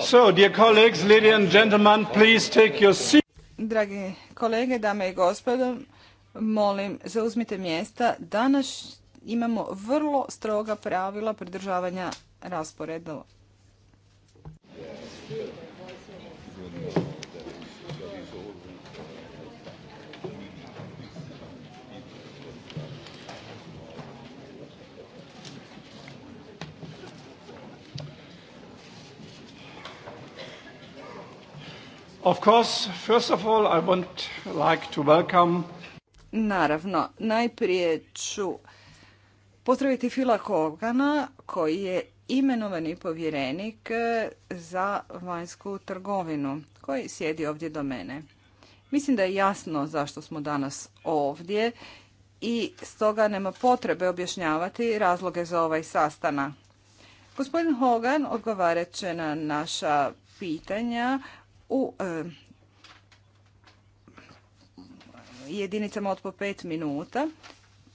So, dear colleagues, ladies and gentlemen, please take your Dragi kolege, dame i gospodo, molim, zauzmite mjesta. Danas imamo vrlo stroga pravila pridržavanja rasporeda Naravno, najprije ću pozdraviti Fila Kogana koji je imenovani povjerenik eh, za vanjsku trgovinu, koji sjedi ovdje do mene. Mislim da je jasno zašto smo danas ovdje i stoga nema potrebe objašnjavati razloge za ovaj sastanak. Gospodin Hogan odgovarat će na naša pitanja u e, jedinicama od po pet minuta.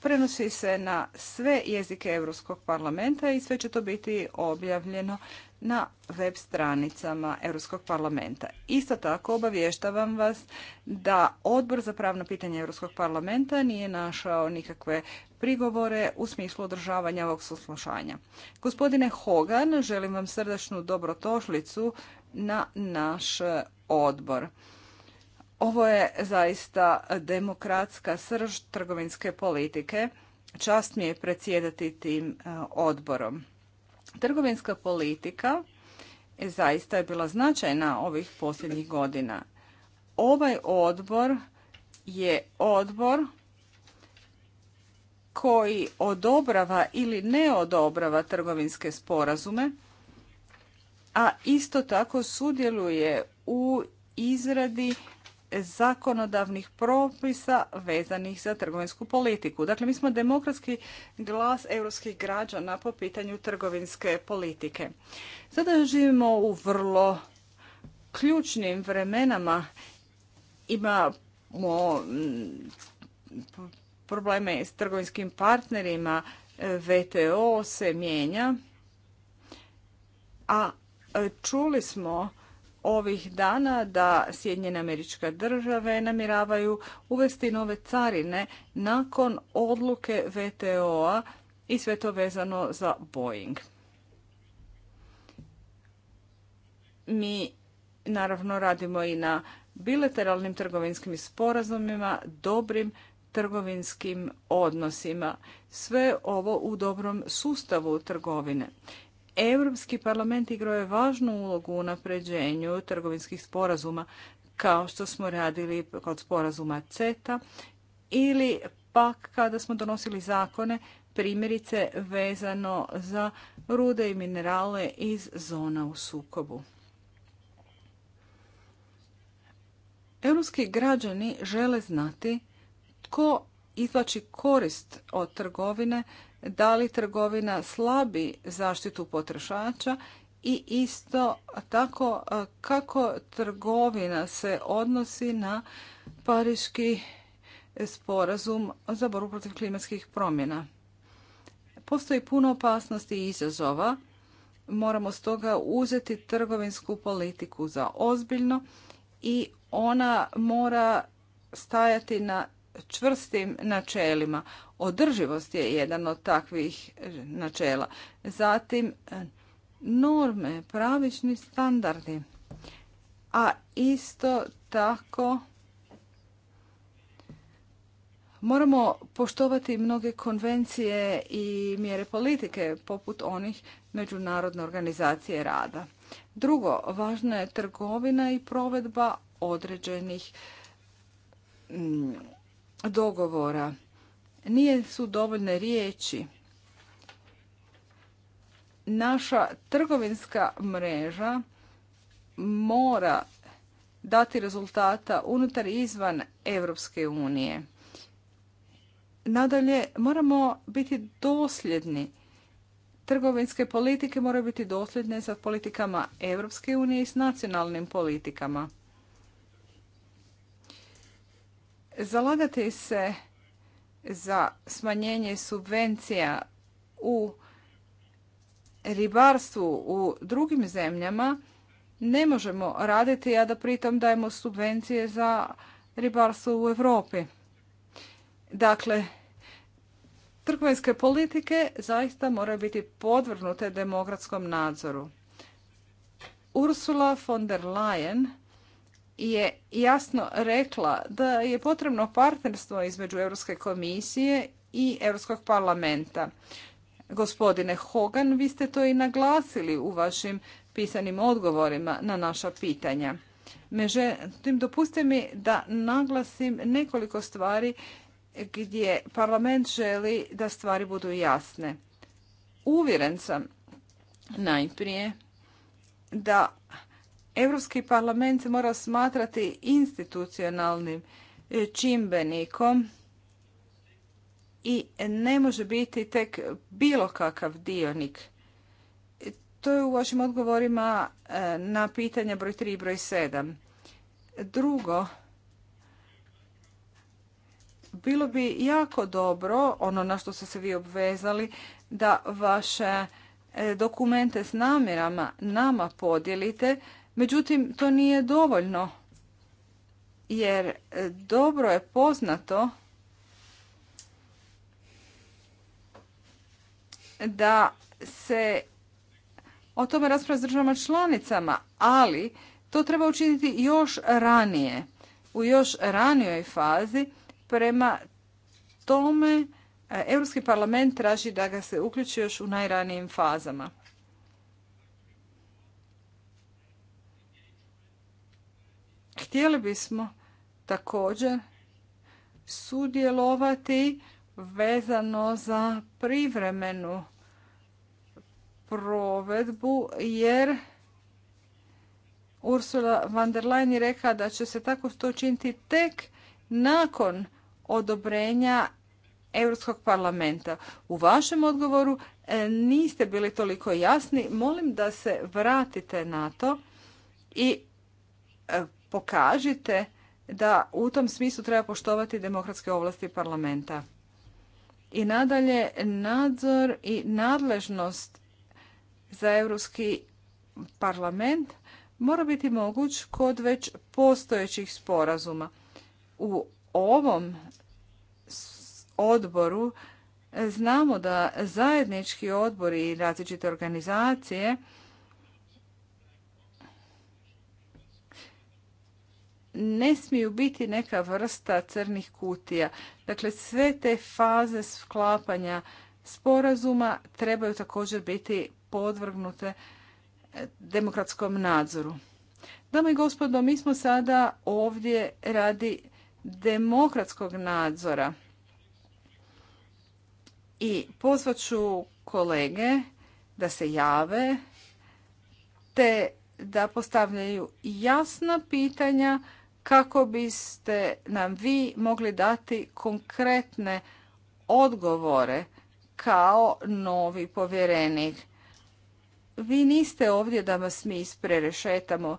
Prenosi se na sve jezike Europskog parlamenta i sve će to biti objavljeno na web stranicama Europskog parlamenta. Isto tako obavještavam vas da Odbor za pravno pitanje Europskog parlamenta nije našao nikakve prigovore u smislu održavanja ovog suslušanja. Gospodine Hogan, želim vam srdačnu dobrotošlicu na naš odbor. Ovo je zaista demokratska srž trgovinske politike. Čast mi je predsjedati tim e, odborom. Trgovinska politika je zaista je bila značajna ovih posljednjih godina. Ovaj odbor je odbor koji odobrava ili ne odobrava trgovinske sporazume a isto tako sudjeluje u izradi zakonodavnih propisa vezanih za trgovinsku politiku. Dakle, mi smo demokratski glas europskih građana po pitanju trgovinske politike. Sada živimo u vrlo ključnim vremenama. Imamo mm, probleme s trgovinskim partnerima, VTO se mijenja, a Čuli smo ovih dana da Sjedinjene američke države namiravaju uvesti nove carine nakon odluke VTO-a i sve to vezano za Boeing. Mi naravno radimo i na bilateralnim trgovinskim sporazumima, dobrim trgovinskim odnosima. Sve ovo u dobrom sustavu trgovine. Europski parlament igrao je važnu ulogu u napređenju trgovinskih sporazuma kao što smo radili kod sporazuma CETA ili pak kada smo donosili zakone primjerice vezano za rude i minerale iz zona u sukobu. Europski građani žele znati tko izvlači korist od trgovine da li trgovina slabi zaštitu potrošača i isto tako kako trgovina se odnosi na pariški sporazum za borbu protiv klimatskih promjena. Postoji puno opasnosti i izazova. Moramo stoga uzeti trgovinsku politiku za ozbiljno i ona mora stajati na čvrstim načelima. Održivost je jedan od takvih načela. Zatim norme, pravični standardi. A isto tako moramo poštovati mnoge konvencije i mjere politike poput onih međunarodne organizacije rada. Drugo, važna je trgovina i provedba određenih mm, dogovora. Nije su dovoljne riječi. Naša trgovinska mreža mora dati rezultata unutar i izvan Europske unije. Nadalje, moramo biti dosljedni. Trgovinske politike moraju biti dosljedne sa politikama Europske unije i s nacionalnim politikama. Zalagati se za smanjenje subvencija u ribarstvu u drugim zemljama ne možemo raditi, a da pritom dajemo subvencije za ribarstvo u Europi. Dakle, trgovinske politike zaista moraju biti podvrnute demokratskom nadzoru. Ursula von der Leyen je jasno rekla da je potrebno partnerstvo između Europske komisije i Europskog parlamenta. Gospodine Hogan, vi ste to i naglasili u vašim pisanim odgovorima na naša pitanja. Međutim, dopustite mi da naglasim nekoliko stvari gdje parlament želi da stvari budu jasne. Uvjeren sam najprije da Europski parlament se mora smatrati institucionalnim e, čimbenikom i ne može biti tek bilo kakav dionik. E, to je u vašim odgovorima e, na pitanje broj 3 i broj 7. Drugo, bilo bi jako dobro, ono na što ste se vi obvezali, da vaše dokumente s namjerama nama podijelite Međutim, to nije dovoljno jer e, dobro je poznato da se o tome raspravlja s državama članicama, ali to treba učiniti još ranije, u još ranijoj fazi prema tome e, Europski parlament traži da ga se uključi još u najranijim fazama. Htjeli bismo također sudjelovati vezano za privremenu provedbu jer Ursula von der Leyen je rekla da će se tako to činiti tek nakon odobrenja Europskog parlamenta. U vašem odgovoru e, niste bili toliko jasni. Molim da se vratite na to i e, pokažite da u tom smislu treba poštovati demokratske ovlasti parlamenta. I nadalje, nadzor i nadležnost za Europski parlament mora biti moguć kod već postojećih sporazuma. U ovom odboru znamo da zajednički odbori i različite organizacije ne smiju biti neka vrsta crnih kutija. Dakle, sve te faze sklapanja sporazuma trebaju također biti podvrgnute e, demokratskom nadzoru. Dame i gospodo, mi smo sada ovdje radi demokratskog nadzora. I pozvaću kolege da se jave te da postavljaju jasna pitanja kako biste nam vi mogli dati konkretne odgovore kao novi povjerenik. Vi niste ovdje da vas mi isprerešetamo.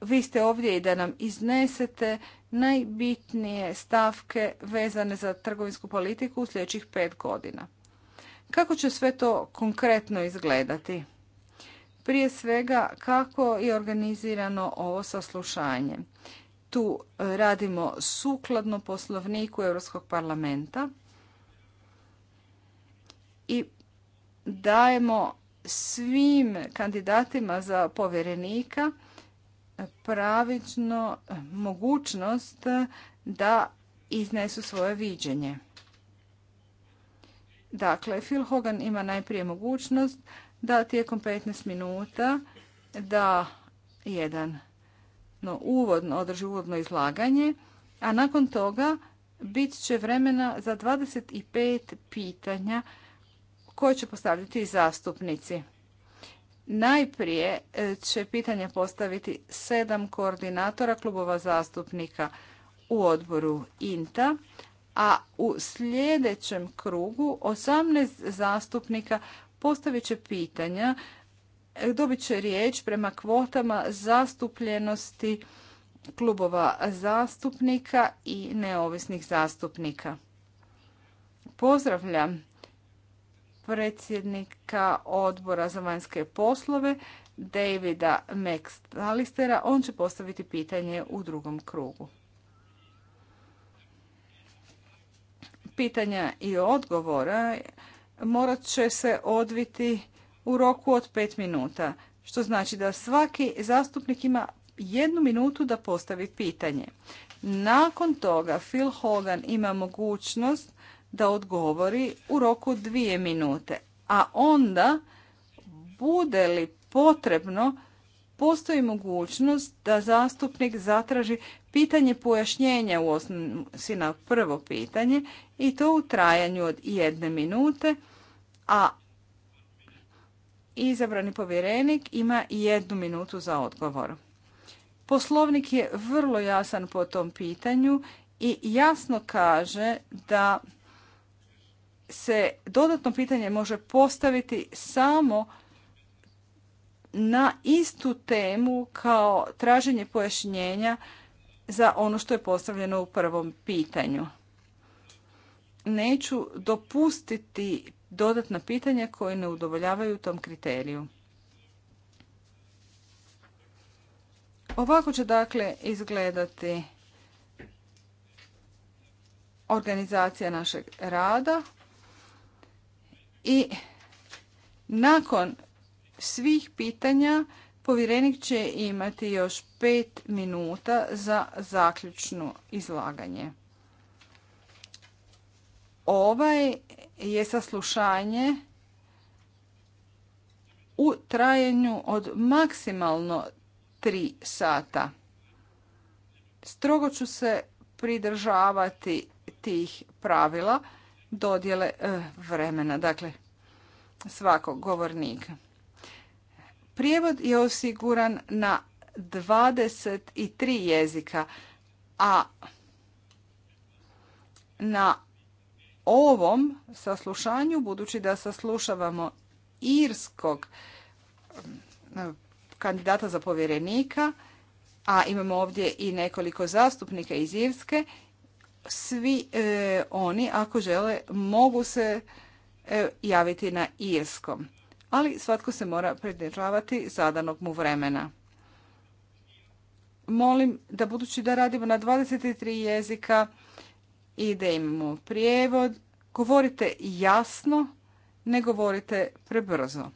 Vi ste ovdje i da nam iznesete najbitnije stavke vezane za trgovinsku politiku u sljedećih pet godina. Kako će sve to konkretno izgledati? Prije svega kako je organizirano ovo saslušanje. Tu radimo sukladno poslovniku Europskog parlamenta i dajemo svim kandidatima za povjerenika pravično mogućnost da iznesu svoje viđenje. Dakle, Phil Hogan ima najprije mogućnost da tijekom 15 minuta da jedan no, uvodno, održi uvodno izlaganje, a nakon toga bit će vremena za 25 pitanja koje će postavljati zastupnici. Najprije e, će pitanje postaviti sedam koordinatora klubova zastupnika u odboru INTA, a u sljedećem krugu 18 zastupnika postavit će pitanja, dobit će riječ prema kvotama zastupljenosti klubova zastupnika i neovisnih zastupnika. Pozdravljam predsjednika odbora za vanjske poslove Davida McAllistera. On će postaviti pitanje u drugom krugu. Pitanja i odgovora morat će se odviti u roku od pet minuta, što znači da svaki zastupnik ima jednu minutu da postavi pitanje. Nakon toga Phil Hogan ima mogućnost da odgovori u roku dvije minute, a onda bude li potrebno, postoji mogućnost da zastupnik zatraži pitanje pojašnjenja u osnovi na prvo pitanje i to u trajanju od jedne minute, a izabrani povjerenik ima jednu minutu za odgovor. Poslovnik je vrlo jasan po tom pitanju i jasno kaže da se dodatno pitanje može postaviti samo na istu temu kao traženje pojašnjenja za ono što je postavljeno u prvom pitanju. Neću dopustiti dodatna pitanja koje ne udovoljavaju tom kriteriju. Ovako će dakle izgledati organizacija našeg rada i nakon svih pitanja Povjerenik će imati još pet minuta za zaključno izlaganje. Ovaj je saslušanje u trajanju od maksimalno tri sata. Strogo ću se pridržavati tih pravila dodjele eh, vremena, dakle svakog govornika. Prijevod je osiguran na 23 jezika, a na ovom saslušanju, budući da saslušavamo irskog eh, kandidata za povjerenika, a imamo ovdje i nekoliko zastupnika iz Irske, svi eh, oni ako žele mogu se eh, javiti na irskom ali svatko se mora pridržavati zadanog mu vremena. Molim da budući da radimo na 23 jezika i da imamo prijevod, govorite jasno, ne govorite prebrzo.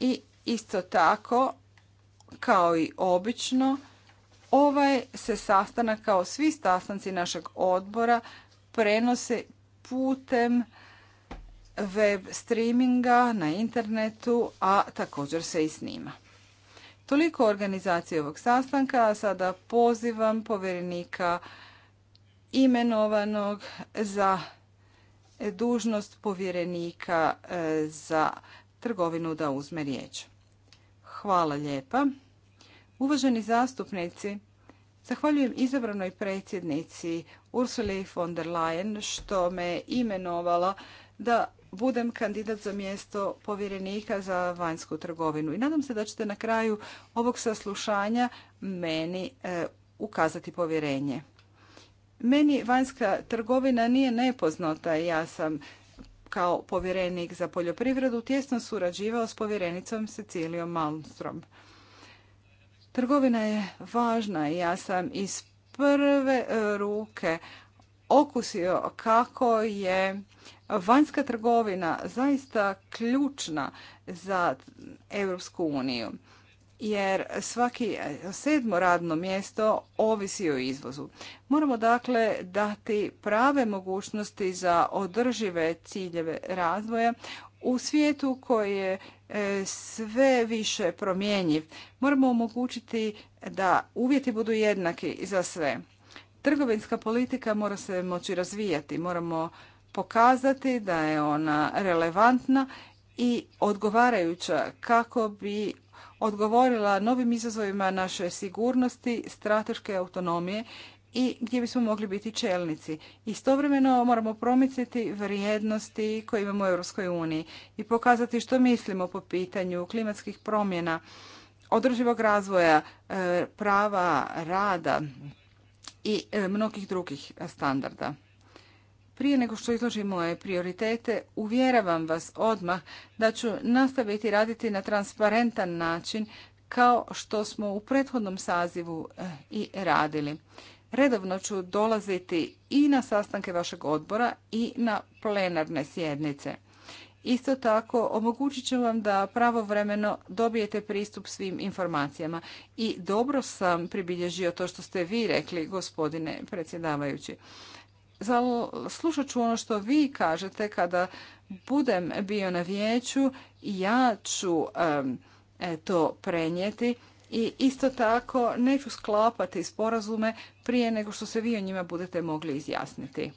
I isto tako, kao i obično, ovaj se sastanak kao svi sastanci našeg odbora prenose putem web streaminga na internetu, a također se i snima. Toliko organizacije ovog sastanka, a sada pozivam povjerenika imenovanog za dužnost povjerenika e, za trgovinu da uzme riječ. Hvala lijepa. Uvaženi zastupnici, Zahvaljujem izabranoj predsjednici Ursuli von der Leyen što me imenovala da budem kandidat za mjesto povjerenika za vanjsku trgovinu. I nadam se da ćete na kraju ovog saslušanja meni e, ukazati povjerenje. Meni vanjska trgovina nije nepoznata. Ja sam kao povjerenik za poljoprivredu tjesno surađivao s povjerenicom Cecilijom Malmstrom. Trgovina je važna i ja sam iz prve e, ruke okusio kako je vanjska trgovina zaista ključna za Europsku uniju jer svaki sedmo radno mjesto ovisi o izvozu. Moramo dakle dati prave mogućnosti za održive ciljeve razvoja u svijetu koji je E, sve više promjenjiv. Moramo omogućiti da uvjeti budu jednaki za sve. Trgovinska politika mora se moći razvijati, moramo pokazati da je ona relevantna i odgovarajuća kako bi odgovorila novim izazovima naše sigurnosti, strateške autonomije i gdje bismo mogli biti čelnici. Istovremeno moramo promicati vrijednosti koje imamo u Europskoj uniji i pokazati što mislimo po pitanju klimatskih promjena, održivog razvoja, e, prava rada i e, mnogih drugih standarda. Prije nego što izložim moje prioritete, uvjeravam vas odmah da ću nastaviti raditi na transparentan način kao što smo u prethodnom sazivu e, i radili. Redovno ću dolaziti i na sastanke vašeg odbora i na plenarne sjednice. Isto tako omogućit ću vam da pravovremeno dobijete pristup svim informacijama. I dobro sam pribilježio to što ste vi rekli, gospodine predsjedavajući. Slušat ću ono što vi kažete kada budem bio na vijeću. Ja ću e, to prenijeti i isto tako neću sklapati sporazume prije nego što se vi o njima budete mogli izjasniti.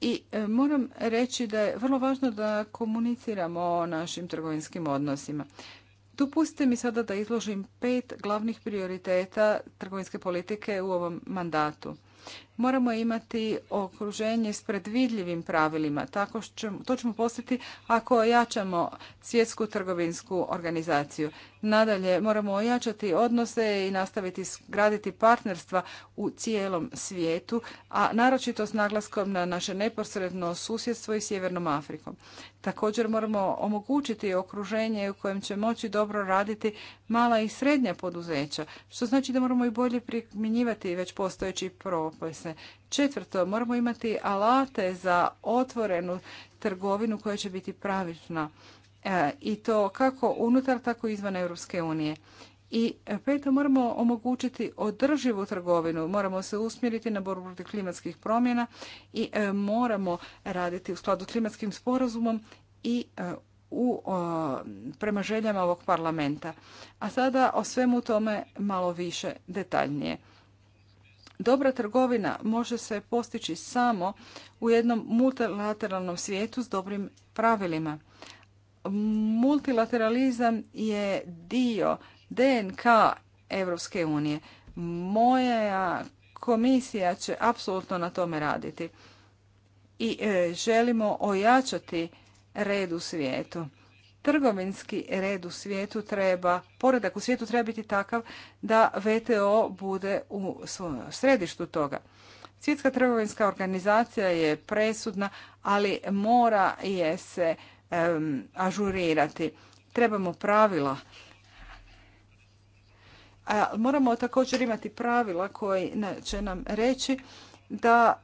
I e, moram reći da je vrlo važno da komuniciramo o našim trgovinskim odnosima. Dopustite mi sada da izložim pet glavnih prioriteta trgovinske politike u ovom mandatu moramo imati okruženje s predvidljivim pravilima. Tako ćemo, to ćemo postati ako ojačamo svjetsku trgovinsku organizaciju. Nadalje, moramo ojačati odnose i nastaviti graditi partnerstva u cijelom svijetu, a naročito s naglaskom na naše neposredno susjedstvo i Sjevernom Afrikom. Također moramo omogućiti okruženje u kojem će moći dobro raditi mala i srednja poduzeća, što znači da moramo i bolje primjenjivati već postojeći propis Četvrto, moramo imati alate za otvorenu trgovinu koja će biti pravična e, i to kako unutar, tako i izvan Europske unije. I peto, moramo omogućiti održivu trgovinu, moramo se usmjeriti na borbu protiv klimatskih promjena i e, moramo raditi u skladu s klimatskim sporazumom i e, u, prema željama ovog parlamenta. A sada o svemu tome malo više detaljnije. Dobra trgovina može se postići samo u jednom multilateralnom svijetu s dobrim pravilima. Multilateralizam je dio DNK Europske unije. Moja komisija će apsolutno na tome raditi i e, želimo ojačati red u svijetu trgovinski red u svijetu treba, poredak u svijetu treba biti takav da VTO bude u središtu toga. Svjetska trgovinska organizacija je presudna, ali mora je se ažurirati. Trebamo pravila. moramo također imati pravila koji će nam reći da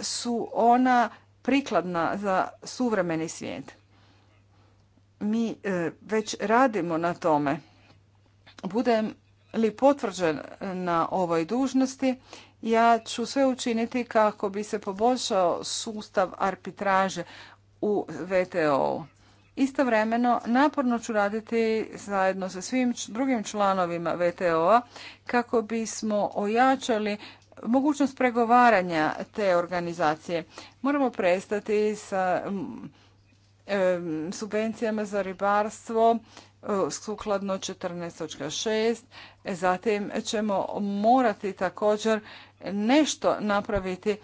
su ona prikladna za suvremeni svijet mi e, već radimo na tome. Budem li potvrđen na ovoj dužnosti, ja ću sve učiniti kako bi se poboljšao sustav arbitraže u VTO-u. Istovremeno, naporno ću raditi zajedno sa svim drugim članovima VTO-a kako bismo ojačali mogućnost pregovaranja te organizacije. Moramo prestati sa subvencijama za ribarstvo eh, sukladno 14.6. E, zatim ćemo morati također nešto napraviti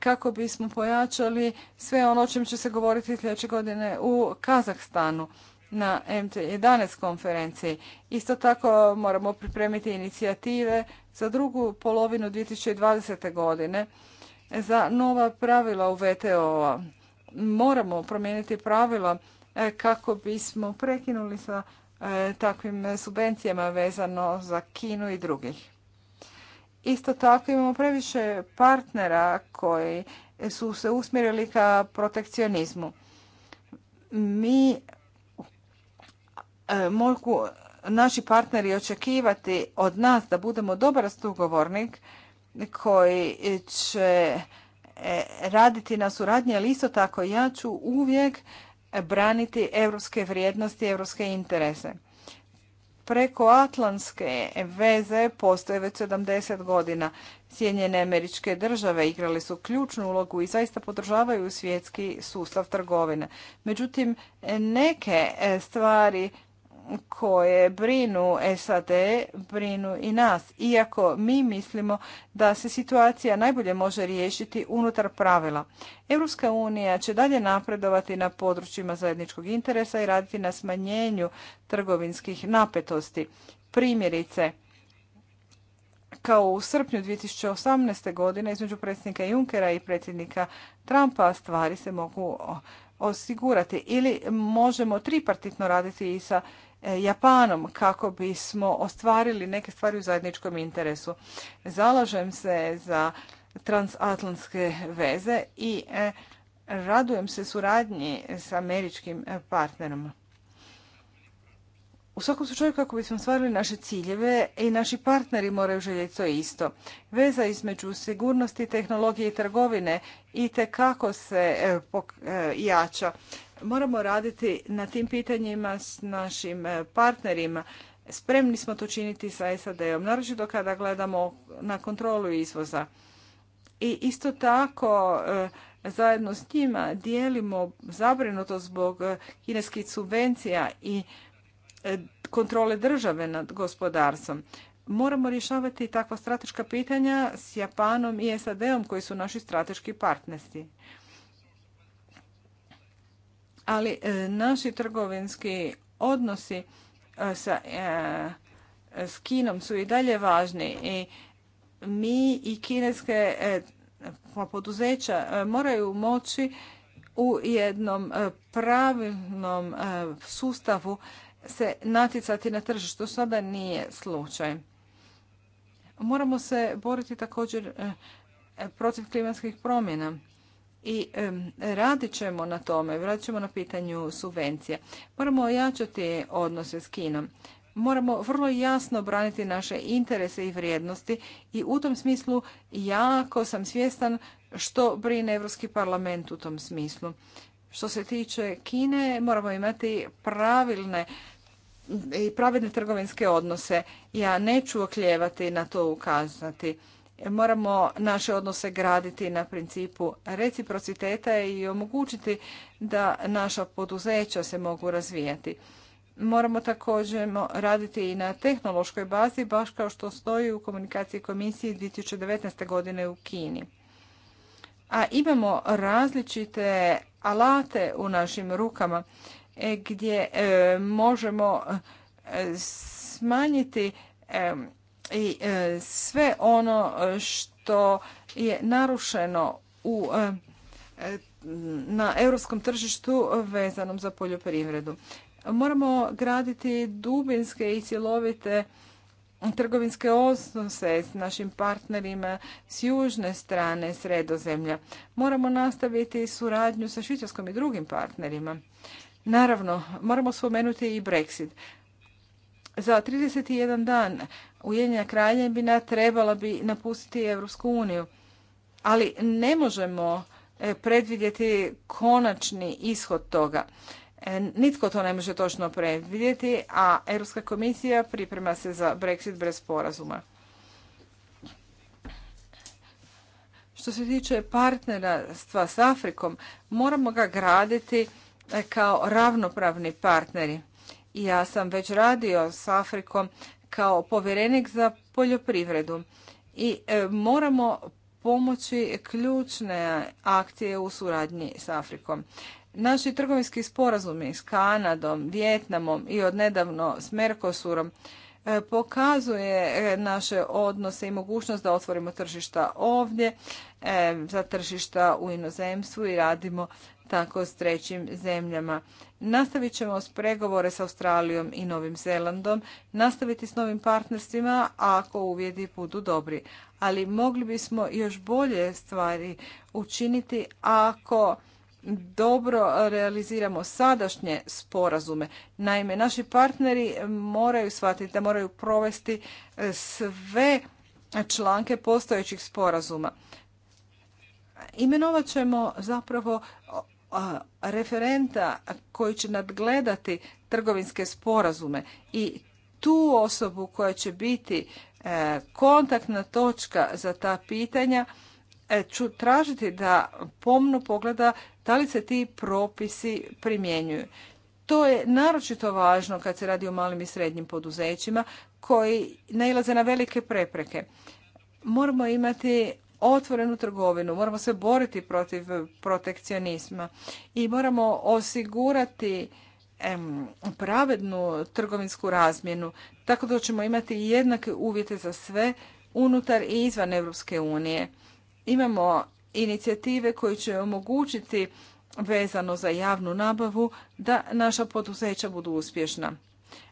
kako bismo pojačali sve ono o čem će se govoriti sljedeće godine u Kazahstanu na MT11 konferenciji. Isto tako moramo pripremiti inicijative za drugu polovinu 2020. godine za nova pravila u VTO-a moramo promijeniti pravila e, kako bismo prekinuli sa e, takvim subvencijama vezano za Kinu i drugih. Isto tako imamo previše partnera koji su se usmjerili ka protekcionizmu. Mi e, mogu naši partneri očekivati od nas da budemo dobar sugovornik koji će E, raditi na suradnji, ali isto tako ja ću uvijek braniti europske vrijednosti, europske interese. Preko atlantske veze postoje već 70 godina. Sjedinjene američke države igrali su ključnu ulogu i zaista podržavaju svjetski sustav trgovine. Međutim, neke stvari koje brinu SAD, brinu i nas. Iako mi mislimo da se situacija najbolje može riješiti unutar pravila. Europska unija će dalje napredovati na područjima zajedničkog interesa i raditi na smanjenju trgovinskih napetosti. Primjerice, kao u srpnju 2018. godine između predsjednika Junckera i predsjednika Trumpa stvari se mogu osigurati ili možemo tripartitno raditi i sa E, Japanom kako bismo ostvarili neke stvari u zajedničkom interesu. Zalažem se za transatlantske veze i e, radujem se suradnji s američkim e, partnerom. U svakom slučaju kako bismo stvarili naše ciljeve i naši partneri moraju željeti to isto. Veza između sigurnosti, tehnologije i trgovine i te kako se jača. Moramo raditi na tim pitanjima s našim e, partnerima. Spremni smo to činiti sa SAD-om, naročito kada gledamo na kontrolu izvoza. I isto tako e, zajedno s njima dijelimo zabrinuto zbog e, kineskih subvencija i kontrole države nad gospodarstvom. Moramo rješavati takva strateška pitanja s Japanom i SAD-om koji su naši strateški partneri ali e, naši trgovinski odnosi e, sa, e, s Kinom su i dalje važni i mi i kineske pa poduzeća moraju moći u jednom pravilnom sustavu se natjecati na tržištu. Sada nije slučaj. Moramo se boriti također protiv klimatskih promjena i radit ćemo na tome, ćemo na pitanju subvencija. Moramo ojačati odnose s Kinom. Moramo vrlo jasno braniti naše interese i vrijednosti i u tom smislu jako sam svjestan što brine Europski parlament u tom smislu. Što se tiče Kine, moramo imati pravilne i pravedne trgovinske odnose. Ja neću okljevati na to ukazati moramo naše odnose graditi na principu reciprociteta i omogućiti da naša poduzeća se mogu razvijati. Moramo također raditi i na tehnološkoj bazi, baš kao što stoji u komunikaciji komisije 2019. godine u Kini. A imamo različite alate u našim rukama e, gdje e, možemo e, smanjiti i e, sve ono e, što je narušeno u e, na europskom tržištu vezanom za poljoprivredu. Moramo graditi dubinske i cjelovite trgovinske odnose s našim partnerima s južne strane sredozemlja. Moramo nastaviti suradnju sa švicarskom i drugim partnerima. Naravno, moramo spomenuti i Brexit za 31 dan Ujedinjena kraljevina trebala bi napustiti Europsku uniju. Ali ne možemo e, predvidjeti konačni ishod toga. E, nitko to ne može točno predvidjeti, a Europska komisija priprema se za Brexit bez sporazuma. Što se tiče partnerstva s Afrikom, moramo ga graditi e, kao ravnopravni partneri. Ja sam već radio s Afrikom kao povjerenik za poljoprivredu i e, moramo pomoći ključne akcije u suradnji s Afrikom. Naši trgovinski sporazumi s Kanadom, Vjetnamom i odnedavno s Mercosurom e, pokazuje e, naše odnose i mogućnost da otvorimo tržišta ovdje, za tržišta u inozemstvu i radimo tako s trećim zemljama. Nastavit ćemo s pregovore s Australijom i Novim Zelandom, nastaviti s novim partnerstvima ako uvjeti budu dobri. Ali mogli bismo još bolje stvari učiniti ako dobro realiziramo sadašnje sporazume. Naime, naši partneri moraju shvatiti da moraju provesti e, sve članke postojećih sporazuma. Imenovat ćemo zapravo referenta koji će nadgledati trgovinske sporazume i tu osobu koja će biti e, kontaktna točka za ta pitanja e, ću tražiti da pomno pogleda da li se ti propisi primjenjuju. To je naročito važno kad se radi o malim i srednjim poduzećima koji nailaze na velike prepreke. Moramo imati otvorenu trgovinu, moramo se boriti protiv protekcionizma i moramo osigurati pravednu trgovinsku razmjenu, tako da ćemo imati jednake uvjete za sve unutar i izvan Europske unije. Imamo inicijative koje će omogućiti vezano za javnu nabavu da naša poduzeća budu uspješna.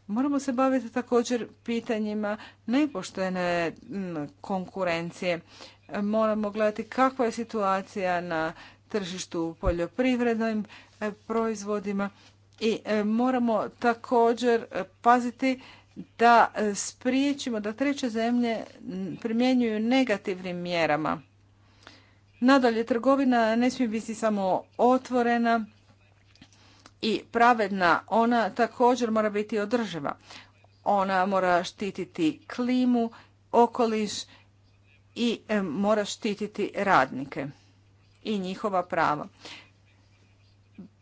Moramo se baviti također pitanjima nepoštene konkurencije. Moramo gledati kakva je situacija na tržištu poljoprivrednim e, proizvodima i e, moramo također paziti da spriječimo da treće zemlje primjenjuju negativnim mjerama. Nadalje, trgovina ne smije biti samo otvorena, i pravedna, ona također mora biti održiva. Ona mora štititi klimu, okoliš i e, mora štititi radnike i njihova prava.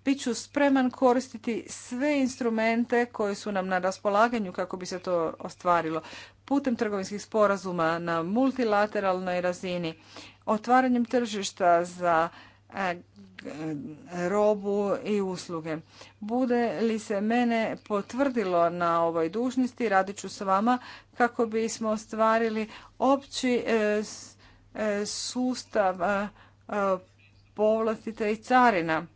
Biću spreman koristiti sve instrumente koji su nam na raspolaganju kako bi se to ostvarilo. Putem trgovinskih sporazuma na multilateralnoj razini, otvaranjem tržišta za robu i usluge. Bude li se mene potvrdilo na ovoj dužnosti, radit ću s vama kako bismo ostvarili opći e, e, sustav povlastica i carina.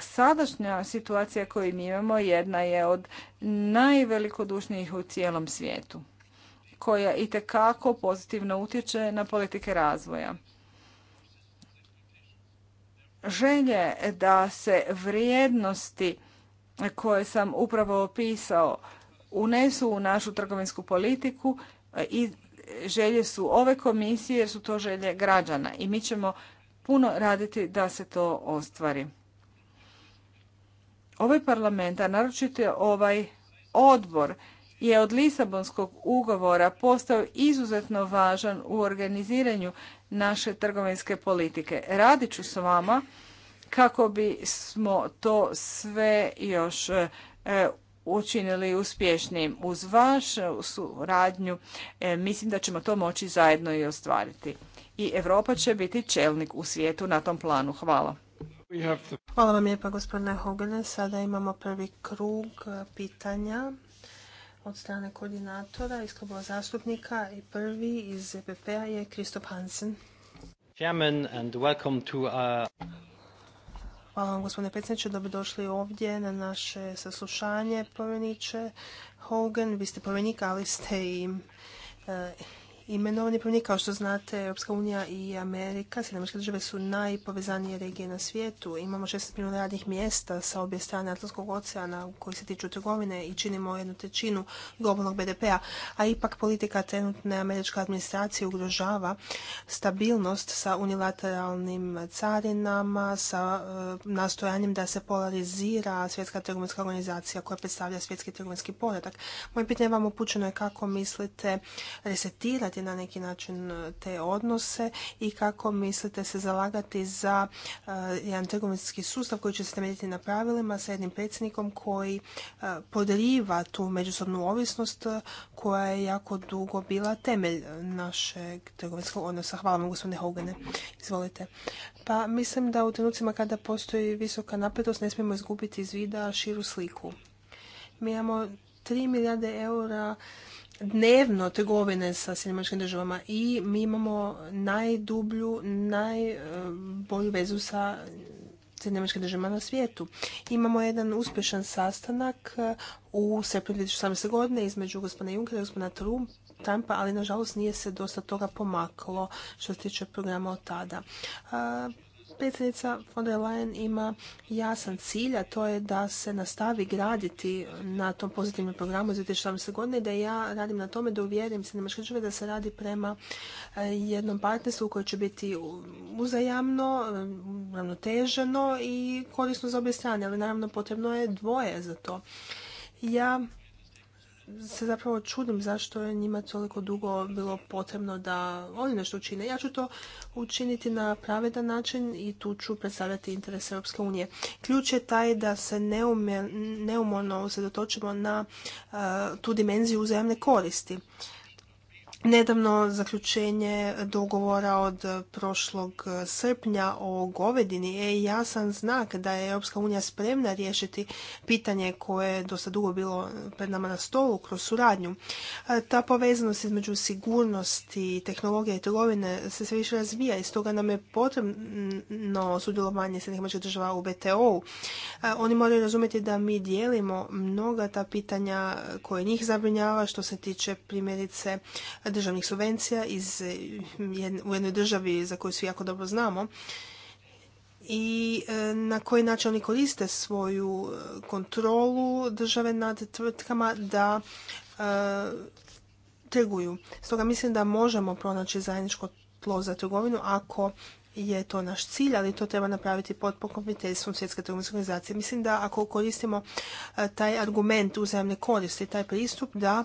Sadašnja situacija koju mi imamo jedna je od najvelikodušnijih u cijelom svijetu, koja i tekako pozitivno utječe na politike razvoja želje da se vrijednosti koje sam upravo opisao unesu u našu trgovinsku politiku e, i želje su ove komisije jer su to želje građana i mi ćemo puno raditi da se to ostvari. Ovaj parlament, a naročito ovaj odbor, je od Lisabonskog ugovora postao izuzetno važan u organiziranju naše trgovinske politike. Radit ću s vama kako bi smo to sve još e, e, učinili uspješnijim. Uz vašu suradnju e, mislim da ćemo to moći zajedno i ostvariti. I Europa će biti čelnik u svijetu na tom planu. Hvala. Hvala vam lijepa gospodine Hogane. Sada imamo prvi krug pitanja od strane koordinatora iz klubova zastupnika i prvi iz EPP-a je Kristop Hansen. Uh, Hvala vam gospodine predsjedniče, došli ovdje na naše saslušanje povjeniče Hogan. Vi ste povjenik, ali ste i uh, imenovani prvnik. Kao što znate, Europska unija i Amerika, Sjedinamečke države su najpovezanije regije na svijetu. Imamo 60 milijuna radnih mjesta sa obje strane Atlantskog oceana koji se tiču trgovine i činimo jednu trećinu globalnog BDP-a, a ipak politika trenutne američke administracije ugrožava stabilnost sa unilateralnim carinama, sa e, nastojanjem da se polarizira svjetska trgovinska organizacija koja predstavlja svjetski trgovinski poredak. Moje pitanje vam upućeno je kako mislite resetirati na neki način e, te odnose i kako mislite se zalagati za e, jedan trgovinski sustav koji će se temeljiti na pravilima sa jednim predsjednikom koji e, podriva tu međusobnu ovisnost koja je jako dugo bila temelj našeg trgovinskog odnosa. Hvala vam gospodine Hogane. Izvolite. Pa mislim da u trenucima kada postoji visoka napetost ne smijemo izgubiti iz vida širu sliku. Mi imamo 3 milijarde eura dnevno trgovine sa sjedinjenim državama i mi imamo najdublju, najbolju e, vezu sa sjedinjenim državama na svijetu. Imamo jedan uspješan sastanak e, u srpnju 2018. godine između gospodina Junkera i gospodina Trumpa Trumpa, ali nažalost nije se dosta toga pomaklo što se tiče programa od tada. Predsjednica von der Leyen ima jasan cilj, a to je da se nastavi graditi na tom pozitivnom programu iz 2017. godine i da ja radim na tome da uvjerim se nemačke države da se radi prema e, jednom partnerstvu koje će biti uzajamno, e, ravnoteženo i korisno za obje strane, ali naravno potrebno je dvoje za to. Ja se zapravo čudim zašto je njima toliko dugo bilo potrebno da oni nešto učine. Ja ću to učiniti na pravedan način i tu ću predstavljati interese Europske unije. Ključ je taj da se neumorno usredotočimo na tu dimenziju uzajamne koristi. Nedavno zaključenje dogovora od prošlog srpnja o govedini je jasan znak da je Europska unija spremna riješiti pitanje koje je dosta dugo bilo pred nama na stolu kroz suradnju. E, ta povezanost između sigurnosti, tehnologije i trgovine se sve više razvija i stoga nam je potrebno sudjelovanje Sjednih država u BTO-u. E, oni moraju razumjeti da mi dijelimo mnoga ta pitanja koje njih zabrinjava što se tiče primjerice državnih subvencija iz, eh, u jednoj državi za koju svi jako dobro znamo i eh, na koji način oni koriste svoju eh, kontrolu države nad tvrtkama da e, trguju. Stoga mislim da možemo pronaći zajedničko tlo za trgovinu ako je to naš cilj, ali to treba napraviti pod pokroviteljstvom Svjetske trgovinske organizacije. Mislim da ako koristimo taj argument uzajamne koristi, taj pristup, da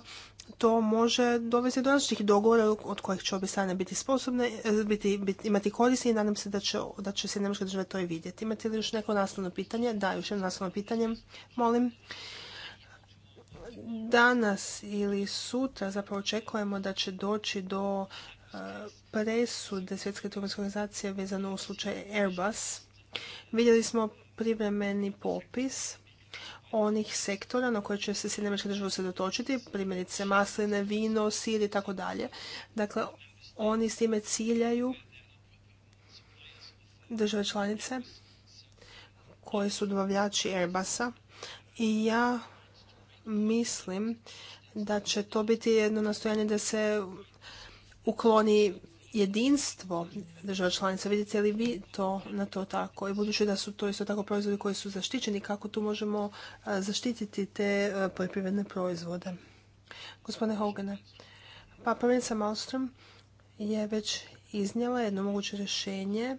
to može dovesti do različitih dogovora od kojih će obje strane biti sposobne, e, biti, imati koristi i nadam se da će, da će se nemačka država to i vidjeti. Imate li još neko nastavno pitanje? Da, još jedno nastavno pitanje, molim. Danas ili sutra zapravo očekujemo da će doći do e, presude Svjetske trgovinske organizacije vezano u slučaj Airbus. Vidjeli smo privremeni popis onih sektora na koje će se Sjedinjene države usredotočiti, primjerice masline, vino, sir i tako dalje. Dakle, oni s time ciljaju države članice koje su dobavljači Airbusa i ja mislim da će to biti jedno nastojanje da se ukloni jedinstvo država članica. Vidite li vi to na to tako? I budući da su to isto tako proizvodi koji su zaštićeni, kako tu možemo zaštititi te poljoprivredne proizvode? Gospodine Hogane, pa prvenica Malmström je već iznijela jedno moguće rješenje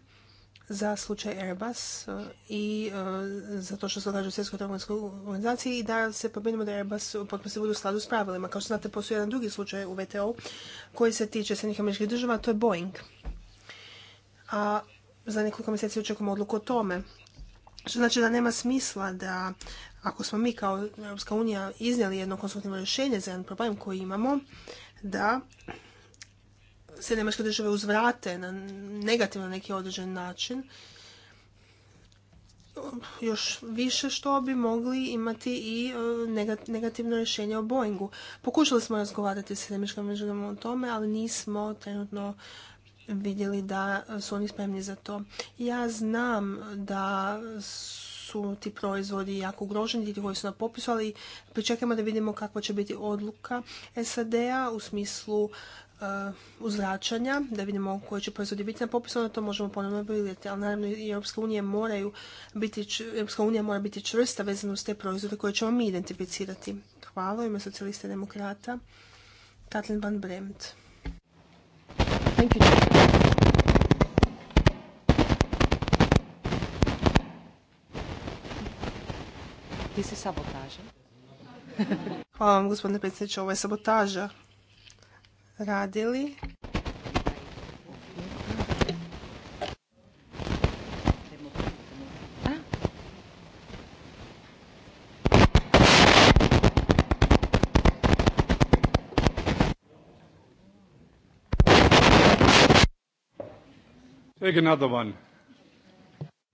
za slučaj Airbus uh, i uh, za to što se događa u svjetskoj trgovinskoj organizaciji i da se pobjedimo da Airbus potpuno se u skladu s pravilima. Kao što znate, postoji jedan drugi slučaj u VTO koji se tiče Sjednih američkih država, to je Boeing. A za nekoliko mjeseci očekujemo odluku o tome. Što znači da nema smisla da ako smo mi kao Europska unija iznijeli jedno konstruktivno rješenje za jedan problem koji imamo, da se države uzvrate na negativno neki određen način, još više što bi mogli imati i e, negativno rješenje o Boeingu. Pokušali smo razgovarati s nemačkim državama o tome, ali nismo trenutno vidjeli da su oni spremni za to. Ja znam da su ti proizvodi jako ugroženi, ti koji su na popisu, ali pričekajmo da vidimo kakva će biti odluka SAD-a u smislu Uh, uzračanja, da vidimo koji će proizvodi biti na popisu, onda to možemo ponovno vidjeti. Ali naravno i Europska unija, moraju biti, Europska unija mora biti čvrsta vezana uz te proizvode koje ćemo mi identificirati. Hvala, ime socijalista demokrata. Katlin van Bremt. Hvala vam, gospodine predsjedniče, ovo je sabotaža radili. Take another one.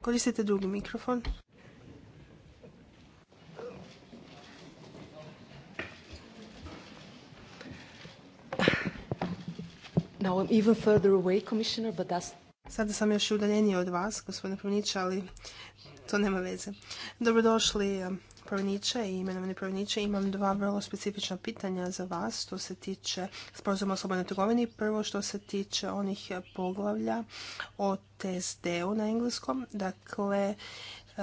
Koristite drugi mikrofon. Now Sada sam još udaljeniji od vas, gospodine Prvniče, ali to nema veze. Dobrodošli eh, Prvniče i imenovani Prvniče. Imam dva vrlo specifična pitanja za vas što se tiče sporazuma o slobodnoj trgovini. Prvo što se tiče onih eh, poglavlja o TSD-u na engleskom. Dakle, eh,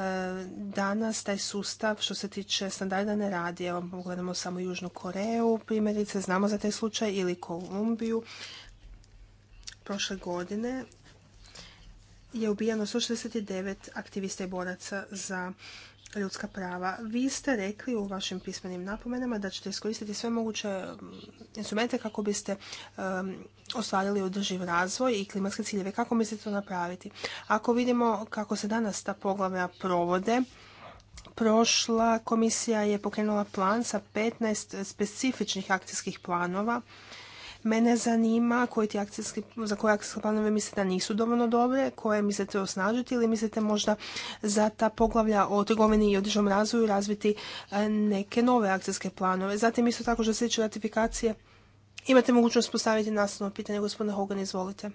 danas taj sustav što se tiče standarda ne radi. Evo, pogledamo samo Južnu Koreju, primjerice, znamo za taj slučaj, ili Kolumbiju prošle godine je ubijeno 169 aktivista i boraca za ljudska prava. Vi ste rekli u vašim pismenim napomenama da ćete iskoristiti sve moguće mm, instrumente kako biste mm, ostvarili održiv razvoj i klimatske ciljeve. Kako mislite to napraviti? Ako vidimo kako se danas ta poglavlja provode, prošla komisija je pokrenula plan sa 15 specifičnih akcijskih planova Mene zanima koji ti akcijski, za koje akcijske planove mislite da nisu dovoljno dobre, koje mislite osnažiti ili mislite možda za ta poglavlja o trgovini i održivom razvoju razviti e, neke nove akcijske planove. Zatim isto tako što se tiče ratifikacije, imate mogućnost postaviti nastavno pitanje. Gospodine Hogan, izvolite.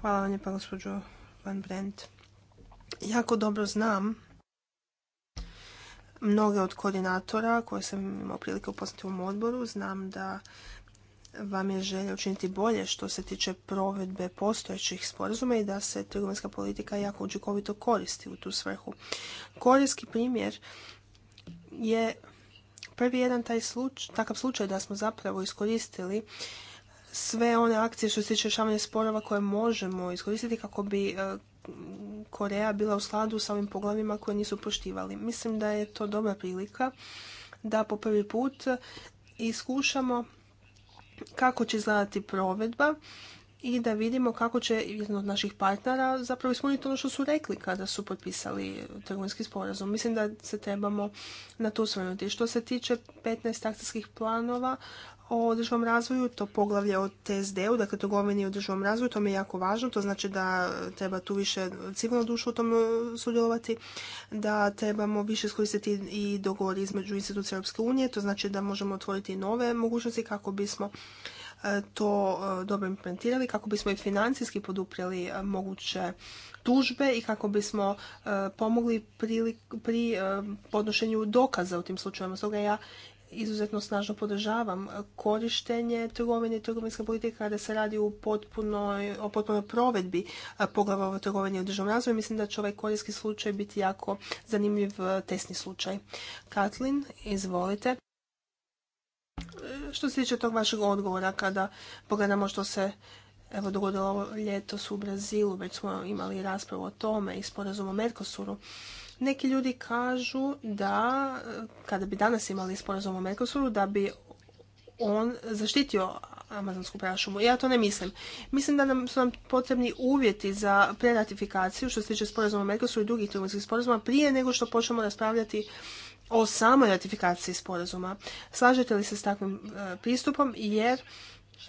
Hvala vam lijepa, gospođo Van Brent. Jako dobro znam mnoge od koordinatora koje sam imao prilike upoznati u ovom odboru. Znam da vam je želja učiniti bolje što se tiče provedbe postojećih sporazuma i da se trgovinska politika jako učinkovito koristi u tu svrhu. Korijski primjer je prvi jedan taj takav slučaj da smo zapravo iskoristili sve one akcije što se tiče rješavanja sporova koje možemo iskoristiti kako bi e, Koreja bila u skladu sa ovim poglavima koje nisu poštivali. Mislim da je to dobra prilika da po prvi put iskušamo kako će izgledati provedba i da vidimo kako će jedan od naših partnera zapravo ispuniti ono što su rekli kada su potpisali trgovinski sporazum. Mislim da se trebamo na to osvrnuti. Što se tiče 15 akcijskih planova, o održivom razvoju, to poglavlje o TSD-u, dakle trgovini i održivom razvoju, to mi je jako važno, to znači da treba tu više civilno društvo u tom e, sudjelovati, da trebamo više iskoristiti i dogovor između institucija Europske unije, to znači da možemo otvoriti nove mogućnosti kako bismo e, to e, dobro implementirali, kako bismo i financijski poduprijeli moguće tužbe i kako bismo pomogli pri podnošenju dokaza u tim slučajevima. Stoga ja izuzetno snažno podržavam korištenje trgovine i trgovinske politike kada se radi u potpunoj, o potpunoj provedbi poglava o trgovini i održavom razvoju. Mislim da će ovaj korijski slučaj biti jako zanimljiv e, tesni slučaj. Katlin, izvolite. Što se tiče tog vašeg odgovora kada pogledamo što se evo dogodilo ljetos u Brazilu, već smo imali raspravu o tome i sporazum o Mercosuru, neki ljudi kažu da kada bi danas imali sporazum o Mercosuru da bi on zaštitio amazonsku prašumu. Ja to ne mislim. Mislim da nam su nam potrebni uvjeti za preratifikaciju što se tiče sporazuma o Mercosuru i drugih trgovinskih sporazuma prije nego što počnemo raspravljati o samoj ratifikaciji sporazuma. Slažete li se s takvim e, pristupom jer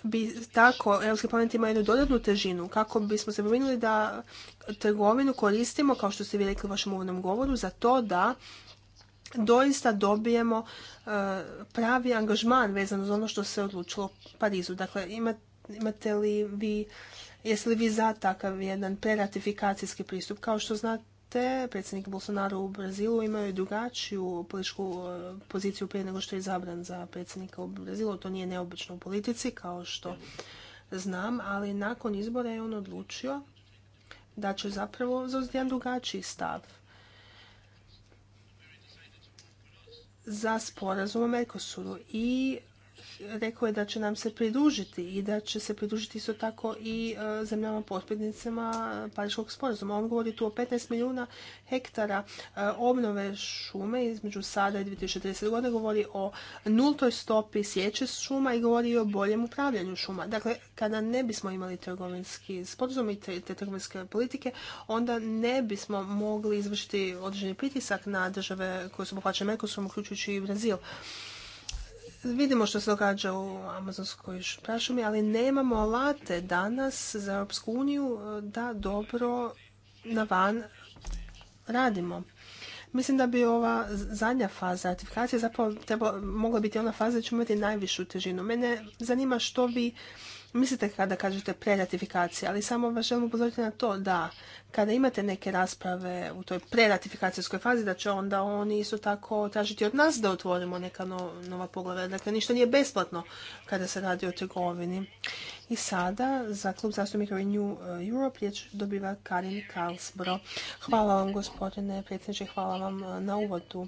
bi tako Europski parlament ima jednu dodatnu težinu kako bismo se pominuli da trgovinu koristimo, kao što ste vi rekli u vašem uvodnom govoru, za to da doista dobijemo e, pravi angažman vezano za ono što se odlučilo u Parizu. Dakle, imate li vi, jeste li vi za takav jedan preratifikacijski pristup? Kao što znate, te predsjednik Bolsonaro u Brazilu je drugačiju političku e, poziciju prije nego što je izabran za predsjednika u Brazilu. To nije neobično u politici, kao što znam, ali nakon izbora je on odlučio da će zapravo zauzeti jedan drugačiji stav za sporazum u Mercosuru i rekao je da će nam se pridružiti i da će se pridružiti isto tako i e, zemljama potprednicama Pariškog sporazuma. On govori tu o 15 milijuna hektara e, obnove šume između sada i 2030. godine. Govori o nultoj stopi sjeće šuma i govori o boljem upravljanju šuma. Dakle, kada ne bismo imali trgovinski sporazum i te, trgovinske politike, onda ne bismo mogli izvršiti određeni pritisak na države koje su obuhvaćene Mekosom, uključujući i Brazil. Vidimo što se događa u amazonskoj prašumi, ali nemamo alate danas za Europsku uniju e, da dobro na van radimo. Mislim da bi ova zadnja faza ratifikacije zapravo mogla biti ona faza da ćemo imati najvišu težinu. Mene zanima što vi mislite kada kažete preratifikacija, ali samo vas želim upozoriti na to da kada imate neke rasprave u toj preratifikacijskoj fazi, da će onda oni isto tako tražiti od nas da otvorimo neka nova poglavlja. Dakle, ništa nije besplatno kada se radi o trgovini. I sada za klub zastupnika New uh, Europe riječ dobiva Karin Karlsbro. Hvala vam gospodine predsjedniče, hvala vam uh, na uvodu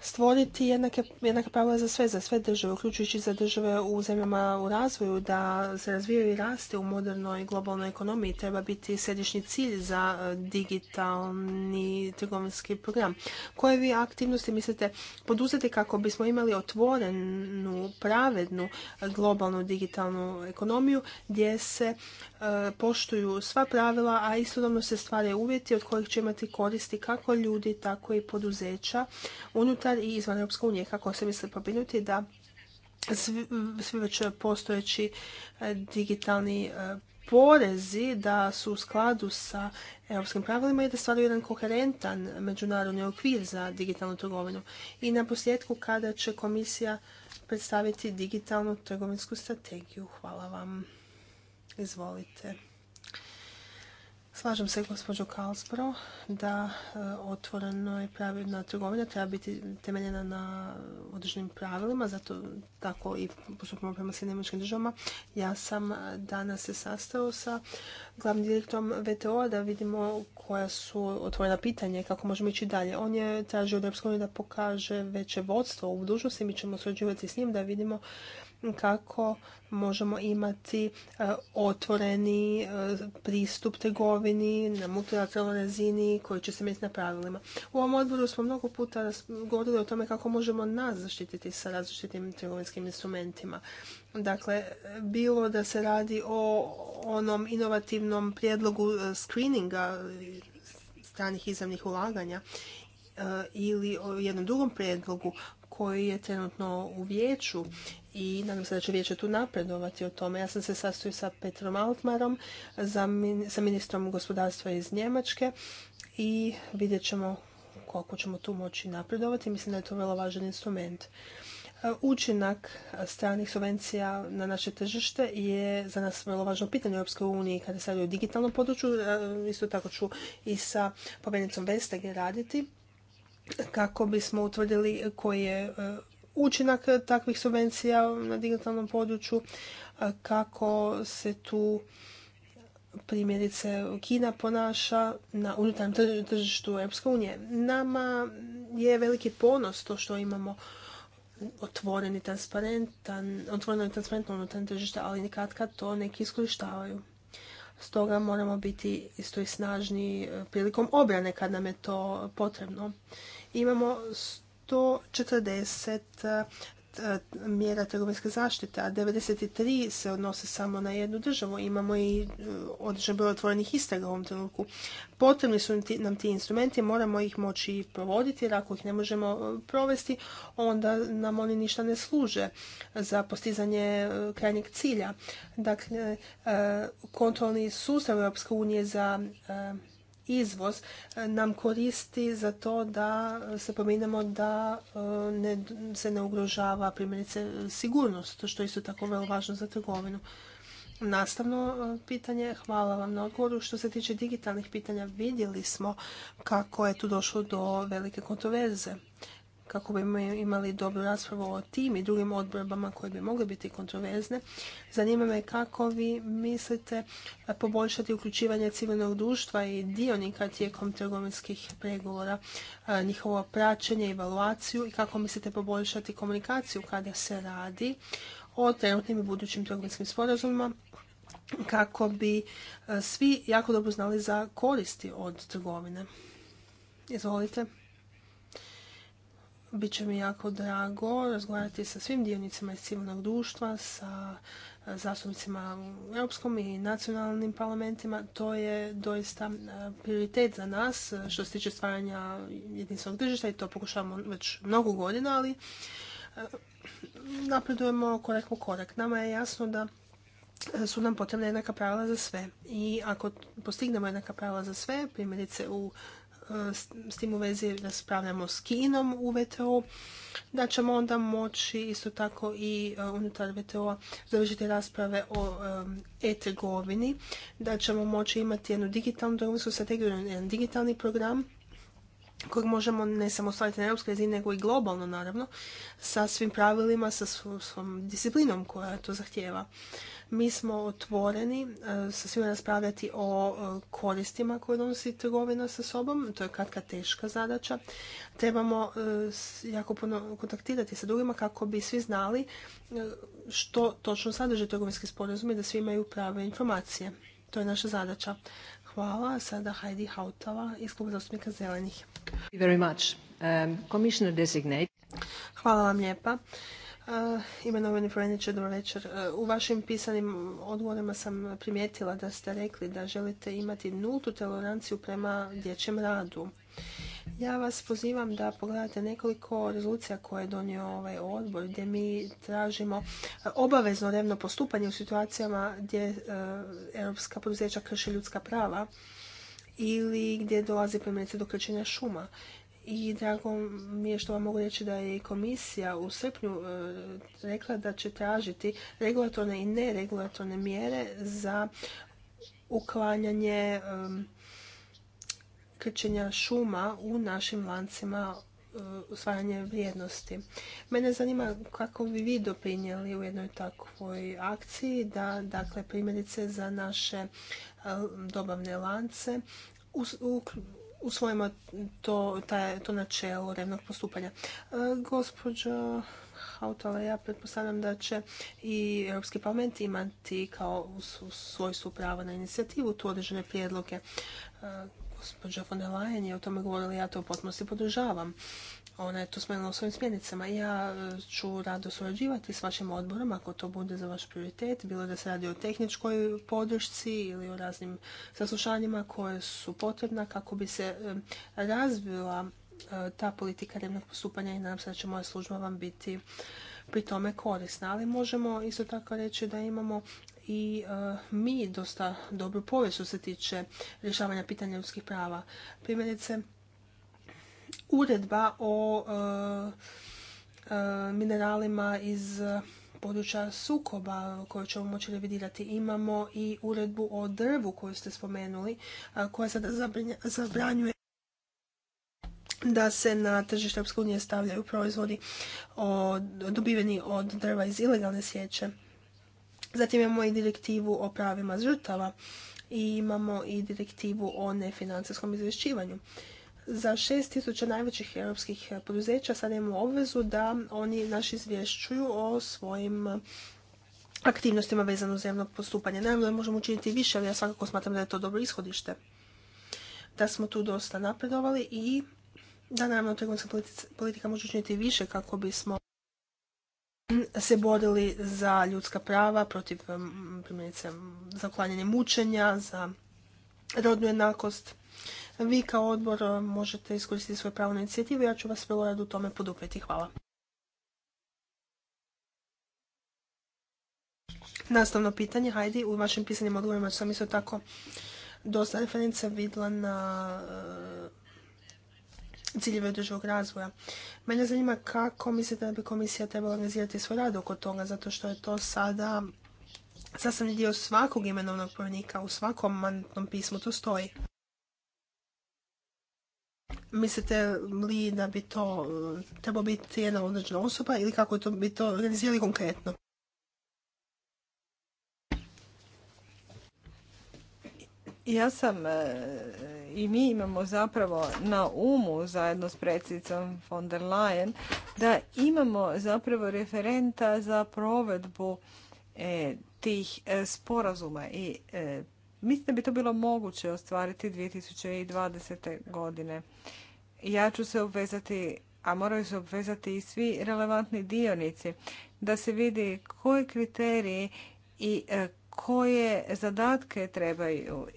stvoriti jednake, pravila za sve, za sve države, uključujući za države u zemljama u razvoju, da se razvijaju i raste u modernoj globalnoj ekonomiji. Treba biti središnji cilj za e, digitalni trgovinski program. Koje vi aktivnosti mislite poduzeti kako bismo imali otvorenu, pravednu globalnu digitalnu ekonomiju gdje se E, poštuju sva pravila, a istodobno se stvaraju uvjeti od kojih će imati koristi kako ljudi, tako i poduzeća unutar i izvan Europske unije. Kako se misli pobinuti da svi, svi već postojeći e, digitalni e, porezi da su u skladu sa europskim pravilima i da stvaraju jedan koherentan međunarodni okvir za digitalnu trgovinu. I na posljedku kada će komisija predstaviti digitalnu trgovinsku strategiju. Hvala vam. Izvolite. Slažem se, gospođo Kalsbro, da e, otvoreno i pravilna trgovina treba biti temeljena na određenim pravilima, zato tako i postupamo prema Sjedinjeničkim državama. Ja sam danas se sastao sa glavnim direktorom VTO-a da vidimo koja su otvorena pitanja i kako možemo ići dalje. On je tražio od Europskoj da pokaže veće vodstvo u budućnosti, mi ćemo surađivati s njim da vidimo kako možemo imati e, otvoreni e, pristup trgovini na multilateralnoj razini koji će se mjeti na pravilima. U ovom odboru smo mnogo puta govorili o tome kako možemo nas zaštititi sa različitim trgovinskim instrumentima. Dakle, bilo da se radi o onom inovativnom prijedlogu e, screeninga stranih izravnih ulaganja ili o jednom drugom prijedlogu koji je trenutno u vijeću i nadam se da će vijeće tu napredovati o tome. Ja sam se sastoju sa Petrom Altmarom, sa ministrom gospodarstva iz Njemačke i vidjet ćemo koliko ćemo tu moći napredovati. Mislim da je to vrlo važan instrument. Učinak stranih subvencija na naše tržište je za nas vrlo važno pitanje u Europskoj uniji kada se radi o digitalnom području. E, isto tako ću i sa povednicom Vestage raditi kako bismo utvrdili koji je e, učinak takvih subvencija na digitalnom području, e, kako se tu primjerice Kina ponaša na unutarnjem tržištu Europske unije. Nama je veliki ponos to što imamo otvoreni transparentan, otvoreno i transparentno unutarnje tržište, ali nikad kad to neki iskorištavaju. Stoga moramo biti isto i snažni e, prilikom obrane kad nam je to potrebno imamo 140 e, mjera trgovinske zaštite, a 93 se odnose samo na jednu državu. Imamo i e, određen broj otvorenih istraga u ovom trenutku. Potrebni su nam ti instrumenti, moramo ih moći provoditi, jer ako ih ne možemo e, provesti, onda nam oni ništa ne služe za postizanje krajnjeg cilja. Dakle, kontrolni sustav Europske unije za izvoz e, nam koristi za to da se pominemo da e, se ne ugrožava primjerice sigurnost, što je isto tako vrlo važno za trgovinu. Nastavno e, pitanje, hvala vam na odgovoru. Što se tiče digitalnih pitanja, vidjeli smo kako je tu došlo do velike kontroverze kako bi imali dobru raspravu o tim i drugim odborbama koje bi mogle biti kontroverzne. Zanima me kako vi mislite poboljšati uključivanje civilnog društva i dionika tijekom trgovinskih pregovora, njihovo praćenje, i evaluaciju i kako mislite poboljšati komunikaciju kada se radi o trenutnim i budućim trgovinskim sporazumima kako bi svi jako dobro znali za koristi od trgovine. Izvolite. Bit će mi jako drago razgovarati sa svim dionicima iz civilnog društva, sa e, zastupnicima u europskom i nacionalnim parlamentima. To je doista e, prioritet za nas e, što se tiče stvaranja jedinstvenog tržišta i to pokušavamo već mnogo godina, ali napredujemo korak po korak. Nama je jasno da su nam potrebna jednaka pravila za sve. I ako postignemo jednaka pravila za sve, primjerice u E, s tim u vezi raspravljamo s Kinom u VTO, da ćemo onda moći isto tako i e, unutar VTO-a završiti rasprave o e, e-trgovini, da ćemo moći imati jednu digitalnu trgovinsku strategiju, jedan digitalni program kojeg možemo ne samo stvariti na europskoj razini, nego i globalno, naravno, sa svim pravilima, sa svom disciplinom koja to zahtjeva. Mi smo otvoreni e, sa svima raspravljati o e, koristima koje donosi trgovina sa sobom. To je kratka teška zadaća. Trebamo e, jako puno kontaktirati sa drugima kako bi svi znali što točno sadrže trgovinski sporazumi i da svi imaju prave informacije. To je naša zadaća. Hvala. Sada Heidi Hautala iz Kluba zastupnika Zelenih. Very um, Hvala vam lijepa. E, imenovani Freniće, dobro večer. E, u vašim pisanim odgovorima sam primijetila da ste rekli da želite imati nultu toleranciju prema dječjem radu. Ja vas pozivam da pogledate nekoliko rezolucija koje je donio ovaj odbor gdje mi tražimo obavezno revno postupanje u situacijama gdje e, europska poduzeća krše ljudska prava ili gdje dolazi primjerice do krčenja šuma. I drago mi je što vam mogu reći da je i komisija u srpnju e, rekla da će tražiti regulatorne i neregulatorne mjere za uklanjanje krčenja šuma u našim lancima e, usvajanje vrijednosti. Mene zanima kako bi vi doprinijeli u jednoj takvoj akciji da, dakle, primjerice za naše dobavne lance usvojimo to, taj, to načelo revnog postupanja. E, gospođo Hautala, ja pretpostavljam da će i Europski parlament imati kao u svojstvu pravo na inicijativu tu određene prijedloge. E, gospođa von der Leyen je o tome govorila, ja to u potpunosti podržavam ona je to spomenula u svojim smjernicama. Ja e, ću rado surađivati s vašim odborom ako to bude za vaš prioritet, bilo da se radi o tehničkoj podršci ili o raznim saslušanjima koje su potrebna kako bi se e, razvila e, ta politika revnog postupanja i nadam se da će moja služba vam biti pri tome korisna. Ali možemo isto tako reći da imamo i mi dosta dobru povijest što se tiče rješavanja pitanja ljudskih prava. Primjerice, uredba o e, e, mineralima iz područja sukoba koju ćemo moći revidirati. Imamo i uredbu o drvu koju ste spomenuli, koja sada zabranjuje da se na tržište Europske unije stavljaju proizvodi dobiveni od drva iz ilegalne sječe. Zatim imamo i direktivu o pravima žrtava i imamo i direktivu o nefinancijskom izvješćivanju za 6000 najvećih europskih e, poduzeća sada imamo obvezu da oni naš izvješćuju o svojim aktivnostima vezano za javno postupanje. Naravno da možemo učiniti više, ali ja svakako smatram da je to dobro ishodište. Da smo tu dosta napredovali i da naravno trgovinska politika može učiniti više kako bismo se borili za ljudska prava, protiv primjerice za uklanjanje mučenja, za rodnu jednakost vi kao odbor e, možete iskoristiti svoje pravo na inicijativu. Ja ću vas vrlo rado u tome poduprijeti. Hvala. Nastavno pitanje, Hajdi, u vašim pisanim odgovorima sam isto tako dosta referenca vidla na e, ciljeve održivog razvoja. Mene zanima kako mislite da bi komisija trebala organizirati svoj rad oko toga, zato što je to sada sastavni dio svakog imenovnog povjerenika u svakom mandatnom pismu, to stoji. Mislite li da bi to eh, trebao biti jedna određena osoba ili kako to bi to organizirali konkretno? Ja sam eh, i mi imamo zapravo na umu zajedno s predsjednicom von der Leyen da imamo zapravo referenta za provedbu eh, tih sporazuma i Mislim da bi to bilo moguće ostvariti 2020. godine. Ja ću se obvezati, a moraju se obvezati i svi relevantni dionici, da se vidi koji kriteriji i e, koje zadatke treba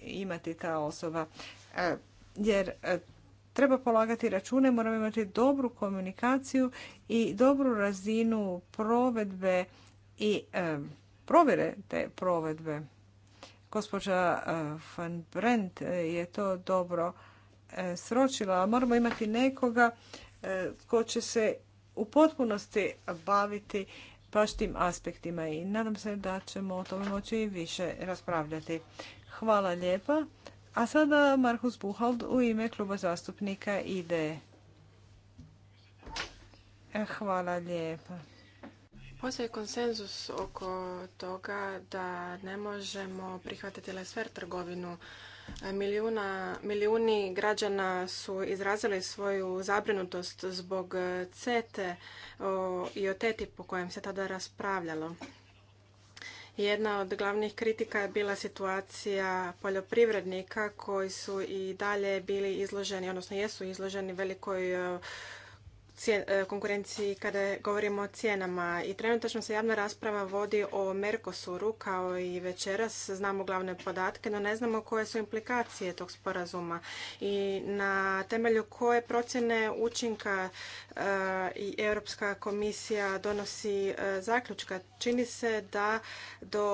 imati ta osoba. E, jer e, treba polagati račune, moramo imati dobru komunikaciju i dobru razinu provedbe i provjere te provedbe gospođa e, van Brent e, je to dobro e, sročila, a moramo imati nekoga ko će se u potpunosti baviti baš tim aspektima i nadam se da ćemo o tome moći i više raspravljati. Hvala lijepa. A sada Markus Buhald u ime kluba zastupnika IDE. Hvala lijepa. Postoji konsenzus oko toga da ne možemo prihvatiti lesfer trgovinu. Milijuna, milijuni građana su izrazili svoju zabrinutost zbog CETE i o TETI po kojem se tada raspravljalo. Jedna od glavnih kritika je bila situacija poljoprivrednika koji su i dalje bili izloženi, odnosno jesu izloženi velikoj E, konkurenciji kada govorimo o cijenama i trenutačno se javna rasprava vodi o Mercosuru kao i večeras znamo glavne podatke no ne znamo koje su implikacije tog sporazuma i na temelju koje procjene učinka e, i Europska komisija donosi e, zaključka. Čini se da do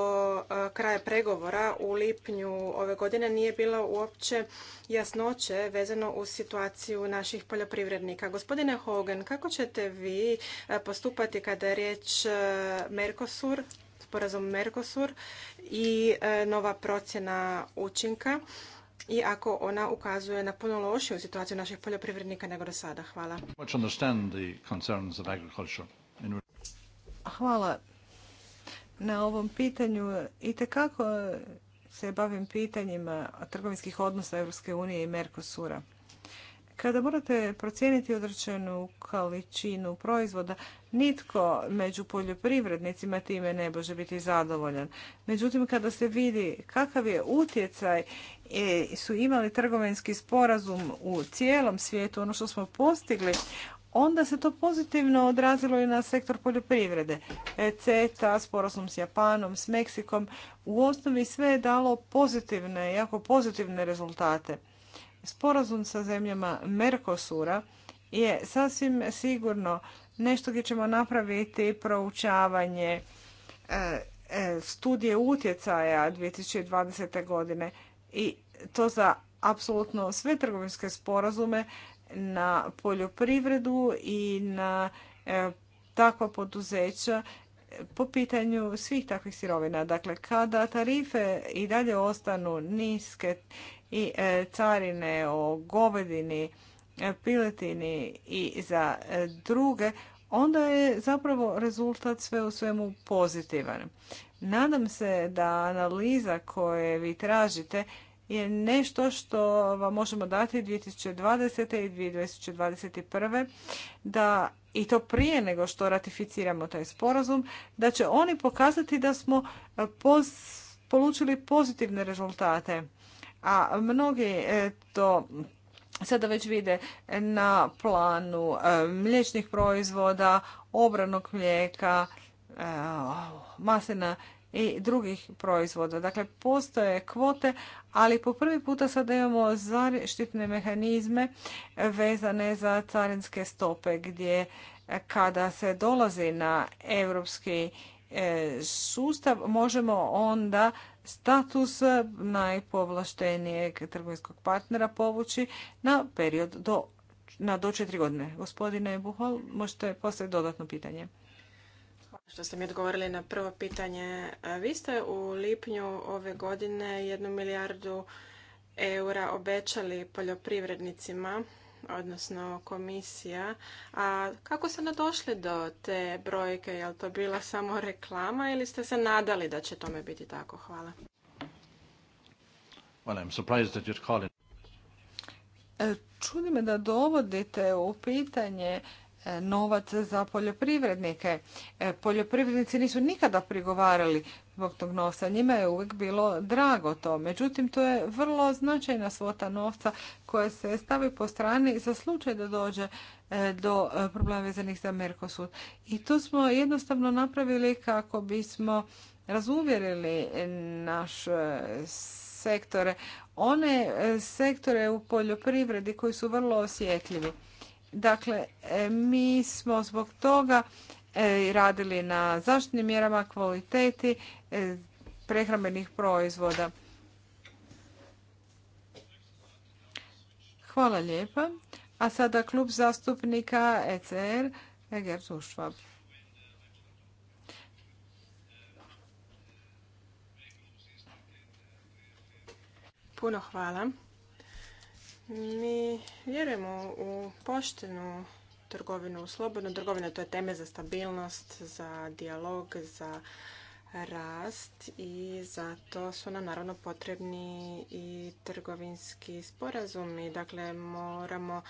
kraja pregovora u lipnju ove godine nije bilo uopće jasnoće vezano uz situaciju naših poljoprivrednika. Gospodine Hogan, kako ćete vi e, postupati kada je riječ e, Mercosur, sporazum Mercosur i e, nova procjena učinka i ako ona ukazuje na puno lošiju situaciju naših poljoprivrednika nego do sada? Hvala. Hvala na ovom pitanju. I tekako se bavim pitanjima trgovinskih odnosa Europske unije i Mercosura. Kada morate procijeniti određenu količinu proizvoda, nitko među poljoprivrednicima time ne može biti zadovoljan. Međutim, kada se vidi kakav je utjecaj e, su imali trgovinski sporazum u cijelom svijetu, ono što smo postigli, onda se to pozitivno odrazilo i na sektor poljoprivrede. E, CETA, sporazum s Japanom, s Meksikom, u osnovi sve je dalo pozitivne, jako pozitivne rezultate. Sporazum sa zemljama Mercosura je sasvim sigurno nešto gdje ćemo napraviti proučavanje e, e, studije utjecaja 2020. godine i to za apsolutno sve trgovinske sporazume na poljoprivredu i na e, takva poduzeća po pitanju svih takvih sirovina. Dakle, kada tarife i dalje ostanu niske i e, carine o govedini, e, piletini i za e, druge, onda je zapravo rezultat sve u svemu pozitivan. Nadam se da analiza koje vi tražite je nešto što vam možemo dati 2020. i 2021. da i to prije nego što ratificiramo taj sporazum, da će oni pokazati da smo polučili pozitivne rezultate a mnogi e, to sada već vide na planu e, mliječnih proizvoda, obranog mlijeka, e, maslina i drugih proizvoda. Dakle, postoje kvote, ali po prvi puta sada imamo zaštitne mehanizme vezane za carinske stope gdje kada se dolazi na europski sustav možemo onda status najpovlaštenijeg trgovinskog partnera povući na period do na do četiri godine. Gospodine Buhol, možete postaviti dodatno pitanje. što ste mi odgovorili na prvo pitanje. Vi ste u lipnju ove godine jednu milijardu eura obećali poljoprivrednicima odnosno komisija. A kako ste došli do te brojke? Je li to bila samo reklama ili ste se nadali da će tome biti tako? Hvala. Well, e, Čudi me da dovodite u pitanje e, novac za poljoprivrednike. E, poljoprivrednici nisu nikada prigovarali zbog tog novca. Njima je uvijek bilo drago to. Međutim, to je vrlo značajna svota novca koja se stavi po strani za slučaj da dođe e, do e, problema vezanih za Merkosud. I to smo jednostavno napravili kako bismo razuvjerili naš e, sektore, one sektore u poljoprivredi koji su vrlo osjetljivi. Dakle, mi smo zbog toga E, radili na zaštitnim mjerama, kvaliteti e, prehrambenih proizvoda. Hvala lijepa. A sada klub zastupnika ECR, Eger Zušvab. Puno hvala. Mi vjerujemo u poštenu trgovinu u Trgovina To je teme za stabilnost, za dijalog, za rast i zato su nam naravno potrebni i trgovinski sporazumi. Dakle, moramo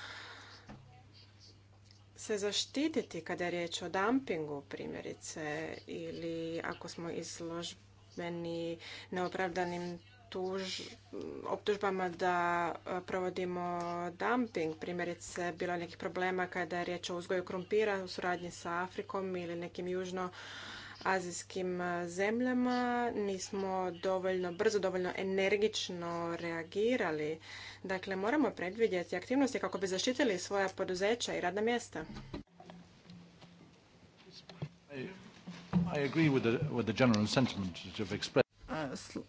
se zaštititi kada je riječ o dumpingu primjerice ili ako smo izložbeni neopravdanim tuž, optužbama da e, provodimo dumping. Primjerice, bilo je nekih problema kada je riječ o uzgoju krumpira u suradnji sa Afrikom ili nekim južno azijskim e, zemljama nismo dovoljno brzo, dovoljno energično reagirali. Dakle, moramo predvidjeti aktivnosti kako bi zaštitili svoja poduzeća i radna mjesta. I agree with the, general sentiment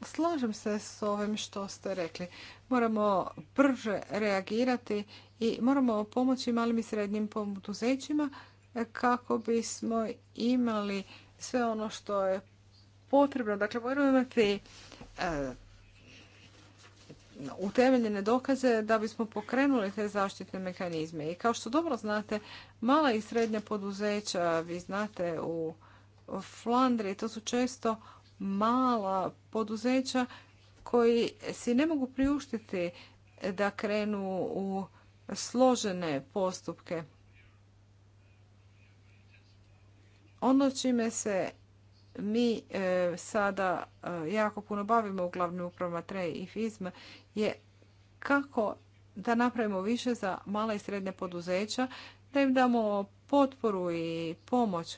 Slažem se s ovim što ste rekli. Moramo brže reagirati i moramo pomoći malim i srednjim poduzećima kako bismo imali sve ono što je potrebno. Dakle, moramo imati e, utemeljene dokaze da bismo pokrenuli te zaštitne mehanizme. I kao što dobro znate, mala i srednja poduzeća, vi znate u Flandri, to su često mala poduzeća koji si ne mogu priuštiti da krenu u složene postupke. Ono čime se mi e, sada e, jako puno bavimo u glavnim upravama TRE i FISM je kako da napravimo više za mala i srednja poduzeća, da im damo potporu i pomoć.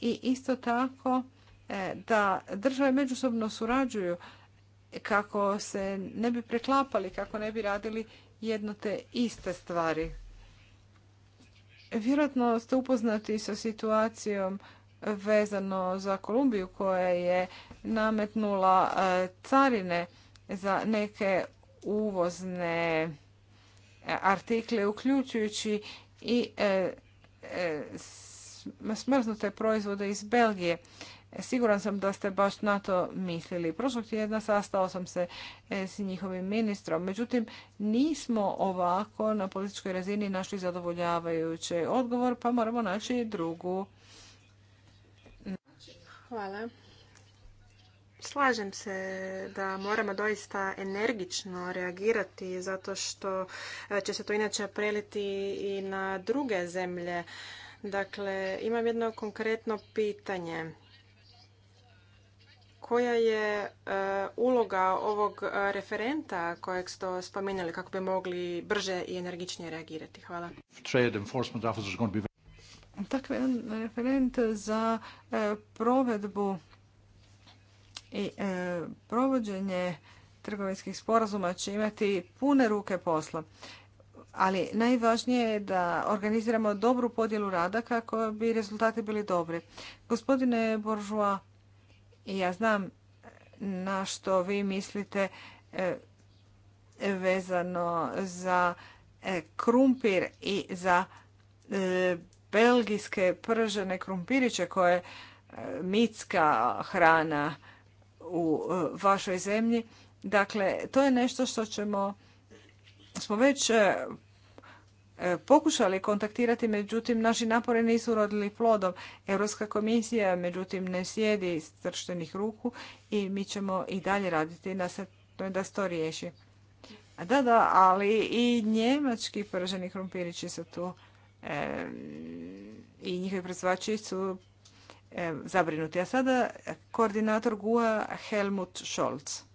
I isto tako E, da države međusobno surađuju kako se ne bi preklapali, kako ne bi radili jedno te iste stvari. Vjerojatno ste upoznati sa situacijom vezano za Kolumbiju koja je nametnula e, carine za neke uvozne e, artikle, uključujući i smrznute proizvode iz Belgije. E, siguran sam da ste baš na to mislili. Prošlog tjedna sastao sam se e, s njihovim ministrom. Međutim, nismo ovako na političkoj razini našli zadovoljavajući odgovor, pa moramo naći drugu. Hvala. Slažem se da moramo doista energično reagirati zato što e, će se to inače preliti i na druge zemlje. Dakle, imam jedno konkretno pitanje koja je e, uloga ovog e, referenta kojeg ste spominjali kako bi mogli brže i energičnije reagirati? Hvala. Dakle, jedan referent za e, provedbu i provođenje trgovinskih sporazuma će imati pune ruke posla. Ali najvažnije je da organiziramo dobru podjelu rada kako bi rezultati bili dobri. Gospodine Boržua, ja znam na što vi mislite e, vezano za e, krumpir i za e, belgijske pržene krumpiriće koje je mitska hrana u vašoj zemlji. Dakle, to je nešto što ćemo smo već pokušali kontaktirati, međutim naši napore nisu rodili plodom. Europska komisija međutim ne sjedi iz ruku i mi ćemo i dalje raditi da se, da to riješi. Da, da, ali i njemački prženi krumpirići su tu i njihovi proizvači su zabrinuti. A sada koordinator GUA Helmut Scholz.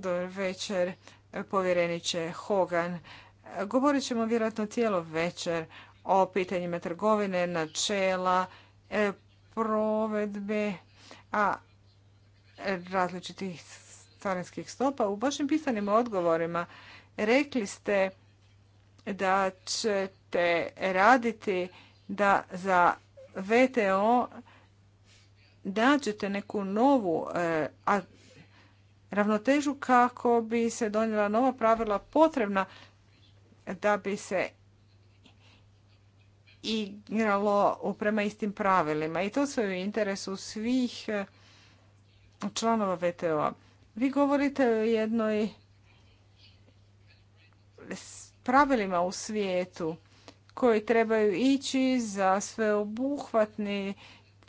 Dobar večer, povjereniče Hogan. Govorit ćemo vjerojatno cijelo večer o pitanjima trgovine, načela, e, provedbe, a različitih carinskih stopa. U vašim pisanim odgovorima rekli ste da ćete raditi da za VTO nađete neku novu e, ravnotežu kako bi se donijela nova pravila potrebna da bi se igralo prema istim pravilima. I to sve u interesu svih eh, članova VTO-a. Vi govorite o jednoj pravilima u svijetu koji trebaju ići za sveobuhvatni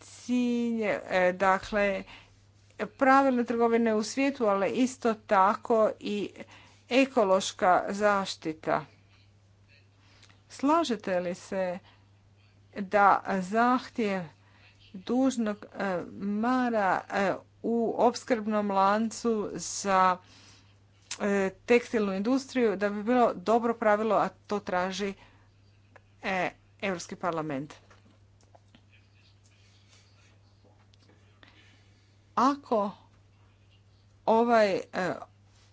cilj, eh, dakle, pravilne trgovine u svijetu, ali isto tako i ekološka zaštita. Slažete li se da zahtjev dužnog e, mara e, u opskrbnom lancu za e, tekstilnu industriju da bi bilo dobro pravilo, a to traži Europski parlament. Ako ovaj e,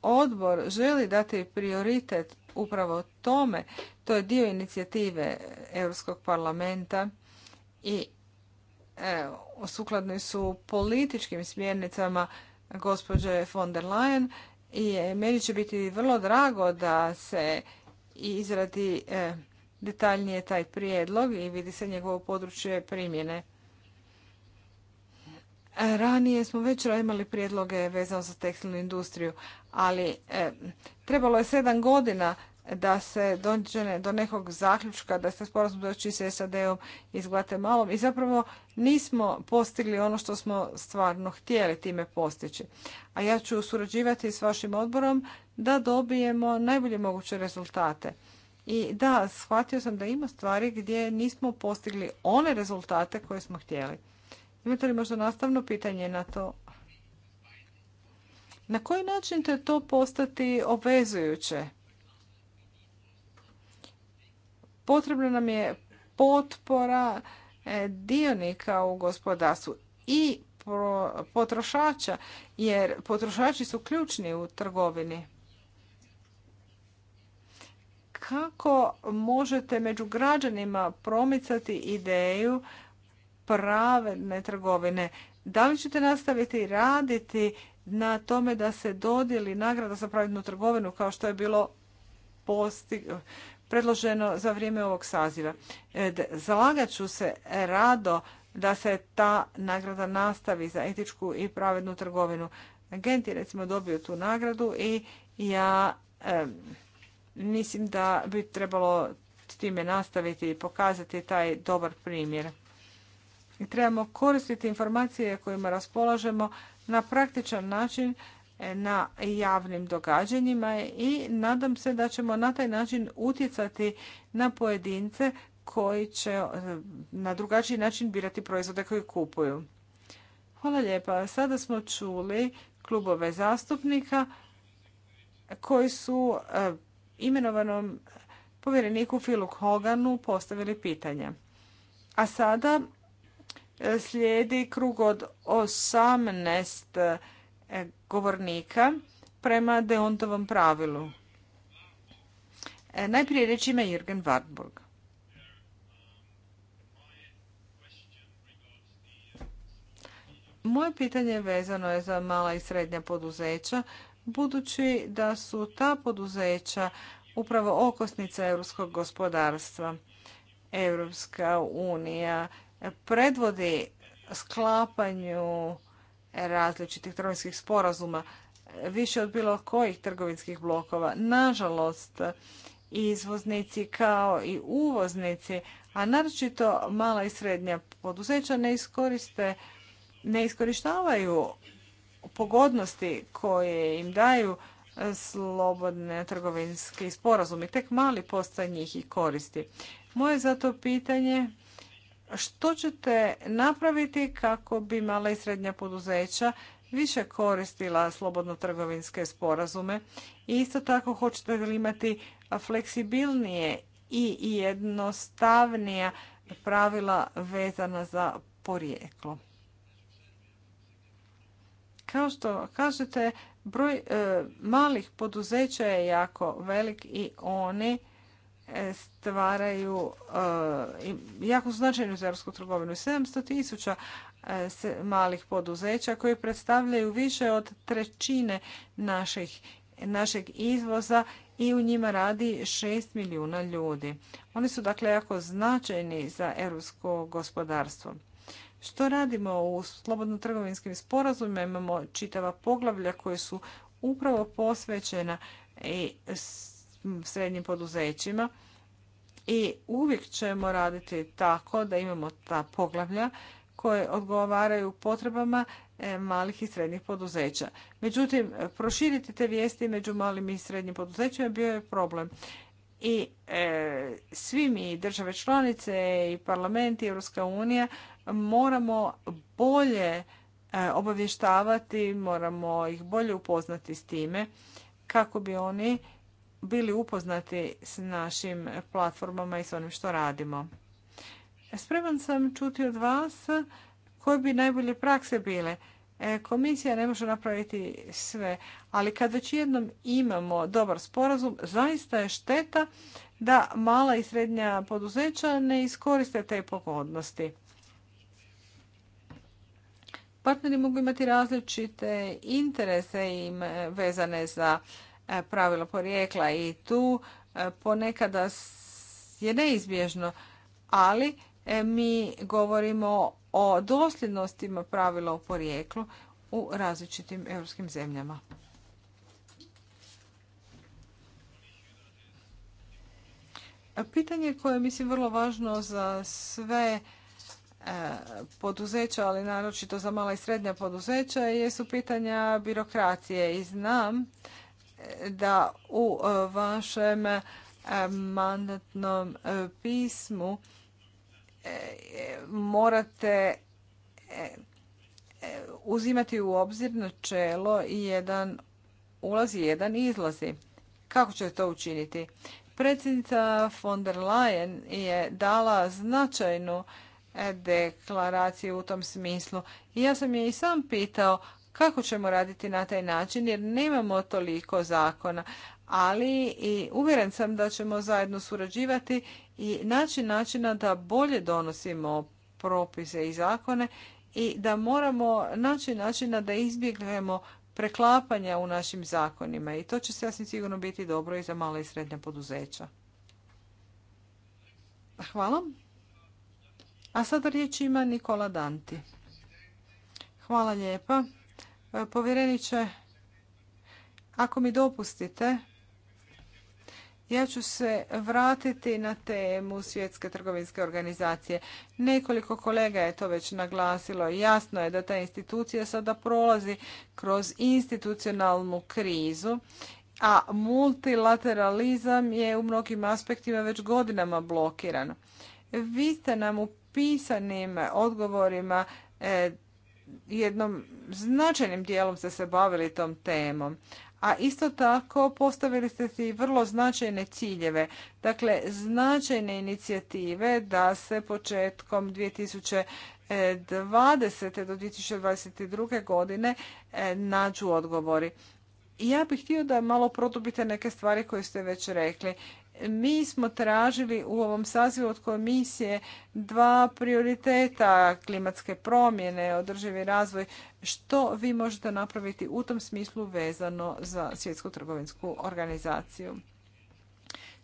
odbor želi dati prioritet upravo tome, to je dio inicijative Europskog parlamenta i e, sukladni su političkim smjernicama gospođe von der Leyen i e, meni će biti vrlo drago da se izradi detaljnije taj prijedlog i vidi se njegovo područje primjene. Ranije smo već imali prijedloge vezano za tekstilnu industriju, ali e, trebalo je sedam godina da se dođe do nekog zaključka da se sporazum doći s SAD-om i s i zapravo nismo postigli ono što smo stvarno htjeli time postići. A ja ću surađivati s vašim odborom da dobijemo najbolje moguće rezultate. I da, shvatio sam da ima stvari gdje nismo postigli one rezultate koje smo htjeli. Imate li možda nastavno pitanje na to? Na koji način će to postati obvezujuće? Potrebna nam je potpora e, dionika u gospodarstvu i potrošača, jer potrošači su ključni u trgovini. Kako možete među građanima promicati ideju pravedne trgovine. Da li ćete nastaviti raditi na tome da se dodijeli nagrada za pravednu trgovinu kao što je bilo predloženo za vrijeme ovog saziva. E, zalagat ću se rado da se ta nagrada nastavi za etičku i pravednu trgovinu. Agent je recimo dobio tu nagradu i ja e, mislim da bi trebalo s time nastaviti i pokazati taj dobar primjer i trebamo koristiti informacije kojima raspolažemo na praktičan način e, na javnim događanjima i nadam se da ćemo na taj način utjecati na pojedince koji će e, na drugačiji način birati proizvode koje kupuju. Hvala lijepa. Sada smo čuli klubove zastupnika koji su e, imenovanom povjereniku Filu Hoganu postavili pitanja. A sada slijedi krug od 18 e, govornika prema Deontovom pravilu. E, najprije reći ima Jürgen Wartburg. Moje pitanje vezano je za mala i srednja poduzeća, budući da su ta poduzeća upravo okosnica europskog gospodarstva. Europska unija predvodi sklapanju različitih trgovinskih sporazuma više od bilo kojih trgovinskih blokova. Nažalost, izvoznici kao i uvoznici, a naročito mala i srednja poduzeća ne iskoriste, ne iskorištavaju pogodnosti koje im daju slobodne trgovinski sporazumi. Tek mali postoje njih i koristi. Moje zato pitanje što ćete napraviti kako bi mala i srednja poduzeća više koristila slobodno trgovinske sporazume i isto tako hoćete li imati fleksibilnije i jednostavnija pravila vezana za porijeklo. Kao što kažete, broj e, malih poduzeća je jako velik i oni E, stvaraju e, jako značajnu za trgovinu. 700 tisuća e, malih poduzeća koji predstavljaju više od trećine naših, našeg izvoza i u njima radi 6 milijuna ljudi. Oni su dakle jako značajni za europsko gospodarstvo. Što radimo u slobodno trgovinskim sporazumima? Imamo čitava poglavlja koje su upravo posvećena i srednjim poduzećima i uvijek ćemo raditi tako da imamo ta poglavlja koje odgovaraju potrebama e, malih i srednjih poduzeća. Međutim, proširiti te vijesti među malim i srednjim poduzećima bio je problem. I e, svi mi, države članice i parlament i Europska unija, moramo bolje e, obavještavati, moramo ih bolje upoznati s time kako bi oni bili upoznati s našim platformama i s onim što radimo. Spreman sam čuti od vas koje bi najbolje prakse bile. E, komisija ne može napraviti sve, ali kad već jednom imamo dobar sporazum, zaista je šteta da mala i srednja poduzeća ne iskoriste te pogodnosti. Partneri mogu imati različite interese im vezane za E, pravila porijekla i tu e, ponekada je neizbježno, ali e, mi govorimo o dosljednostima pravila o porijeklu u različitim europskim zemljama. Pitanje koje mislim vrlo važno za sve poduzeća, ali naročito za mala i srednja poduzeća, jesu pitanja birokracije. I znam da u e, vašem e, mandatnom e, pismu morate uzimati u obzir načelo jedan ulazi, jedan izlazi. Kako će to učiniti? Predsjednica von der Leyen je dala značajnu deklaraciju u tom smislu. I ja sam je i sam pitao kako ćemo raditi na taj način jer nemamo toliko zakona. Ali i uvjeren sam da ćemo zajedno surađivati i naći načina da bolje donosimo propise i zakone i da moramo naći načina da izbjegnemo preklapanja u našim zakonima i to će sasvim sigurno biti dobro i za mala i srednja poduzeća. Hvala. A sada riječ ima Nikola Danti. Hvala lijepa. Povjereniče, ako mi dopustite, ja ću se vratiti na temu Svjetske trgovinske organizacije. Nekoliko kolega je to već naglasilo. Jasno je da ta institucija sada prolazi kroz institucionalnu krizu, a multilateralizam je u mnogim aspektima već godinama blokiran. Vi ste nam u pisanim odgovorima e, jednom značajnim dijelom ste se bavili tom temom. A isto tako postavili ste si vrlo značajne ciljeve, dakle značajne inicijative da se početkom 2020. do 2022. godine e, nađu odgovori. Ja bih htio da malo produbite neke stvari koje ste već rekli. Mi smo tražili u ovom sazivu od komisije dva prioriteta klimatske promjene, održivi razvoj. Što vi možete napraviti u tom smislu vezano za svjetsku trgovinsku organizaciju?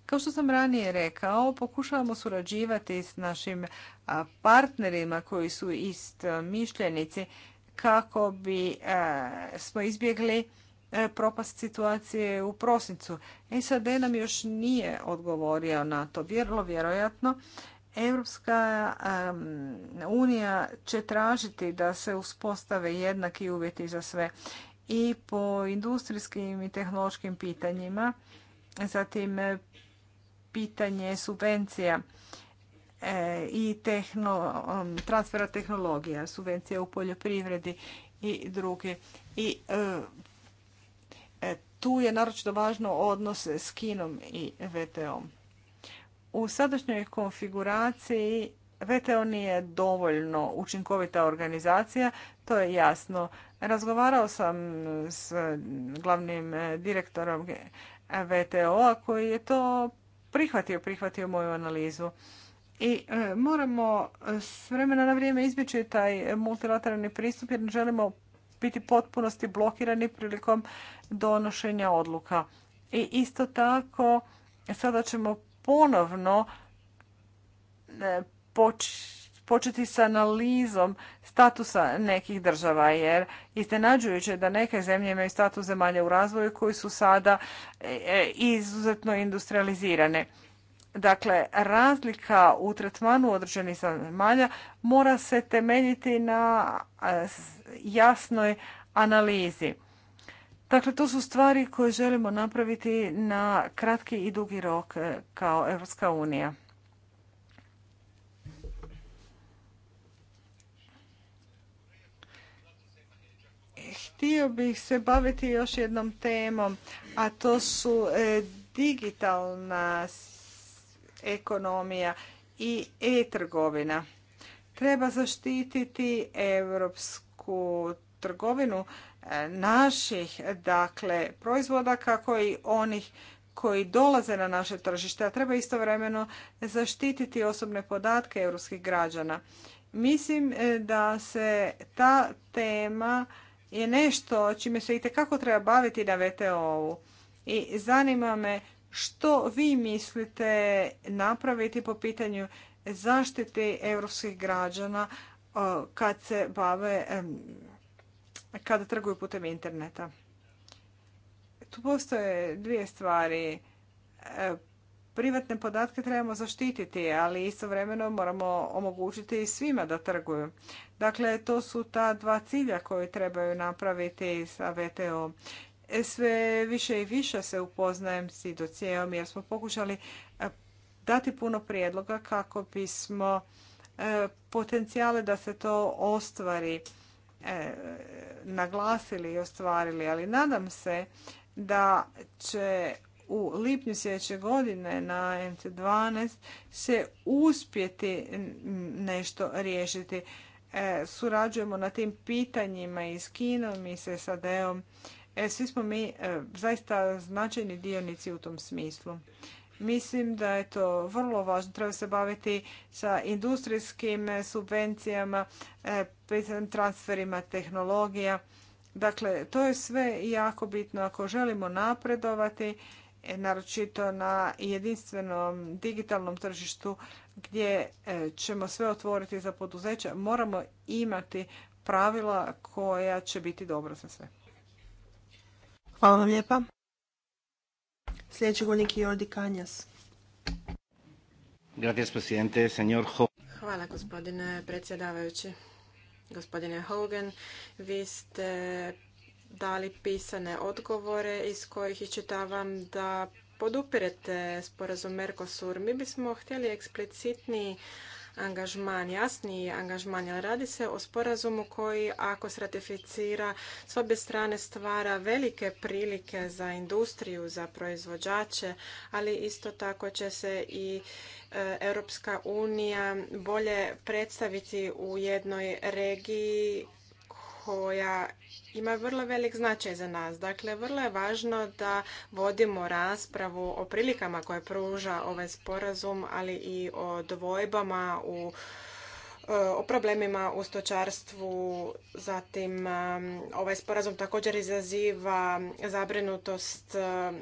Kao što sam ranije rekao, pokušavamo surađivati s našim partnerima koji su ist mišljenici kako bi smo izbjegli E, propast situacije u prosincu. SAD nam još nije odgovorio na to. Vjerlo vjerojatno Europska unija će tražiti da se uspostave jednaki uvjeti za sve i po industrijskim i tehnološkim pitanjima, zatim e, pitanje subvencija e, i transfera tehnologija, subvencija u poljoprivredi i druge. I tu je naročito važno odnos s Kinom i vto U sadašnjoj konfiguraciji VTO nije dovoljno učinkovita organizacija, to je jasno. Razgovarao sam s glavnim direktorom VTO-a koji je to prihvatio, prihvatio moju analizu. I e, moramo s vremena na vrijeme izbjeći taj multilateralni pristup jer želimo biti potpunosti blokirani prilikom donošenja odluka. I isto tako sada ćemo ponovno e, početi s analizom statusa nekih država jer iznenađujuće da neke zemlje imaju status zemalja u razvoju koji su sada e, e, izuzetno industrializirane. Dakle, razlika u tretmanu određenih zemalja mora se temeljiti na e, jasnoj analizi. Dakle, to su stvari koje želimo napraviti na kratki i dugi rok e, kao Europska unija. Htio bih se baviti još jednom temom, a to su e, digitalna ekonomija i e-trgovina. Treba zaštititi europsku trgovinu e, naših dakle proizvoda kako i onih koji dolaze na naše tržište, a treba istovremeno zaštititi osobne podatke europskih građana. Mislim e, da se ta tema je nešto čime se itekako treba baviti na VTO-u. I zanima me što vi mislite napraviti po pitanju zaštite europskih građana e, kad se bave, kada trguju putem interneta? Tu postoje dvije stvari. E, privatne podatke trebamo zaštititi, ali istovremeno moramo omogućiti i svima da trguju. Dakle, to su ta dva cilja koje trebaju napraviti sa VTO. E, sve više i više se upoznajem s idocijom jer smo pokušali e, dati puno prijedloga kako bismo e, potencijale da se to ostvari naglasili i ostvarili, ali nadam se da će u lipnju sljedeće godine na MC12 se uspjeti nešto riješiti. Surađujemo na tim pitanjima i s Kinom i s SAD-om E, svi smo mi e, zaista značajni dionici u tom smislu. Mislim da je to vrlo važno. Treba se baviti sa industrijskim subvencijama, e, transferima tehnologija. Dakle, to je sve jako bitno ako želimo napredovati, naročito na jedinstvenom digitalnom tržištu gdje ćemo sve otvoriti za poduzeća. Moramo imati pravila koja će biti dobra za sve. Hvala vam lijepa. Sljedeći govornik je Jordi Kanjas. Hvala gospodine predsjedavajući. Gospodine Hogan, vi ste dali pisane odgovore iz kojih iščitavam da podupirete sporazum Mercosur. Mi bismo htjeli eksplicitniji angažman, jasniji angažman, jer radi se o sporazumu koji ako se ratificira s obje strane stvara velike prilike za industriju, za proizvođače, ali isto tako će se i e, Europska unija bolje predstaviti u jednoj regiji koja ima vrlo velik značaj za nas. Dakle, vrlo je važno da vodimo raspravu o prilikama koje pruža ovaj sporazum, ali i o dvojbama u o problemima u stočarstvu. Zatim, um, ovaj sporazum također izaziva zabrinutost um,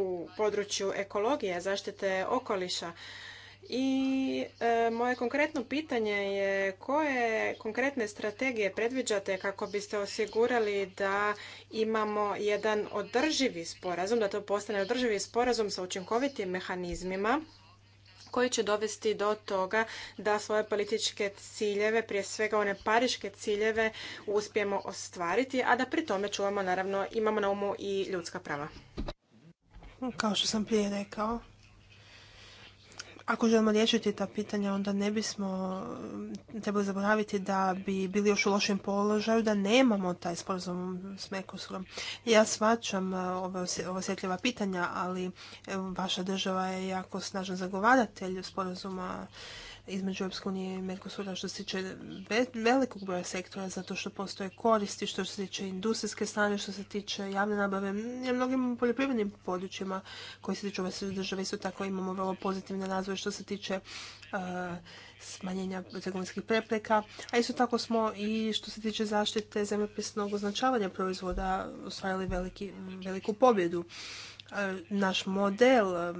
u području ekologije, zaštite okoliša. I e, moje konkretno pitanje je koje konkretne strategije predviđate kako biste osigurali da imamo jedan održivi sporazum, da to postane održivi sporazum sa učinkovitim mehanizmima koji će dovesti do toga da svoje političke ciljeve, prije svega one pariške ciljeve, uspijemo ostvariti, a da pri tome čuvamo, naravno, imamo na umu i ljudska prava. Kao što sam prije rekao, ako želimo riješiti ta pitanja, onda ne bismo mm, trebali zaboraviti da bi bili još u lošem položaju, da nemamo taj sporazum s Mekosurom. Ja svačam e, ove osjetljiva pitanja, ali e, vaša država je jako snažan zagovaratelj sporazuma između Europske unije i Mercosura što se tiče velikog broja sektora, zato što postoje koristi što se tiče industrijske strane, što se tiče javne nabave. Na mnogim poljoprivrednim područjima koji se tiču ove države isto tako imamo vrlo pozitivne razvoje što se tiče smanjenja trgovinskih prepreka, a isto tako smo i što se tiče zaštite zemljopisnog označavanja proizvoda ostvarili veliku pobjedu. E, naš model e,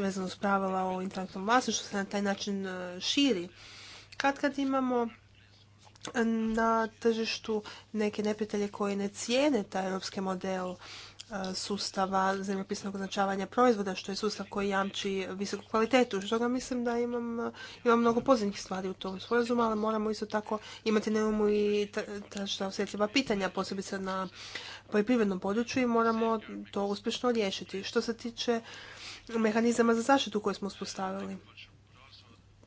vezano s pravila o intelektualnom vlasništvu se na taj način e, širi. Kad kad imamo na tržištu neke neprijatelje koji ne cijene taj europski model E, sustava zemljopisnog označavanja proizvoda, što je sustav koji jamči visoku kvalitetu, što ga mislim da imam, imam mnogo pozitivnih stvari u tom sporazumu, ali moramo isto tako imati na umu i osjetljiva pitanja, posebice na poljoprivrednom području i moramo to uspješno riješiti. Što se tiče mehanizama za zaštitu koje smo uspostavili,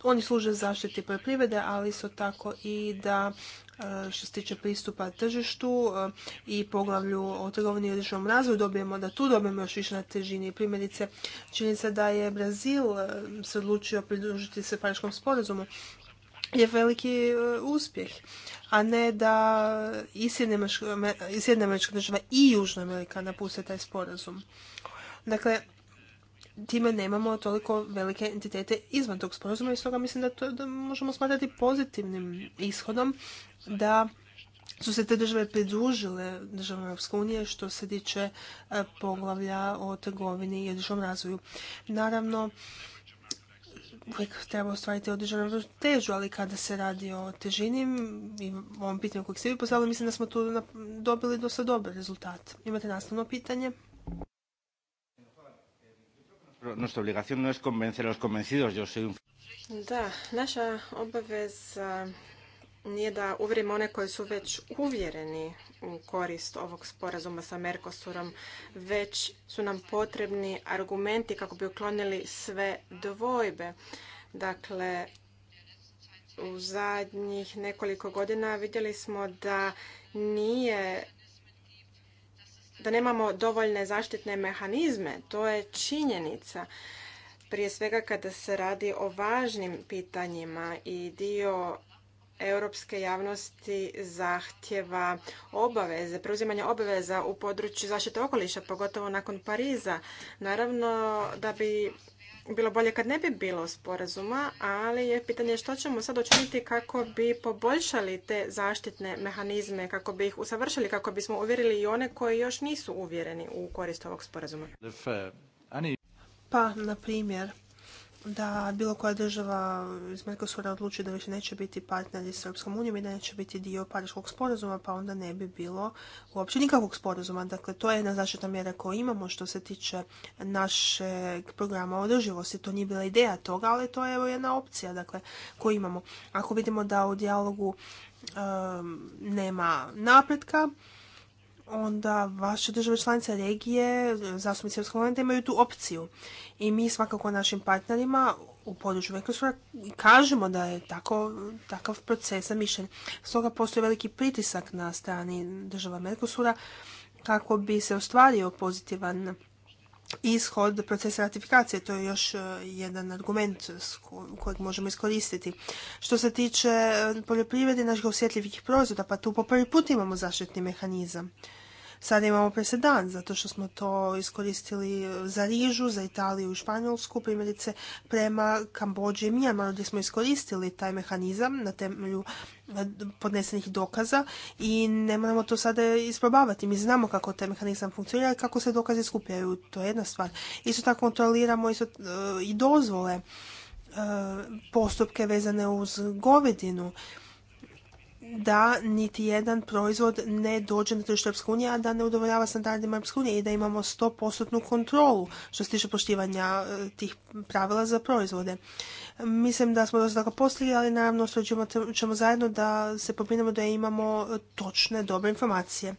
oni služe zaštiti poljoprivrede, ali isto tako i da E, što se tiče pristupa tržištu e, i poglavlju o trgovini i održivom razvoju dobijemo da tu dobijemo još više na težini. Primjerice, činjenica da je Brazil e, se odlučio pridružiti se Pariškom sporazumu je veliki uspjeh, a ne da i sjedna američka i Južna Amerika napuste taj sporazum. Dakle, time nemamo toliko velike entitete izvan tog sporazuma i stoga mislim da to da možemo smatrati pozitivnim ishodom da su se te države pridružile državama Europske unije što se tiče e, poglavlja o trgovini i održivom razvoju. Naravno, uvijek treba ostvariti određenu težu, ali kada se radi o težini i ovom pitanju kojeg ste vi postavili, mislim da smo tu dobili dosta dobar rezultat. Imate nastavno pitanje? Nuestra obligación no es convencer a los convencidos, yo soy un... Da, naša obaveza nije da uvjerimo one koji su već uvjereni u korist ovog sporazuma sa Mercosurom, već su nam potrebni argumenti kako bi uklonili sve dvojbe. Dakle, u zadnjih nekoliko godina vidjeli smo da nije da nemamo dovoljne zaštitne mehanizme. To je činjenica. Prije svega kada se radi o važnim pitanjima i dio europske javnosti zahtjeva obaveze, preuzimanje obaveza u području zaštite okoliša, pogotovo nakon Pariza. Naravno da bi bilo bolje kad ne bi bilo sporazuma, ali je pitanje što ćemo sad učiniti kako bi poboljšali te zaštitne mehanizme, kako bi ih usavršili, kako bismo uvjerili i one koji još nisu uvjereni u korist ovog sporazuma. Pa, na primjer, da bilo koja država iz Mercosura odluči da više neće biti partneri s Europskom unijom i da neće biti dio Pariškog sporazuma, pa onda ne bi bilo uopće nikakvog sporazuma. Dakle, to je jedna zaštita mjera koju imamo što se tiče našeg programa održivosti. To nije bila ideja toga, ali to je evo jedna opcija dakle, koju imamo. Ako vidimo da u dijalogu um, nema napretka, onda vaše države članice regije, zastupnici Europskog imaju tu opciju. I mi svakako našim partnerima u području Mercosura kažemo da je tako, takav proces zamišljen. Stoga postoji veliki pritisak na strani država Mercosura kako bi se ostvario pozitivan ishod procesa ratifikacije. To je još eh, jedan argument kojeg možemo iskoristiti. Što se tiče eh, poljoprivrede naših osjetljivih proizvoda, pa tu po prvi put imamo zaštitni mehanizam. Sad imamo presedan, zato što smo to iskoristili za Rižu, za Italiju i Španjolsku, primjerice prema Kambođi i Mijamaru, gdje smo iskoristili taj mehanizam na temelju eh, podnesenih dokaza i ne moramo to sada isprobavati. Mi znamo kako taj mehanizam funkcionira i kako se dokaze skupljaju. To je jedna stvar. Isto tako kontroliramo eh, i dozvole eh, postupke vezane uz govedinu da niti jedan proizvod ne dođe na tržište Europske a da ne udovoljava standardima Europske unije i da imamo 100% kontrolu što se tiče poštivanja e, tih pravila za proizvode. Mislim da smo dosta tako postigli, ali naravno ćemo zajedno da se pobrinemo da imamo točne, dobre informacije.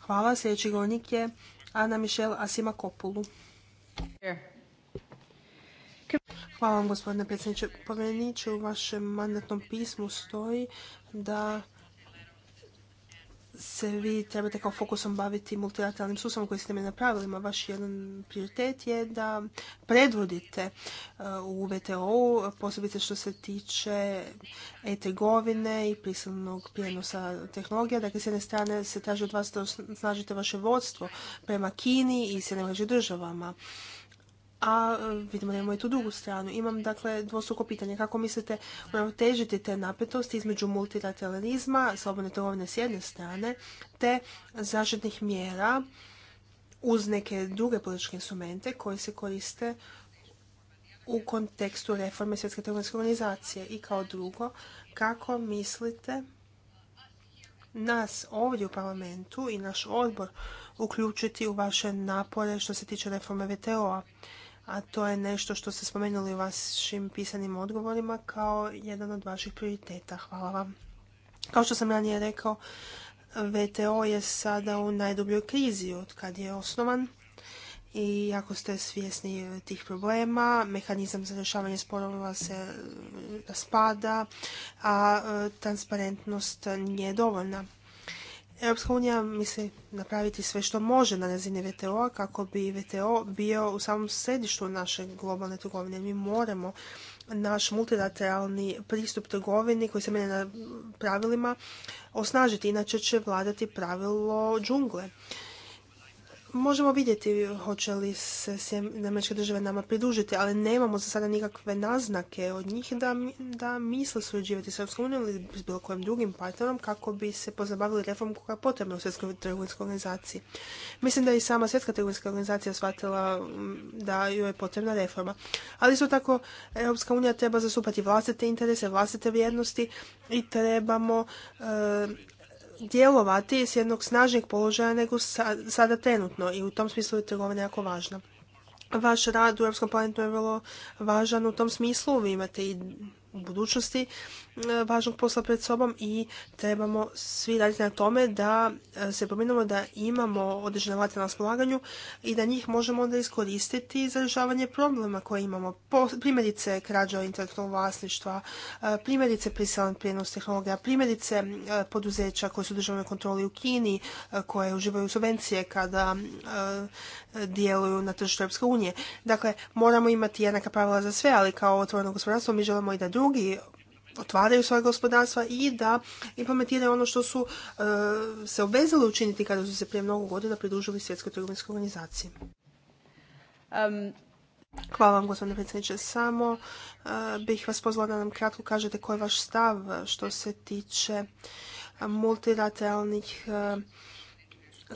Hvala. Sljedeći govornik je Ana Mišel Asima Kopulu. Hvala vam gospodine predsjedniče. Povjereniče, u vašem mandatnom pismu stoji da se vi trebate kao fokusom baviti multilateralnim sustavom koji ste mi napravili, ma vaš jedan prioritet je da predvodite uh, u VTO-u, posebice što se tiče e-trgovine i prisilnog prijenosa tehnologija. Dakle, s jedne strane se traži od vas da osnažite vaše vodstvo prema Kini i Sjednim državama a e, vidimo da imamo i tu drugu stranu. Imam dakle dvostruko pitanje. Kako mislite uravnotežiti te napetosti između multilateralizma, slobodne trgovine s jedne strane, te zaštitnih mjera uz neke druge političke instrumente koji se koriste u kontekstu reforme Svjetske trgovinske organizacije? I kao drugo, kako mislite nas ovdje u parlamentu i naš odbor uključiti u vaše napore što se tiče reforme VTO-a? a to je nešto što ste spomenuli u vašim pisanim odgovorima kao jedan od vaših prioriteta. Hvala vam. Kao što sam ranije rekao, VTO je sada u najdubljoj krizi od kad je osnovan i jako ste svjesni tih problema, mehanizam za rješavanje sporova se raspada, a e, transparentnost nije dovoljna. Europska unija misli napraviti sve što može na razini vto kako bi VTO bio u samom središtu naše globalne trgovine. Mi moramo naš multilateralni pristup trgovini koji se mene na pravilima osnažiti, inače će vladati pravilo džungle možemo vidjeti hoće li se Američke države nama pridružiti, ali nemamo za sada nikakve naznake od njih da, da misle surađivati s Europskom unijom ili s bilo kojim drugim partnerom kako bi se pozabavili reformom koja je potrebna u Svjetskoj trgovinskoj organizaciji. Mislim da je i sama Svjetska trgovinska organizacija shvatila mm, da joj je potrebna reforma. Ali isto tako Europska unija treba zastupati vlastite interese, vlastite vrijednosti i trebamo e, djelovati s jednog snažnijeg položaja nego sada trenutno i u tom smislu je trgovina jako važna. Vaš rad u Europskom parlamentu je vrlo važan u tom smislu. Vi imate i u budućnosti e, važnog posla pred sobom i trebamo svi raditi na tome da e, se pominemo da imamo određene alate na raspolaganju i da njih možemo onda iskoristiti za rješavanje problema koje imamo. Primjerice krađa intelektualnog vlasništva, e, primjerice prisilan prijenos tehnologija, primjerice poduzeća koje su u državnoj kontroli u Kini, koje uživaju subvencije kada djeluju na tržištu Europske unije. Dakle, moramo imati jednaka pravila za sve, ali kao otvoreno gospodarstvo mi želimo i da drugi drugi otvaraju svoje gospodarstva i da implementiraju ono što su eh, se obvezali učiniti kada su se prije mnogo godina pridružili svjetskoj trgovinskoj organizaciji. Um, Hvala vam, gospodine predsjedniče. Samo eh, bih vas pozvala da nam kratko kažete koji je vaš stav što se tiče multilateralnih eh,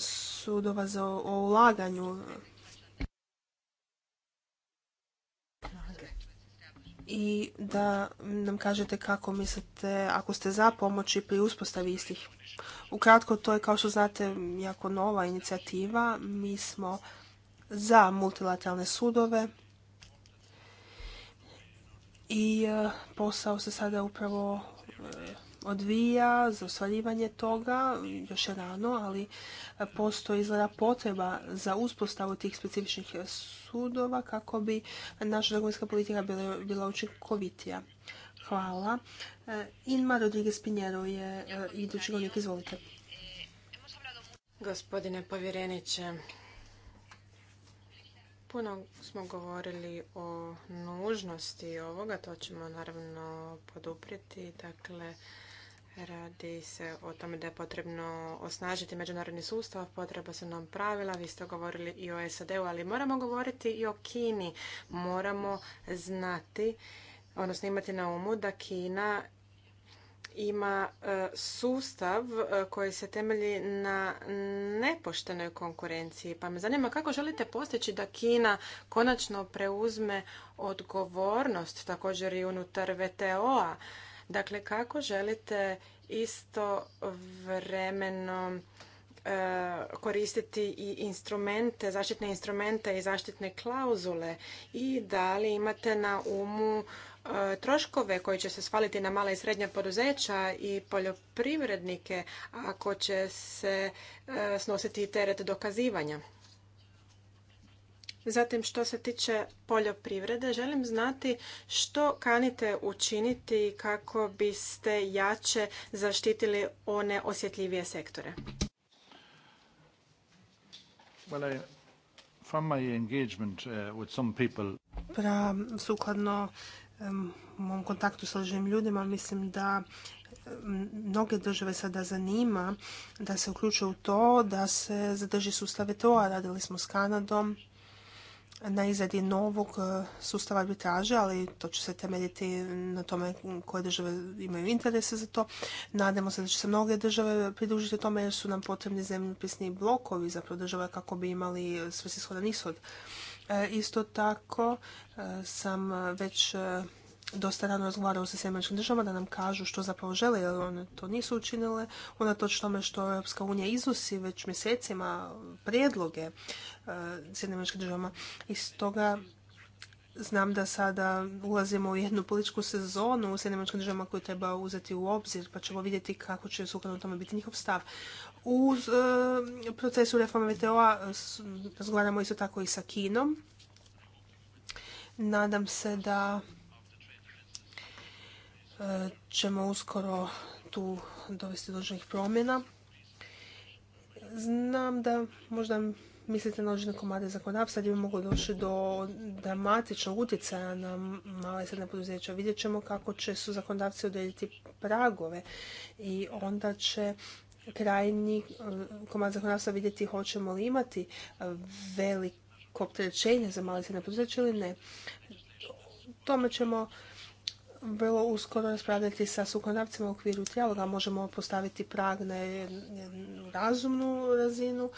sudova za, ulaganju i da nam kažete kako mislite ako ste za pomoći pri uspostavi istih. Ukratko, to je kao što znate jako nova inicijativa. Mi smo za multilateralne sudove i e, posao se sada upravo e, odvija, za ostvarivanje toga, još je rano, ali postoji izgleda potreba za uspostavu tih specifičnih sudova kako bi naša dragovinska politika bila, učinkovitija. Hvala. E, Inma Rodriguez Pinjero je e, idući govornik. Izvolite. Gospodine povjereniče, puno smo govorili o nužnosti ovoga, to ćemo naravno poduprijeti. Dakle, Radi se o tome da je potrebno osnažiti međunarodni sustav, potreba su nam pravila, vi ste govorili i o SAD-u, ali moramo govoriti i o Kini. Moramo znati, odnosno imati na umu da Kina ima e, sustav e, koji se temelji na nepoštenoj konkurenciji. Pa me zanima kako želite postići da Kina konačno preuzme odgovornost također i unutar VTO-a Dakle, kako želite isto vremeno e, koristiti i instrumente, zaštitne instrumente i zaštitne klauzule i da li imate na umu e, troškove koji će se svaliti na mala i srednja poduzeća i poljoprivrednike ako će se e, snositi teret dokazivanja. Zatim, što se tiče poljoprivrede, želim znati što kanite učiniti kako biste jače zaštitili one osjetljivije sektore. Well, sukladno mom kontaktu s određenim ljudima, mislim da mnoge države sada zanima da se uključe u to, da se zadrži sustave to, a Radili smo s Kanadom, na izradi novog e, sustava arbitraže, ali to će se temeljiti na tome koje države imaju interese za to. Nadamo se da će se mnoge države pridružiti tome jer su nam potrebni zemljopisni blokovi za država kako bi imali svrsishodan ishod. E, isto tako e, sam već dosta rano razgovarao sa sjemačkim državama da nam kažu što zapravo žele, jer one to nisu učinile, unatoč tome što Europska unija iznosi već mjesecima prijedloge e, sjemačkim državama. I stoga znam da sada ulazimo u jednu političku sezonu u sjemačkim državama koju treba uzeti u obzir, pa ćemo vidjeti kako će sukladno tome biti njihov stav. U e, procesu reforme VTO-a razgovaramo isto tako i sa Kinom. Nadam se da ćemo uskoro tu dovesti do promjena. Znam da možda mislite na komade zakonodavstva sad bi moglo doći do dramatičnog utjecaja na male i poduzeća. Vidjet ćemo kako će su zakonodavci odrediti pragove i onda će krajnji e, komad zakonodavstva vidjeti hoćemo li imati veliko opterećenje za male i srednja poduzeće ili ne. Tome ćemo vrlo uskoro raspravljati sa sukonavcima u okviru trijaloga. Možemo postaviti prag na razumnu razinu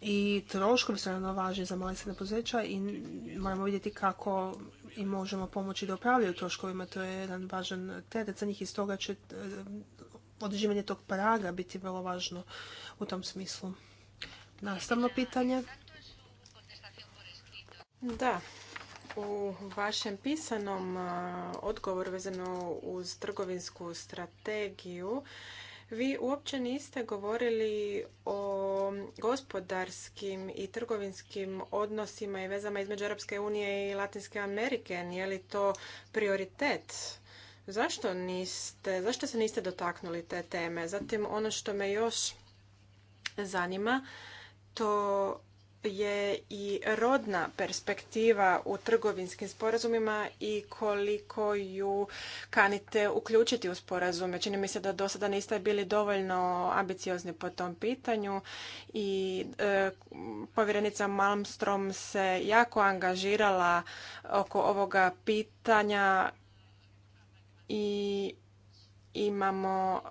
i troškovi su naravno važni za male sredne poduzeća i moramo vidjeti kako im možemo pomoći da upravljaju troškovima. To je jedan važan teret za njih i stoga će eh, određivanje tog praga biti vrlo važno u tom smislu. Nastavno pitanje. Da, u vašem pisanom odgovoru vezano uz trgovinsku strategiju vi uopće niste govorili o gospodarskim i trgovinskim odnosima i vezama između Europske unije i Latinske Amerike. Nije li to prioritet? Zašto, niste, zašto se niste dotaknuli te teme? Zatim ono što me još zanima, to je i rodna perspektiva u trgovinskim sporazumima i koliko ju kanite uključiti u sporazume. Čini mi se da do sada niste bili dovoljno ambiciozni po tom pitanju i e, povjerenica Malmstrom se jako angažirala oko ovoga pitanja i imamo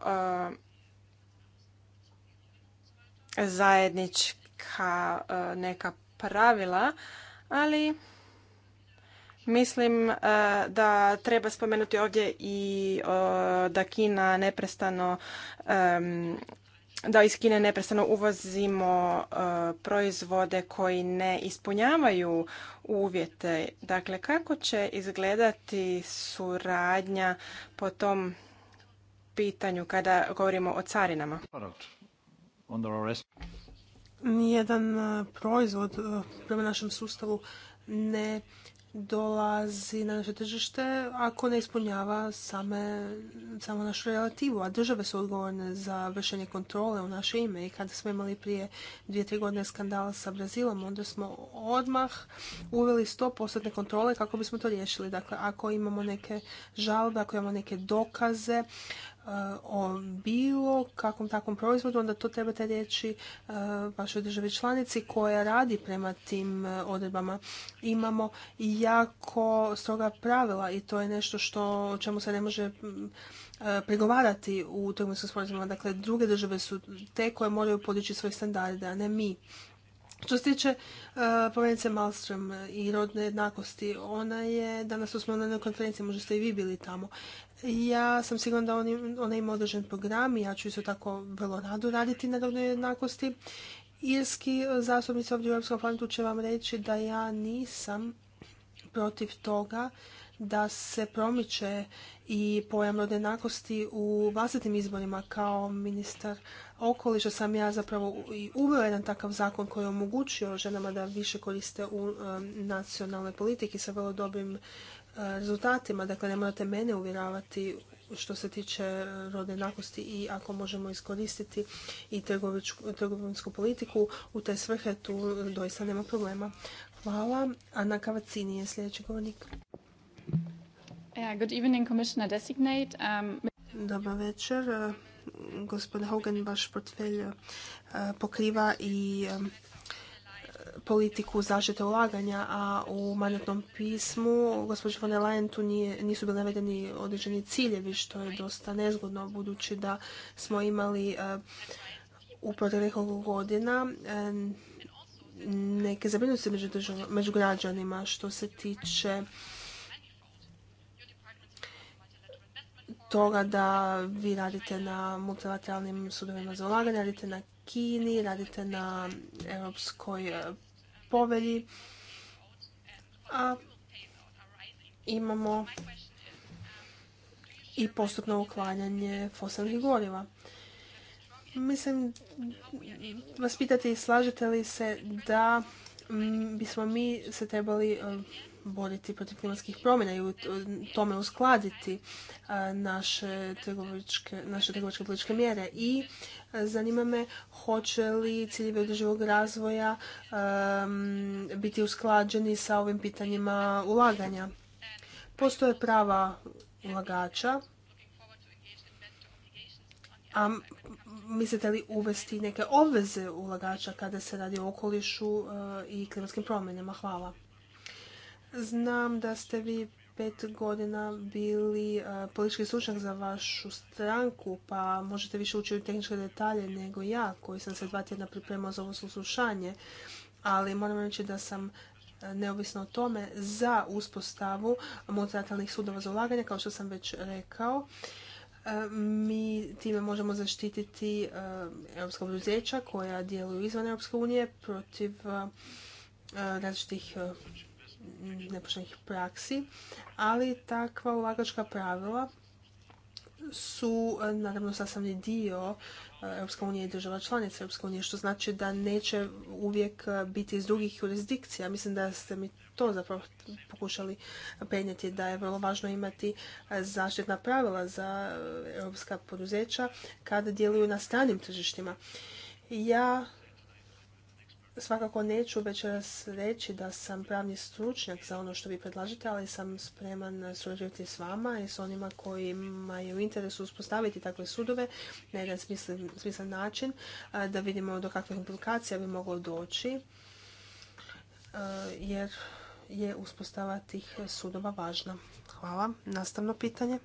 e, zajednički neka, e, neka pravila, ali Mislim e, da treba spomenuti ovdje i e, da Kina neprestano da iz Kine neprestano uvozimo proizvode koji ne ispunjavaju uvjete. Dakle, kako će izgledati suradnja po tom pitanju kada govorimo o carinama? nijedan e, proizvod e, prema našem sustavu ne dolazi na naše tržište ako ne ispunjava same, samo našu relativu, a države su odgovorne za vršenje kontrole u naše ime i kada smo imali prije dvije, tri godine skandala sa Brazilom, onda smo odmah uveli 100% kontrole kako bismo to riješili. Dakle, ako imamo neke žalbe, ako imamo neke dokaze o bilo kakvom takvom proizvodu, onda to trebate reći e, vašoj državi članici koja radi prema tim e, odredbama. Imamo jako stroga pravila i to je nešto što o čemu se ne može e, pregovarati u trgovinskom sporazumima. Dakle, druge države su te koje moraju podići svoje standarde, a ne mi. Što se tiče uh, povjerenice i rodne jednakosti, ona je danas u na konferenciji, možda ste i vi bili tamo. Ja sam sigurna da ona ima određen program i ja ću isto tako vrlo rado raditi na rodnoj jednakosti. Irski e, zastupnici ovdje u Europskom parlamentu će vam reći da ja nisam protiv toga da se promiče i pojam rodne jednakosti u vlastitim izborima. Kao ministar okoliša sam ja zapravo i uveo jedan takav zakon koji je omogućio ženama da više koriste u e, nacionalnoj politiki sa vrlo dobrim rezultatima. Dakle, ne morate mene uvjeravati što se tiče rodne jednakosti i ako možemo iskoristiti i trgovinsku politiku u te svrhe, tu doista nema problema. Hvala. Ana Kavacini je sljedeći govornik. Good evening, Commissioner Designate. Um, Dobar večer. Gospodin Hogan, vaš portfelj eh, pokriva i eh, politiku zaštite ulaganja, a u mandatnom pismu gospođe von der tu nije, nisu bili navedeni određeni ciljevi, što je dosta nezgodno budući da smo imali eh, u proteklih godina eh, neke zabrinuti među, među građanima što se tiče toga da vi radite na multilateralnim sudovima za ulaganje, radite na Kini, radite na europskoj e, povelji, a imamo i postupno uklanjanje fosilnih goriva. Mislim, vas pitati slažete li se da bismo mi se trebali e, boriti protiv klimatskih promjena i u tome uskladiti naše trgovačke, naše političke mjere. I zanima me hoće li ciljevi održivog razvoja biti usklađeni sa ovim pitanjima ulaganja. Postoje prava ulagača, a mislite li uvesti neke obveze ulagača kada se radi o okolišu i klimatskim promjenama? Hvala. Znam da ste vi pet godina bili politički slučnjak za vašu stranku, pa možete više ući u tehničke detalje nego ja, koji sam se dva tjedna pripremao za ovo slušanje. Ali moram reći da sam neovisno o tome za uspostavu multilateralnih sudova za ulaganje, kao što sam već rekao. Mi time možemo zaštititi europska poduzeća koja djeluju izvan Europske unije protiv različitih nepoštenih praksi, ali takva ulagačka pravila su eh, naravno sastavni dio eh, EU i država članica EU, što znači da neće uvijek eh, biti iz drugih jurisdikcija. Mislim da ste mi to zapravo pokušali prenijeti, da je vrlo važno imati zaštitna pravila za europska poduzeća kada djeluju na stranim tržištima. Ja Svakako neću već reći da sam pravni stručnjak za ono što vi predlažete, ali sam spreman surađivati s vama i s onima kojima je u interesu uspostaviti takve sudove na jedan smislen, način, da vidimo do kakvih implikacija bi moglo doći, jer je uspostava tih sudova važna. Hvala. Nastavno pitanje.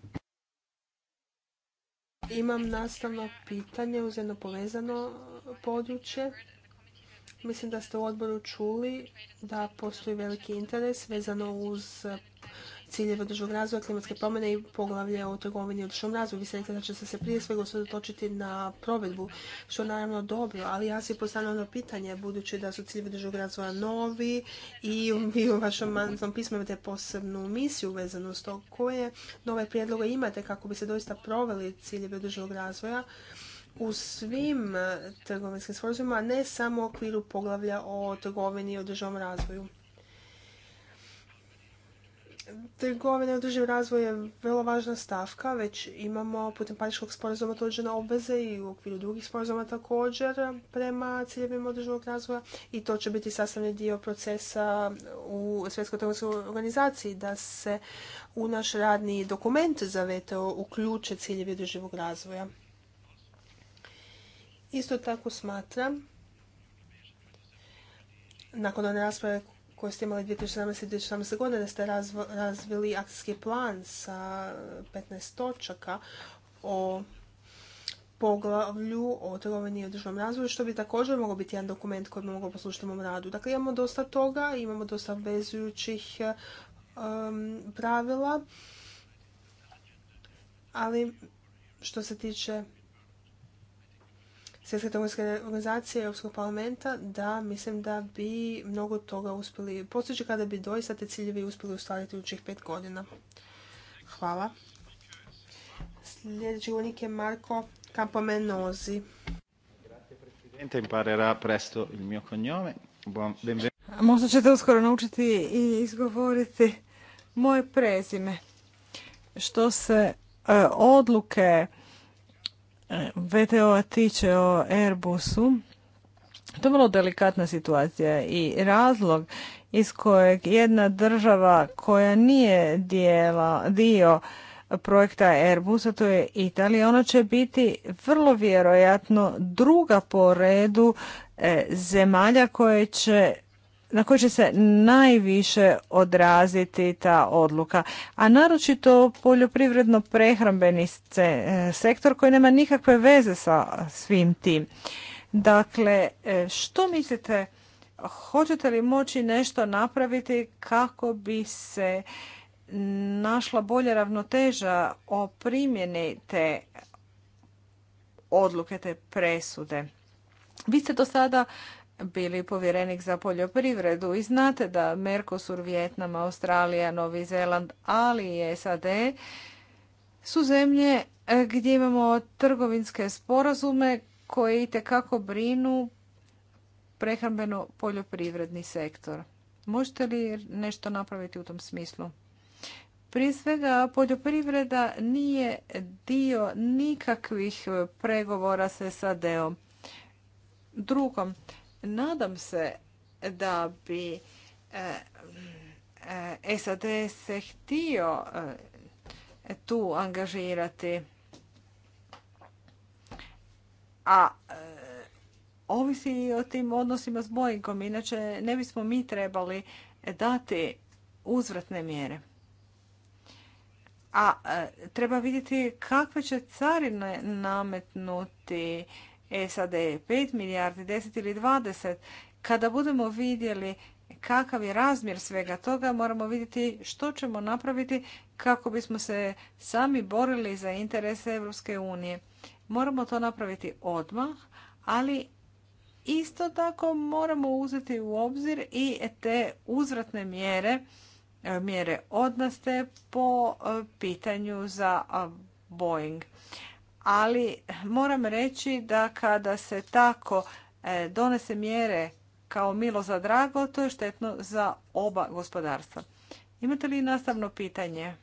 Imam nastavno pitanje uz jedno povezano područje Mislim da ste u odboru čuli da postoji veliki interes vezano uz ciljeve održivog razvoja, klimatske promjene i poglavlje o trgovini i održivom razvoju. Vi ste rekli da će se prije svega usredotočiti na provedbu, što je naravno dobro, ali ja si postavljam ono pitanje, budući da su ciljevi održivog razvoja novi i vi u vašem mandatnom pismu imate posebnu misiju vezanu s to koje nove prijedloge imate kako bi se doista proveli ciljevi održivog razvoja u svim e, trgovinskim sporazumima, ne samo u okviru poglavlja o trgovini i održivom razvoju. Trgovina i održiv razvoj je vrlo važna stavka, već imamo putem Pariškog sporazuma na obveze i u okviru drugih sporazuma također prema ciljevima održivog razvoja i to će biti sastavni dio procesa u Svjetskoj trgovinskoj organizaciji da se u naš radni dokument za VTO uključe ciljevi održivog razvoja. Isto tako smatram, nakon one rasprave koje ste imali 2017. i 2017. godine, da ste razvili akcijski plan sa 15 točaka o poglavlju o trgovini i održivom razvoju, što bi također mogao biti jedan dokument koji bi mogao poslušati u mom radu. Dakle, imamo dosta toga, imamo dosta vezujućih um, pravila, ali što se tiče Svjetske trgovinske organizacije Europskog parlamenta da mislim da bi mnogo toga uspjeli postići kada bi doista te ciljevi uspjeli ustaviti u čih pet godina. Hvala. Sljedeći govornik je Marko Campomenozi. Možda ćete uskoro naučiti i izgovoriti moje prezime. Što se e, odluke VTO tiče o Airbusu, to je vrlo delikatna situacija i razlog iz kojeg jedna država koja nije dijela, dio projekta Airbusa, to je Italija, ona će biti vrlo vjerojatno druga po redu e, zemalja koje će na koji će se najviše odraziti ta odluka, a naročito poljoprivredno prehrambeni e, sektor koji nema nikakve veze sa svim tim. Dakle, e, što mislite, hoćete li moći nešto napraviti kako bi se našla bolja ravnoteža o primjeni te odluke, te presude? Vi ste do sada bili povjerenik za poljoprivredu i znate da Mercosur, Vjetnam, Australija, Novi Zeland, ali i SAD su zemlje e, gdje imamo trgovinske sporazume koji itekako brinu prehrambeno-poljoprivredni sektor. Možete li nešto napraviti u tom smislu? Prije svega, poljoprivreda nije dio nikakvih pregovora sa SAD-om. Drugom Nadam se da bi e, e, SAD se htio e, tu angažirati. A ovisi i o tim odnosima s Boeingom, inače ne bismo mi trebali dati uzvratne mjere. A treba vidjeti kakve će carine nametnuti SAD je 5 milijardi, 10 ili 20. Kada budemo vidjeli kakav je razmjer svega toga, moramo vidjeti što ćemo napraviti kako bismo se sami borili za interese Europske unije. Moramo to napraviti odmah, ali isto tako moramo uzeti u obzir i te uzvratne mjere, mjere odnaste po e, pitanju za Boeing ali moram reći da kada se tako e, donese mjere kao milo za drago, to je štetno za oba gospodarstva. Imate li nastavno pitanje?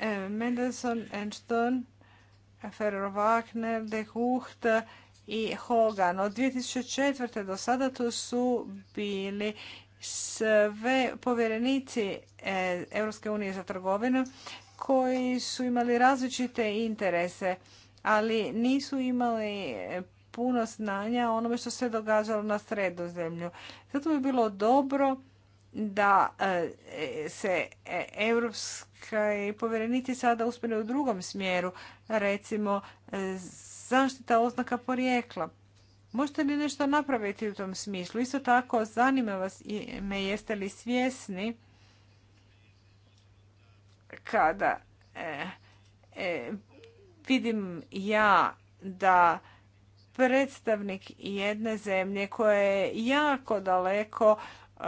E, Mendelssohn, Einstein, Ferrer Wagner, De Hucht i Hogan. Od 2004. do sada tu su bili sve povjerenici e, Europske unije za trgovinu koji su imali različite interese, ali nisu imali puno znanja o onome što se događalo na sredozemlju. Zato bi bilo dobro da e, se e, europski povjerenici sada uspjene u drugom smjeru, recimo e, zaštita oznaka porijekla. Možete li nešto napraviti u tom smislu? Isto tako, zanima vas i me jeste li svjesni kada e, e, vidim ja da predstavnik jedne zemlje koja je jako daleko e,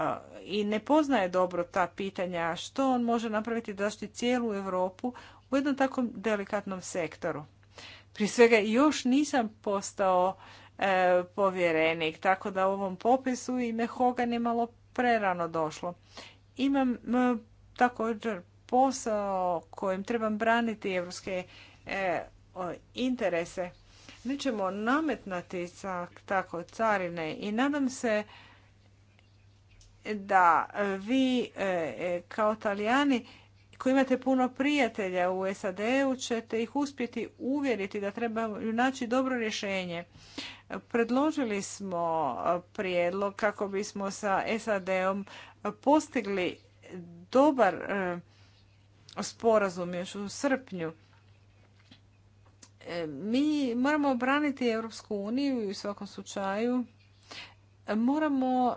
i ne poznaje dobro ta pitanja što on može napraviti da zaštiti cijelu Europu u jednom takvom delikatnom sektoru. Prije svega još nisam postao povjerenik, tako da u ovom popisu ime Hogan je malo prerano došlo. Imam također posao kojim trebam braniti evropske e, interese. Mi ćemo nametnati tako carine i nadam se da vi e, e, kao Talijani koji imate puno prijatelja u SAD-u ćete ih uspjeti uvjeriti da trebaju naći dobro rješenje. Predložili smo prijedlog kako bismo sa SAD-om postigli dobar sporazum još u srpnju. E, mi moramo obraniti Europsku uniju i u svakom slučaju moramo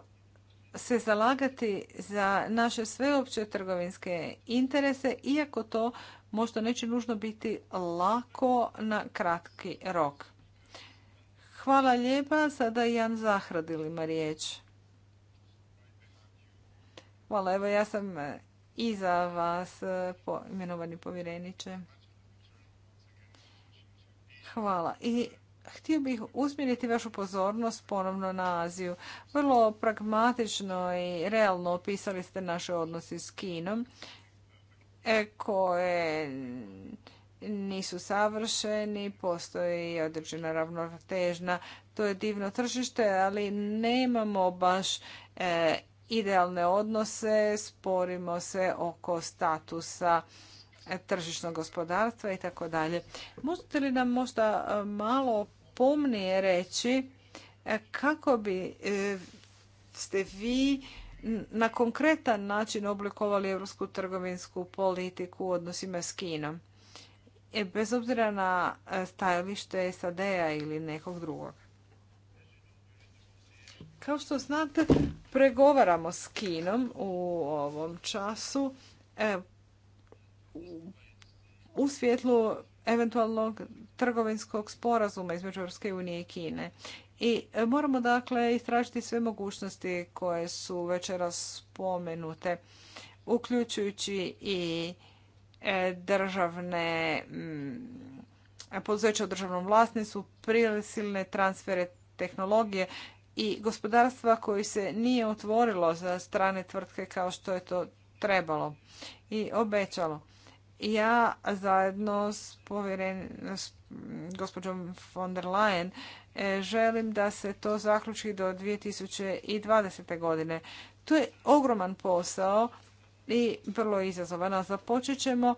se zalagati za naše sveopće trgovinske interese, iako to možda neće nužno biti lako na kratki rok. Hvala lijepa. Sada Jan Zahradil ima riječ. Hvala, evo ja sam i za vas e, imenovani povjereniče. Hvala. I htio bih usmjeriti vašu pozornost ponovno na Aziju. Vrlo pragmatično i realno opisali ste naše odnose s Kinom e, koje nisu savršeni, postoji određena ravnotežna. To je divno tržište, ali nemamo baš e, idealne odnose, sporimo se oko statusa tržišnog gospodarstva i tako dalje. Možete li nam možda e, malo pomnije reći e, kako bi e, ste vi na konkretan način oblikovali europsku trgovinsku politiku u odnosima s Kinom? Bez obzira na stajalište SAD-a ili nekog drugog. Kao što znate, pregovaramo s Kinom u ovom času e, u svjetlu eventualnog trgovinskog sporazuma između Europske unije i Kine. I e, moramo dakle istražiti sve mogućnosti koje su večeras spomenute, uključujući i e, državne mm, poduzeća u državnom vlasništvu, prisilne transfere tehnologije, i gospodarstva koji se nije otvorilo za strane tvrtke kao što je to trebalo i obećalo. Ja zajedno s, gospođom von der Leyen e, želim da se to zaključi do 2020. godine. To je ogroman posao i vrlo izazovan. Započet ćemo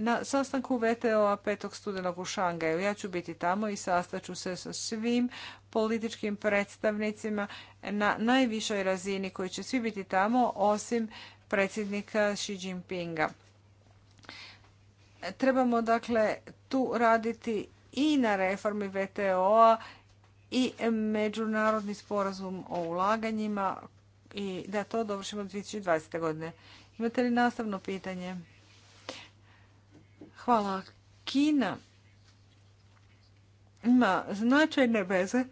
na sastanku VTO-a 5. studenog u Šangaju. Ja ću biti tamo i sastaću se sa svim političkim predstavnicima na najvišoj razini koji će svi biti tamo osim predsjednika Xi Jinpinga. Trebamo dakle tu raditi i na reformi VTO-a i međunarodni sporazum o ulaganjima i da to dovršimo 2020. godine. Imate li nastavno pitanje? Hvala. Kina ima značajne veze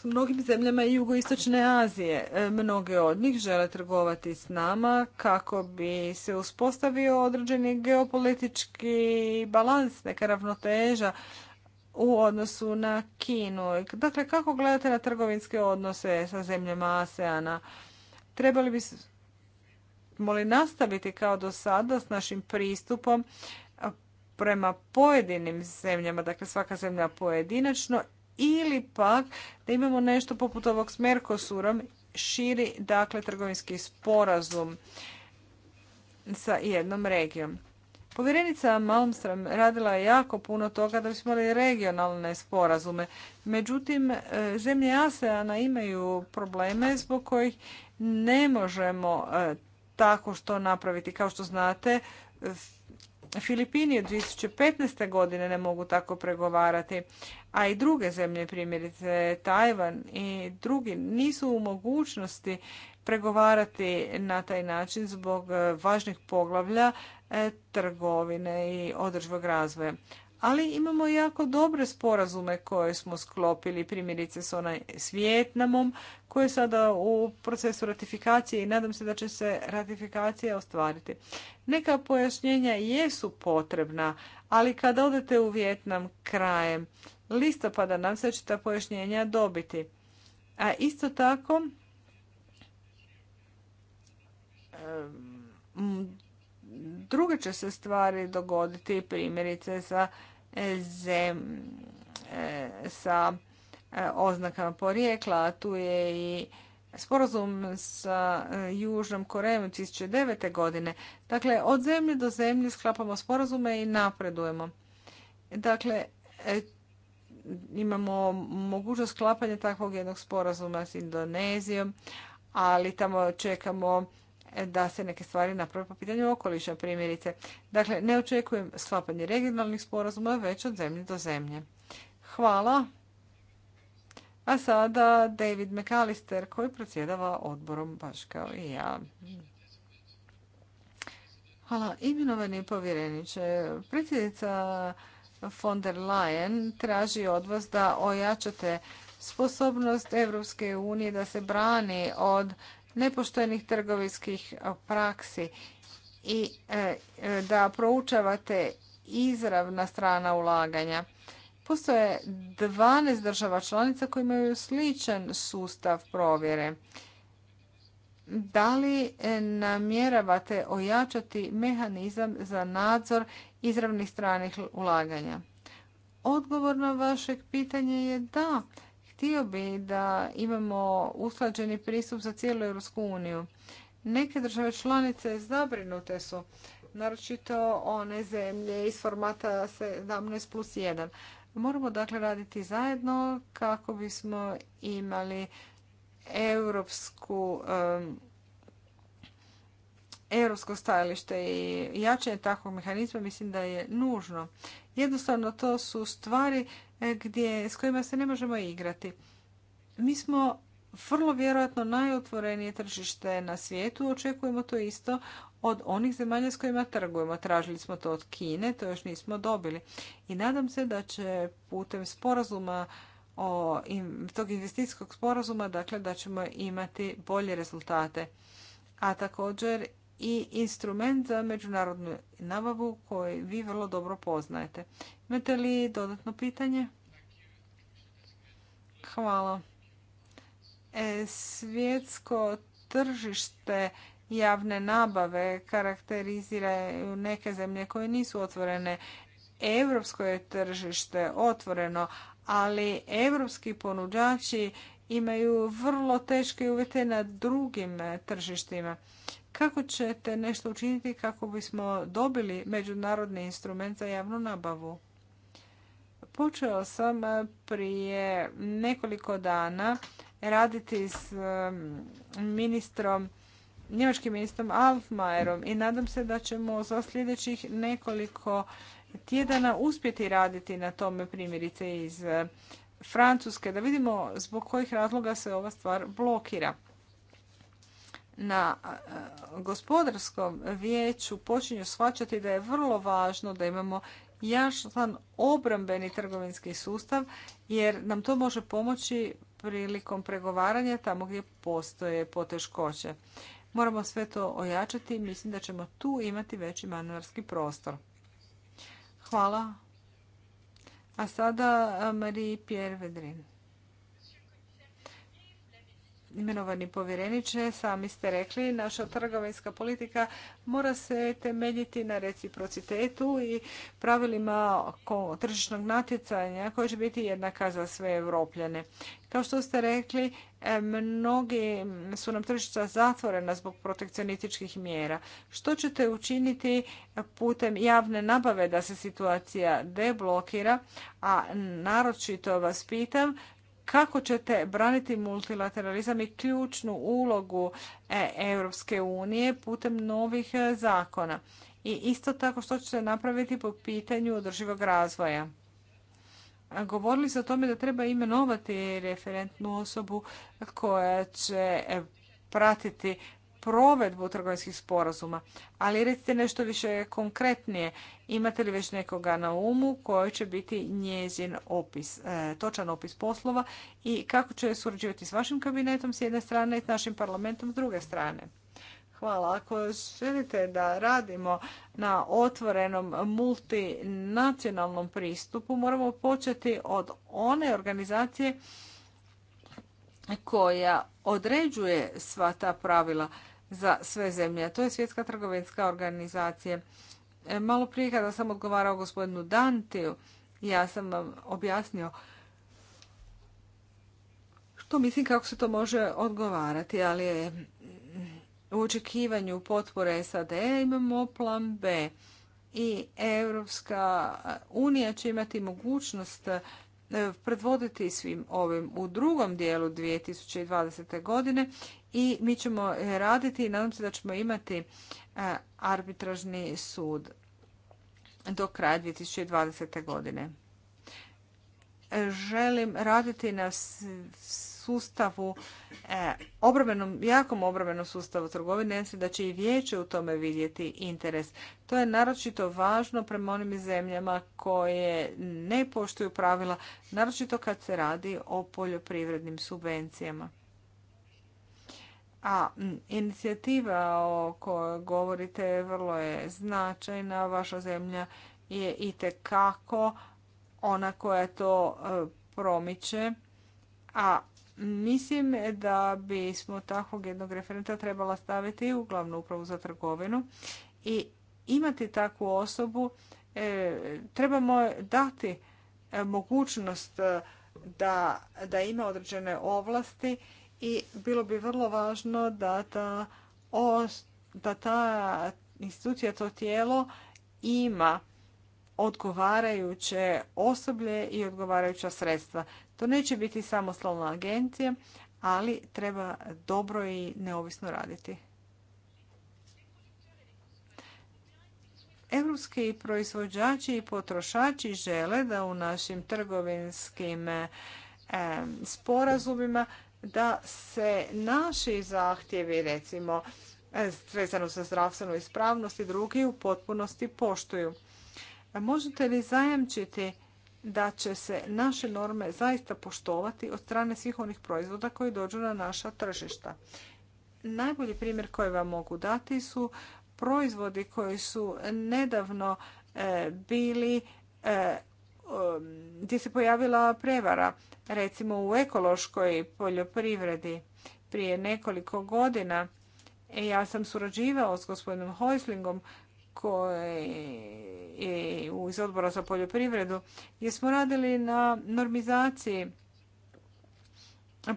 s mnogim zemljama jugoistočne Azije. E, mnoge od njih žele trgovati s nama kako bi se uspostavio određeni geopolitički balans, neka ravnoteža u odnosu na Kinu. Dakle, kako gledate na trgovinske odnose sa zemljama ASEANA? Trebali bi se li nastaviti kao do sada s našim pristupom prema pojedinim zemljama, dakle svaka zemlja pojedinačno, ili pak da imamo nešto poput ovog s Merkosurom širi dakle trgovinski sporazum sa jednom regijom. Povjerenica Malmström radila je jako puno toga da bismo imali regionalne sporazume. Međutim, e, zemlje ASEANA imaju probleme zbog kojih ne možemo e, tako što napraviti. Kao što znate, Filipini od 2015. godine ne mogu tako pregovarati, a i druge zemlje, primjerice Tajvan i drugi, nisu u mogućnosti pregovarati na taj način zbog važnih poglavlja e, trgovine i održivog razvoja ali imamo jako dobre sporazume koje smo sklopili, primjerice s onaj s Vjetnamom, koji je sada u procesu ratifikacije i nadam se da će se ratifikacija ostvariti. Neka pojašnjenja jesu potrebna, ali kada odete u Vjetnam krajem listopada nam se će ta pojašnjenja dobiti. A isto tako, druge će se stvari dogoditi primjerice sa e, e, sa e, oznakama porijekla, a tu je i sporazum sa Južnom Korejom 2009. godine. Dakle, od zemlje do zemlje sklapamo sporazume i napredujemo. Dakle, imamo mogućnost sklapanja takvog jednog sporazuma s Indonezijom, ali tamo čekamo da se neke stvari naprave po pitanju okoliša primjerice. Dakle, ne očekujem sklapanje regionalnih sporazuma već od zemlje do zemlje. Hvala. A sada David McAllister koji predsjedava odborom baš kao i ja. Hvala. Imenovani povjereniče, predsjednica von der Leyen traži od vas da ojačate sposobnost Europske unije da se brani od nepoštenih trgovinskih eh, praksi i eh, eh, da proučavate izravna strana ulaganja. Postoje 12 država članica koje imaju sličan sustav provjere. Da li namjeravate ojačati mehanizam za nadzor izravnih stranih ulaganja? Odgovor na vašeg pitanje je da. Htio bi da imamo usklađeni pristup za cijelu Europsku uniju. Neke države članice zabrinute su, naročito one zemlje iz formata 17 plus 1. Moramo dakle raditi zajedno kako bismo imali europsku europsko stajalište i jačanje takvog mehanizma mislim da je nužno. Jednostavno to su stvari e, gdje, s kojima se ne možemo igrati. Mi smo vrlo vjerojatno najotvorenije tržište na svijetu. Očekujemo to isto od onih zemalja s kojima trgujemo. Tražili smo to od Kine, to još nismo dobili. I nadam se da će putem sporazuma o tog investicijskog sporazuma, dakle da ćemo imati bolje rezultate. A također i instrument za međunarodnu nabavu koji vi vrlo dobro poznajete. Imate li dodatno pitanje? Hvala. E, svjetsko tržište javne nabave karakteriziraju neke zemlje koje nisu otvorene. Europsko je tržište otvoreno, ali europski ponuđači imaju vrlo teške uvjete na drugim tržištima. Kako ćete nešto učiniti kako bismo dobili međunarodni instrument za javnu nabavu? Počeo sam prije nekoliko dana raditi s ministrom, njemačkim ministrom Altmajerom i nadam se da ćemo za sljedećih nekoliko tjedana uspjeti raditi na tome primjerice iz Francuske, da vidimo zbog kojih razloga se ova stvar blokira na e, gospodarskom vijeću počinju shvaćati da je vrlo važno da imamo jasan obrambeni trgovinski sustav jer nam to može pomoći prilikom pregovaranja tamo gdje postoje poteškoće. Moramo sve to ojačati i mislim da ćemo tu imati veći manevarski prostor. Hvala. A sada Marie Pierre Vedrin imenovani povjereniče, sami ste rekli, naša trgovinska politika mora se temeljiti na reciprocitetu i pravilima tržišnog natjecanja koja će biti jednaka za sve evropljane. Kao što ste rekli, e, mnogi su nam tržišta zatvorena zbog protekcionističkih mjera. Što ćete učiniti putem javne nabave da se situacija deblokira, a naročito vas pitam kako ćete braniti multilateralizam i ključnu ulogu e, Europske unije putem novih e, zakona. I isto tako što ćete napraviti po pitanju održivog razvoja. Govorili ste o tome da treba imenovati referentnu osobu koja će e, pratiti provedbu trgovinskih sporazuma. Ali recite nešto više konkretnije. Imate li već nekoga na umu koji će biti njezin opis, e, točan opis poslova i kako će surađivati s vašim kabinetom s jedne strane i s našim parlamentom s druge strane? Hvala. Ako želite da radimo na otvorenom multinacionalnom pristupu, moramo početi od one organizacije koja određuje sva ta pravila za sve zemlje. to je Svjetska trgovinska organizacija. E, malo prije kada sam odgovarao gospodinu Dantiju, ja sam vam objasnio što mislim kako se to može odgovarati, ali je mm, u očekivanju potpore SAD imamo plan B i Europska unija će imati mogućnost E, predvoditi svim ovim u drugom dijelu 2020. godine i mi ćemo e, raditi i nadam se da ćemo imati e, arbitražni sud do kraja 2020. godine. Želim raditi na sustavu, e, jakom obrambenom sustavu trgovine, ja mislim da će i vijeće u tome vidjeti interes. To je naročito važno prema onim zemljama koje ne poštuju pravila, naročito kad se radi o poljoprivrednim subvencijama. A inicijativa o kojoj govorite vrlo je značajna. Vaša zemlja je i ona koja to e, promiče. A Mislim da bismo takvog jednog referenta trebala staviti u glavnu upravu za trgovinu i imati takvu osobu e, trebamo dati e, mogućnost e, da, da ima određene ovlasti i bilo bi vrlo važno da ta, da ta institucija, to tijelo ima odgovarajuće osoblje i odgovarajuća sredstva. To neće biti samo agencija, ali treba dobro i neovisno raditi. Europski proizvođači i potrošači žele da u našim trgovinskim sporazumima da se naši zahtjevi, recimo, vezano sa zdravstvenu ispravnosti drugi u potpunosti poštuju. Možete li zajamčiti da će se naše norme zaista poštovati od strane svih onih proizvoda koji dođu na naša tržišta? Najbolji primjer koji vam mogu dati su proizvodi koji su nedavno e, bili e, um, gdje se pojavila prevara, recimo u ekološkoj poljoprivredi. Prije nekoliko godina ja sam surađivao s gospodinom Hojslingom koji iz odbora za poljoprivredu gdje smo radili na normizaciji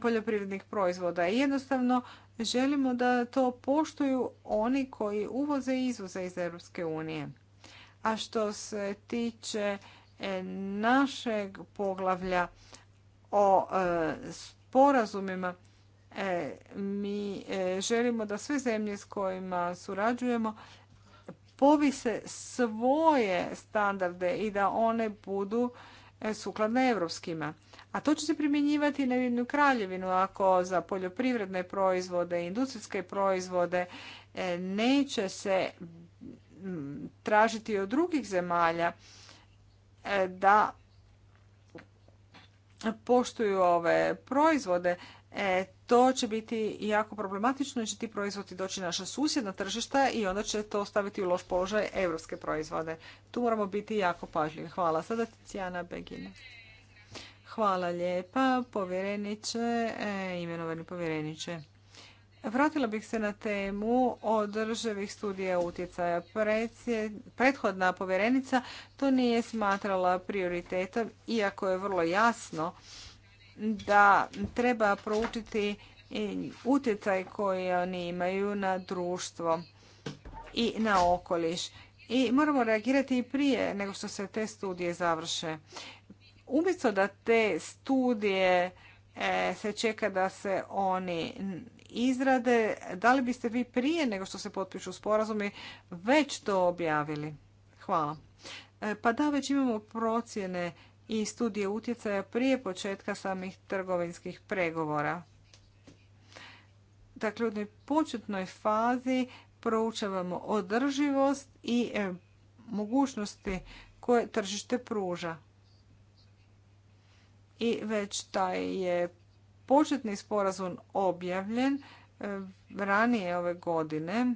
poljoprivrednih proizvoda i jednostavno želimo da to poštuju oni koji uvoze i izvoze iz Europske unije. A što se tiče e, našeg poglavlja o e, sporazumima, e, mi želimo da sve zemlje s kojima surađujemo povise svoje standarde i da one budu e, sukladne europskima. A to će se primjenjivati na jednu kraljevinu ako za poljoprivredne proizvode i industrijske proizvode e, neće se tražiti od drugih zemalja e, da poštuju ove proizvode E, to će biti jako problematično jer će ti proizvodi doći na naša susjedna tržišta i onda će to staviti u loš položaj evropske proizvode. Tu moramo biti jako pažljivi. Hvala. Sada Ticijana Begine. Hvala lijepa, povjereniče, e, imenovani povjereniče. Vratila bih se na temu održivih studija utjecaja. Prethodna povjerenica to nije smatrala prioritetom, iako je vrlo jasno da treba proučiti utjecaj koji oni imaju na društvo i na okoliš. I moramo reagirati i prije nego što se te studije završe. Umjesto da te studije e, se čeka da se oni izrade, da li biste vi prije nego što se potpišu sporazumi već to objavili? Hvala. E, pa da, već imamo procjene i studije utjecaja prije početka samih trgovinskih pregovora. Dakle, u početnoj fazi proučavamo održivost i e, mogućnosti koje tržište pruža. I već taj je početni sporazum objavljen e, ranije ove godine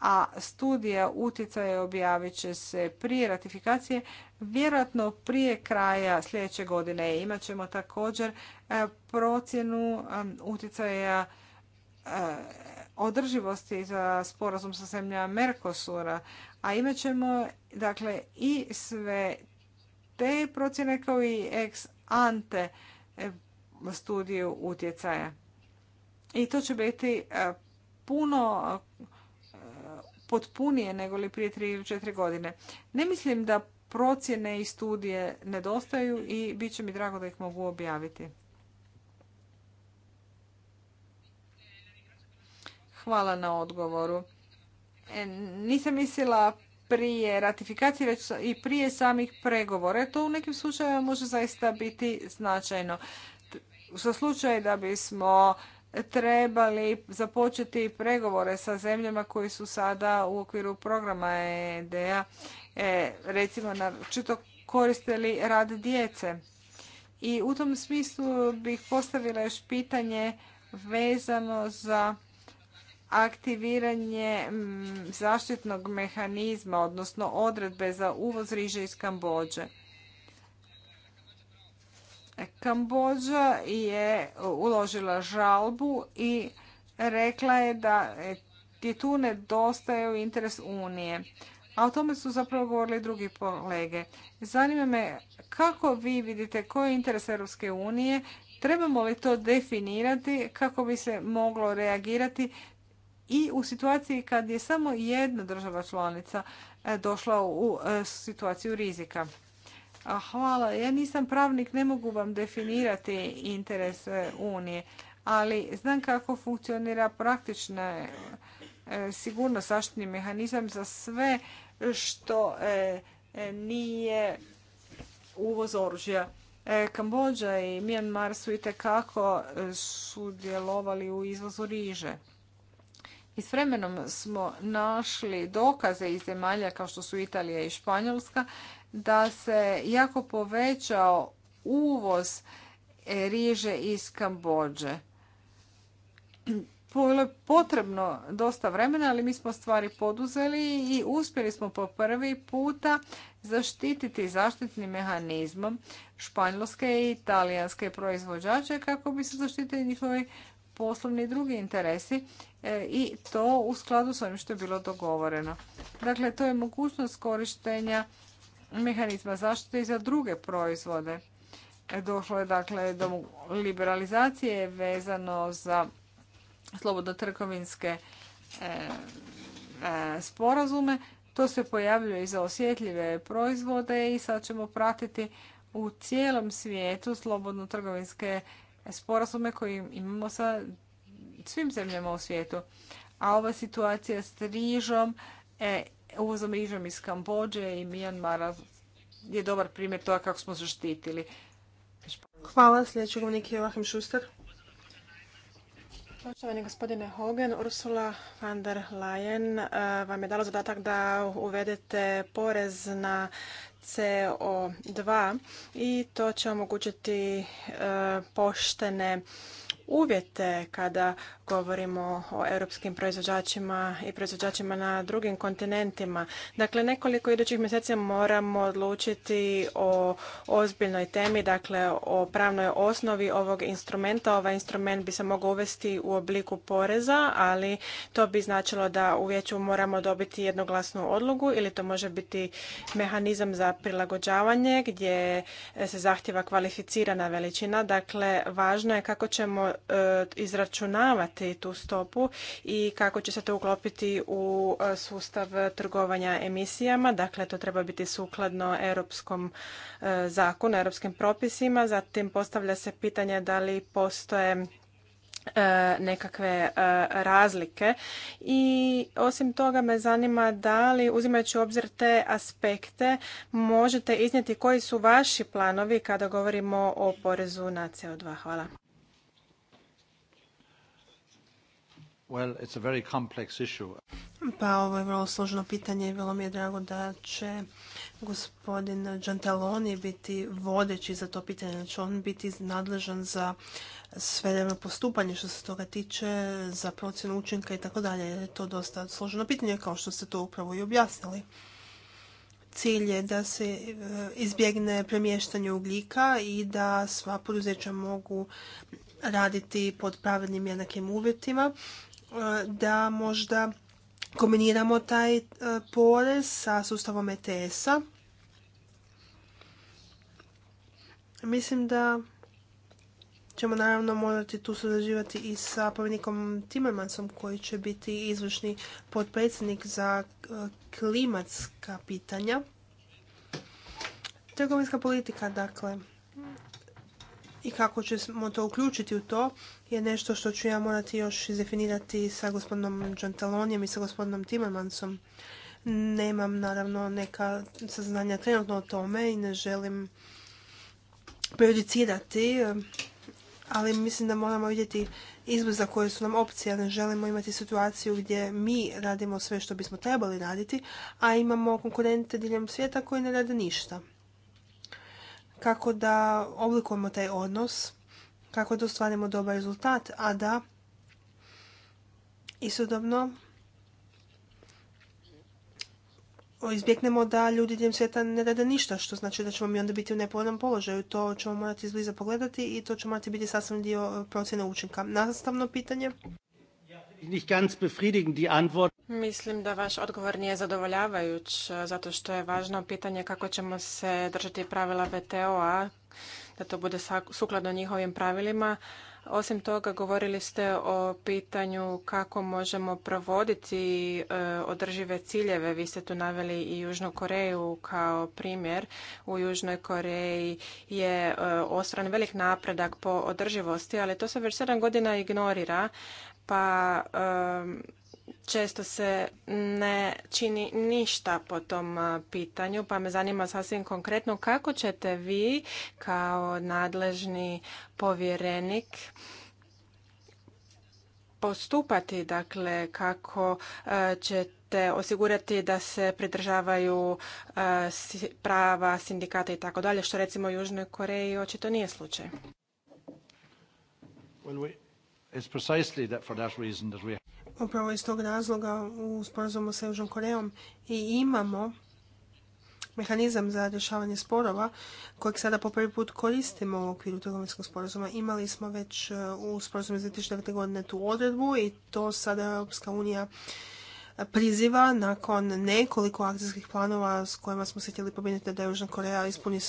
a studija utjecaja objavit će se prije ratifikacije, vjerojatno prije kraja sljedeće godine. Imat ćemo također e, procjenu utjecaja e, održivosti za sporazum sa zemljama Merkosura, a imat ćemo dakle, i sve te procjene kao i ex ante e, studiju utjecaja. I to će biti puno potpunije nego li prije tri ili četiri godine. Ne mislim da procjene i studije nedostaju i bit će mi drago da ih mogu objaviti. Hvala na odgovoru. E, nisam mislila prije ratifikacije, već i prije samih pregovora. To u nekim slučajevima može zaista biti značajno. Za slučaj da bismo trebali započeti pregovore sa zemljama koji su sada u okviru programa EDA, e, recimo naročito koristili rad djece. I u tom smislu bih postavila još pitanje vezano za aktiviranje zaštitnog mehanizma, odnosno odredbe za uvoz riže iz Kambođe. Kambođa je uložila žalbu i rekla je da je tu nedostaje u interes Unije. A o tome su zapravo govorili drugi kolege. Zanima me kako vi vidite koji je interes Europske unije, trebamo li to definirati kako bi se moglo reagirati i u situaciji kad je samo jedna država članica e, došla u e, situaciju rizika. Hvala, ja nisam pravnik, ne mogu vam definirati interes Unije, ali znam kako funkcionira praktična e, sigurno zaštitni mehanizam za sve što e, e, nije uvoz oružja. Kambođa i Mijanmar su i tekako sudjelovali u izvozu riže. I s vremenom smo našli dokaze iz zemalja kao što su Italija i Španjolska da se jako povećao uvoz riže iz Kambođe. Bilo je potrebno dosta vremena, ali mi smo stvari poduzeli i uspjeli smo po prvi puta zaštititi zaštitnim mehanizmom španjolske i italijanske proizvođače kako bi se zaštitili njihovi poslovni i drugi interesi e, i to u skladu s onim što je bilo dogovoreno. Dakle, to je mogućnost korištenja mehanizma zaštite i za druge proizvode. Došlo je dakle do liberalizacije vezano za slobodno trgovinske e, e, sporazume. To se pojavljuje i za osjetljive proizvode i sad ćemo pratiti u cijelom svijetu slobodno trgovinske sporazume koje imamo sa svim zemljama u svijetu. A ova situacija s rižom e, uvozom rižom iz Kambođe i Mijanmara je dobar primjer toga kako smo zaštitili. Hvala. Sljedeći govornik je Joachim Šuster. Poštovani gospodine Hogan, Ursula van der Leyen eh, vam je dala zadatak da uvedete porez na CO2 i to će omogućiti eh, poštene uvjete kada govorimo o europskim proizvođačima i proizvođačima na drugim kontinentima. Dakle, nekoliko idućih mjeseci moramo odlučiti o ozbiljnoj temi, dakle o pravnoj osnovi ovog instrumenta. Ovaj instrument bi se mogao uvesti u obliku poreza, ali to bi značilo da u vijeću moramo dobiti jednoglasnu odlugu ili to može biti mehanizam za prilagođavanje gdje se zahtjeva kvalificirana veličina. Dakle, važno je kako ćemo e, izračunavati imati tu stopu i kako će se to uklopiti u e, sustav trgovanja emisijama. Dakle, to treba biti sukladno europskom e, zakonu, europskim propisima. Zatim postavlja se pitanje da li postoje e, nekakve razlike i osim toga me zanima da li uzimajući u obzir te aspekte možete iznijeti koji su vaši planovi kada govorimo o porezu na CO2. Hvala. Well, it's Pa ovo je vrlo složeno pitanje i vrlo mi je drago da će gospodin Giantaloni biti vodeći za to pitanje, da znači, on biti nadležan za svedeno postupanje što se toga tiče, za procjenu učinka i tako dalje. Je to dosta složeno pitanje kao što ste to upravo i objasnili. Cilj je da se e, izbjegne premještanje ugljika i da sva poduzeća mogu raditi pod pravednim jednakim uvjetima da možda kombiniramo taj e, porez sa sustavom ETS-a. Mislim da ćemo naravno morati tu surađivati i sa povjerenikom Timmermansom koji će biti izvršni potpredsjednik za e, klimatska pitanja. Trgovinska politika, dakle, i kako ćemo to uključiti u to je nešto što ću ja morati još izdefinirati sa gospodinom Džantalonijem i sa gospodinom Timmermansom. Nemam naravno neka saznanja trenutno o tome i ne želim prejudicirati, ali mislim da moramo vidjeti izbor za koje su nam opcije. Ne želimo imati situaciju gdje mi radimo sve što bismo trebali raditi, a imamo konkurente diljem svijeta koji ne rade ništa kako da oblikujemo taj odnos, kako da ostvarimo dobar rezultat, a da istodobno izbjegnemo da ljudi tijem svijeta ne rade ništa, što znači da ćemo mi onda biti u nepovoljnom položaju. To ćemo morati izbliza pogledati i to će morati biti sastavni dio procjene učinka. Nastavno pitanje nicht ganz befriedigend die Antwort. Mislim da vaš odgovor nije zadovoljavajuć, e, zato što je važno pitanje kako ćemo se držati pravila VTO-a, da to bude sukladno njihovim pravilima. Osim toga, govorili ste o pitanju kako možemo provoditi e, održive ciljeve. Vi ste tu naveli i Južnu Koreju kao primjer. U Južnoj Koreji je e, ostran velik napredak po održivosti, ali to se već sedam godina ignorira pa često se ne čini ništa po tom pitanju, pa me zanima sasvim konkretno kako ćete vi kao nadležni povjerenik postupati, dakle kako e, ćete osigurati da se pridržavaju e, prava sindikata i tako dalje, što recimo u Južnoj Koreji očito nije slučaj. Upravo iz tog razloga u sporazumu sa Južnom Korejom i imamo mehanizam za rješavanje sporova kojeg sada po prvi put koristimo u okviru trgovinskog sporazuma. Imali smo već e, u sporazumu iz 2009. godine tu odredbu i to sada Europska unija priziva nakon nekoliko akcijskih planova s kojima smo se htjeli pobinuti da Južna Koreja ispuni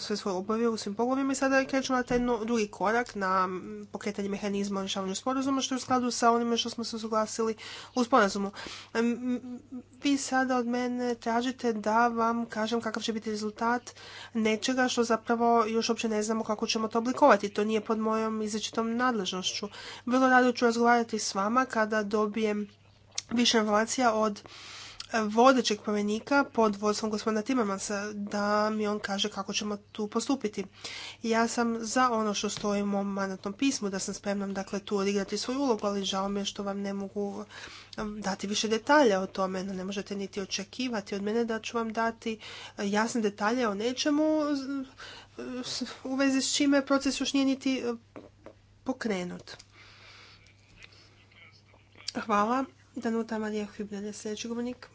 sve svoje obave u svim poglavima i sada krećemo na taj drugi korak na pokretanje mehanizma o rješavanju sporazuma što je u skladu sa onime što smo se usuglasili u sporazumu. Vi sada od mene tražite da vam kažem kakav će biti rezultat nečega što zapravo još uopće ne znamo kako ćemo to oblikovati. To nije pod mojom izričitom nadležnošću. Vrlo rado ću razgovarati s vama kada dobijem više informacija od e, vodećeg pomenika pod vodstvom gospodina Timmermansa da mi on kaže kako ćemo tu postupiti. Ja sam za ono što stoji u mom mandatnom pismu, da sam spremna dakle, tu odigrati svoju ulogu, ali žao mi je što vam ne mogu um, dati više detalja o tome. ne možete niti očekivati od mene da ću vam dati e, jasne detalje o nečemu u vezi s čime proces još nije niti e, pokrenut. Hvala. Danuta Marija je sljedeći govornik.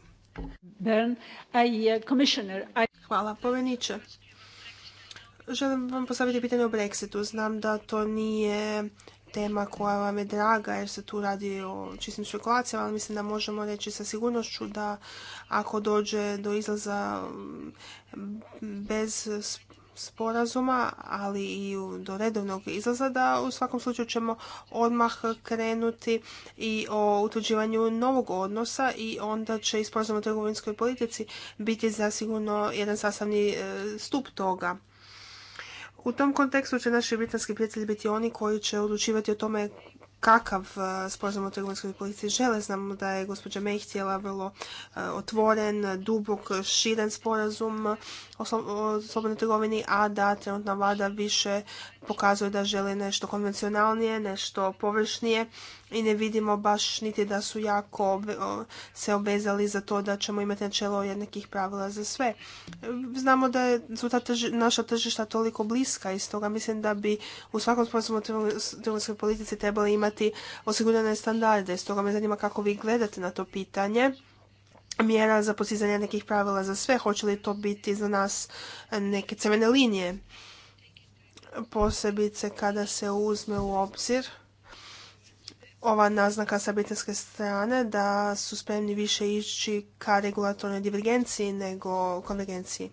E, Hvala, poveniče. Želim vam postaviti pitanje o Brexitu. Znam da to nije tema koja vam je draga jer se tu radi o čistim spekulacijama, ali mislim da možemo reći sa sigurnošću da ako dođe do izlaza bez sporazuma, ali i do redovnog izlaza, da u svakom slučaju ćemo odmah krenuti i o utvrđivanju novog odnosa i onda će i sporazum o trgovinskoj politici biti zasigurno jedan sastavni e, stup toga. U tom kontekstu će naši britanski prijatelji biti oni koji će odlučivati o tome kakav e, sporazum o trgovinskoj politici žele. Znamo da je gospođa May htjela vrlo e, otvoren, dubok, širen sporazum o trgovini, a da trenutna vlada više pokazuje da želi nešto konvencionalnije, nešto površnije i ne vidimo baš niti da su jako se obezali za to da ćemo imati načelo jednakih pravila za sve. Znamo da su ta naša tržišta toliko bliska i stoga mislim da bi u svakom sposobu trgovinskoj politici trebali imati osigurane standarde. Stoga me zanima kako vi gledate na to pitanje mjera za postizanje nekih pravila za sve, hoće li to biti za nas neke crvene linije, posebice kada se uzme u obzir ova naznaka sa britanske strane da su spremni više ići ka regulatornoj divergenciji nego konvergenciji.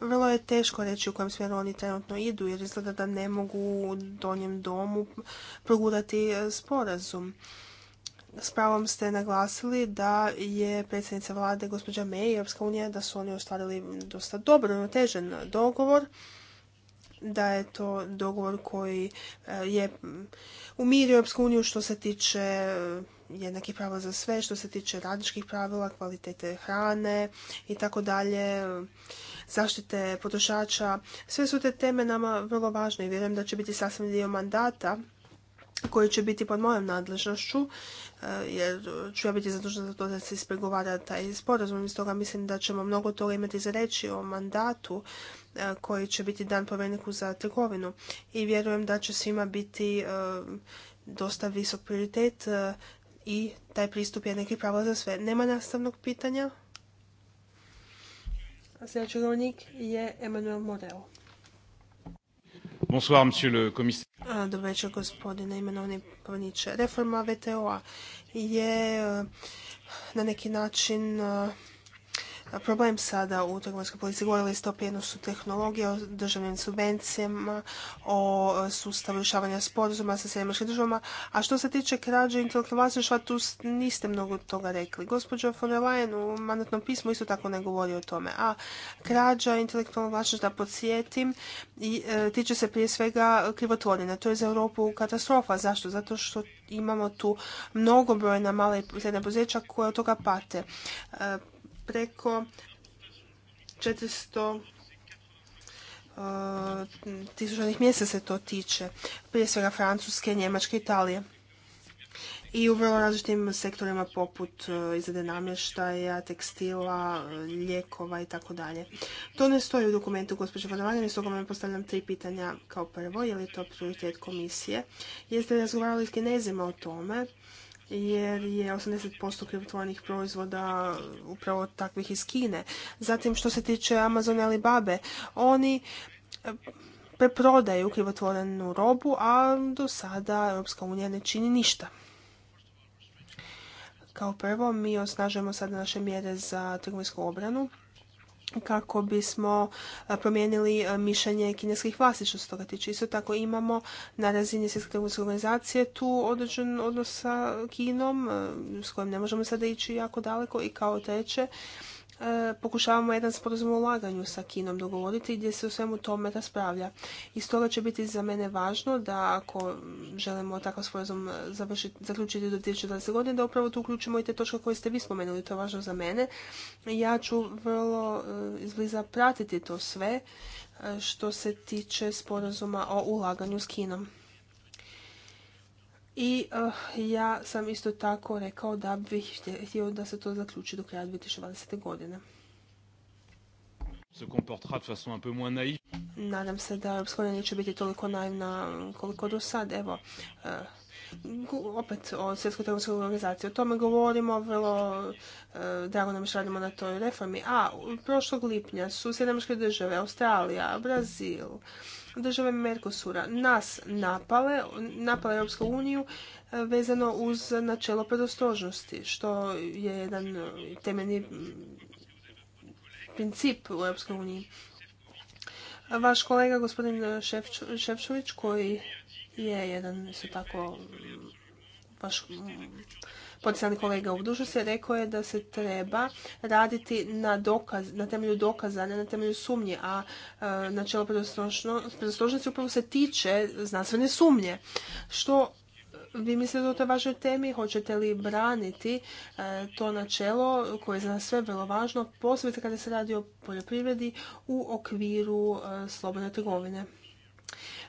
Vrlo je teško reći u kojem smjeru oni trenutno idu jer izgleda da ne mogu u donjem domu progurati sporazum s pravom ste naglasili da je predsjednica vlade gospođa May i Europska unija da su oni ostvarili dosta dobro uravnotežen dogovor da je to dogovor koji e, je umirio Europsku uniju što se tiče e, jednakih prava za sve, što se tiče radničkih pravila, kvalitete hrane i tako dalje, zaštite potrošača. Sve su te teme nama vrlo važne i vjerujem da će biti sasvim dio mandata koji će biti pod mojom nadležnošću, e, jer ću ja biti zadužena za to da se ispregovara taj sporazum. Iz toga mislim da ćemo mnogo toga imati za reći o mandatu e, koji će biti dan povjerniku za trgovinu. I vjerujem da će svima biti e, dosta visok prioritet i taj pristup je neki pravo za sve. Nema nastavnog pitanja. Sljedeći govornik je Emanuel Morel. Bonsoir, monsieur le commissaire. E, dobro večer, gospodine imenovni povniče. Reforma VTO-a je e, na neki način e, problem sada u trgovinskoj policiji. Govorili ste o prijenosu tehnologije, o državnim subvencijama, o sustavu rješavanja sporazuma sa sjedimačkim državama. A što se tiče krađe intelektualnog vlasništva, tu niste mnogo toga rekli. Gospođo von der Leyen u mandatnom pismu isto tako ne govori o tome. A krađa intelektualnog vlasništva, da podsjetim, i, e, tiče se prije svega krivotvorina. To je za Europu katastrofa. Zašto? Zato što imamo tu mnogo mala i srednja poduzeća koja od toga pate. E, preko 400 e, tisućanih mjesta se to tiče, prije svega Francuske, Njemačke, Italije. I u vrlo različitim sektorima poput e, izrade namještaja, tekstila, lijekova i tako dalje. To ne stoji u dokumentu gospođe Vodovanja, i stoga vam postavljam tri pitanja. Kao prvo, je li to prioritet komisije? Jeste li razgovarali s kinezima o tome? jer je 80% krivotvorenih proizvoda upravo takvih iz Kine. Zatim što se tiče Amazon i Alibabe, oni e, preprodaju krivotvorenu robu, a do sada Europska unija ne čini ništa. Kao prvo, mi osnažujemo sada naše mjere za trgovinsku obranu kako bismo promijenili mišljenje kineskih vlasti što se toga tiče. Isto tako imamo na razini Svjetske trgovinske organizacije tu određen odnos sa Kinom s kojim ne možemo sada ići jako daleko i kao treće E, pokušavamo jedan sporazum o ulaganju sa Kinom dogovoriti gdje se u svemu tome raspravlja. I stoga će biti za mene važno da ako želimo takav sporazum e, zaključiti do 2020. godine, da upravo tu uključimo i te točke koje ste vi spomenuli, to je važno za mene. Ja ću vrlo e, izbliza pratiti to sve što se tiče sporazuma o ulaganju s Kinom. I eh, ja sam isto tako rekao da bih htio da se to zaključi do kraja 2020. godine. Se comportera Nadam se da Europska neće biti toliko naivna koliko do sad. Evo, eh, opet o svjetskoj trgovinskoj organizaciji. O tome govorimo, vrlo eh, drago nam što radimo na toj reformi. A, prošlog lipnja su Sjedinameške države, Australija, Brazil, države Merkosura nas napale, napale Europsku uniju e, vezano uz načelo predostrožnosti, što je jedan e, temeljni princip u Europskoj uniji. Vaš kolega, gospodin Ševčović, koji je jedan, isto tako, vaš potencijalni kolega u se rekao je da se treba raditi na, dokaz, na temelju dokaza, ne na temelju sumnje, a e, načelo predostrožnosti upravo se tiče znanstvene sumnje. Što vi mislite o toj važnoj temi? Hoćete li braniti e, to načelo koje je za nas sve vrlo važno, posebno kada se radi o poljoprivredi u okviru e, slobodne trgovine?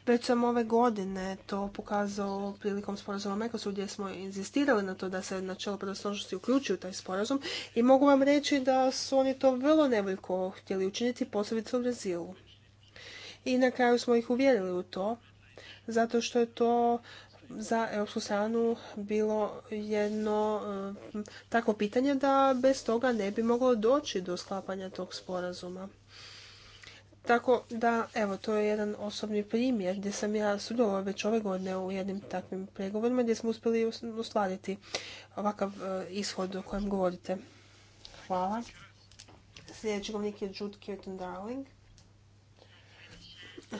Već sam ove godine to pokazao prilikom sporazuma Mekosu gdje smo inzistirali na to da se načelo predostrožnosti uključi u taj sporazum i mogu vam reći da su oni to vrlo nevoljko htjeli učiniti posebice u Brazilu. I na kraju smo ih uvjerili u to zato što je to za europsku stranu bilo jedno tako eh, takvo pitanje da bez toga ne bi moglo doći do sklapanja tog sporazuma. Tako da, evo, to je jedan osobni primjer gdje sam ja sudjelovao već ove godine u jednim takvim pregovorima gdje smo uspjeli ostvariti ovakav e, ishod o kojem govorite. Hvala. Sljedeći govornik je Jude Darling.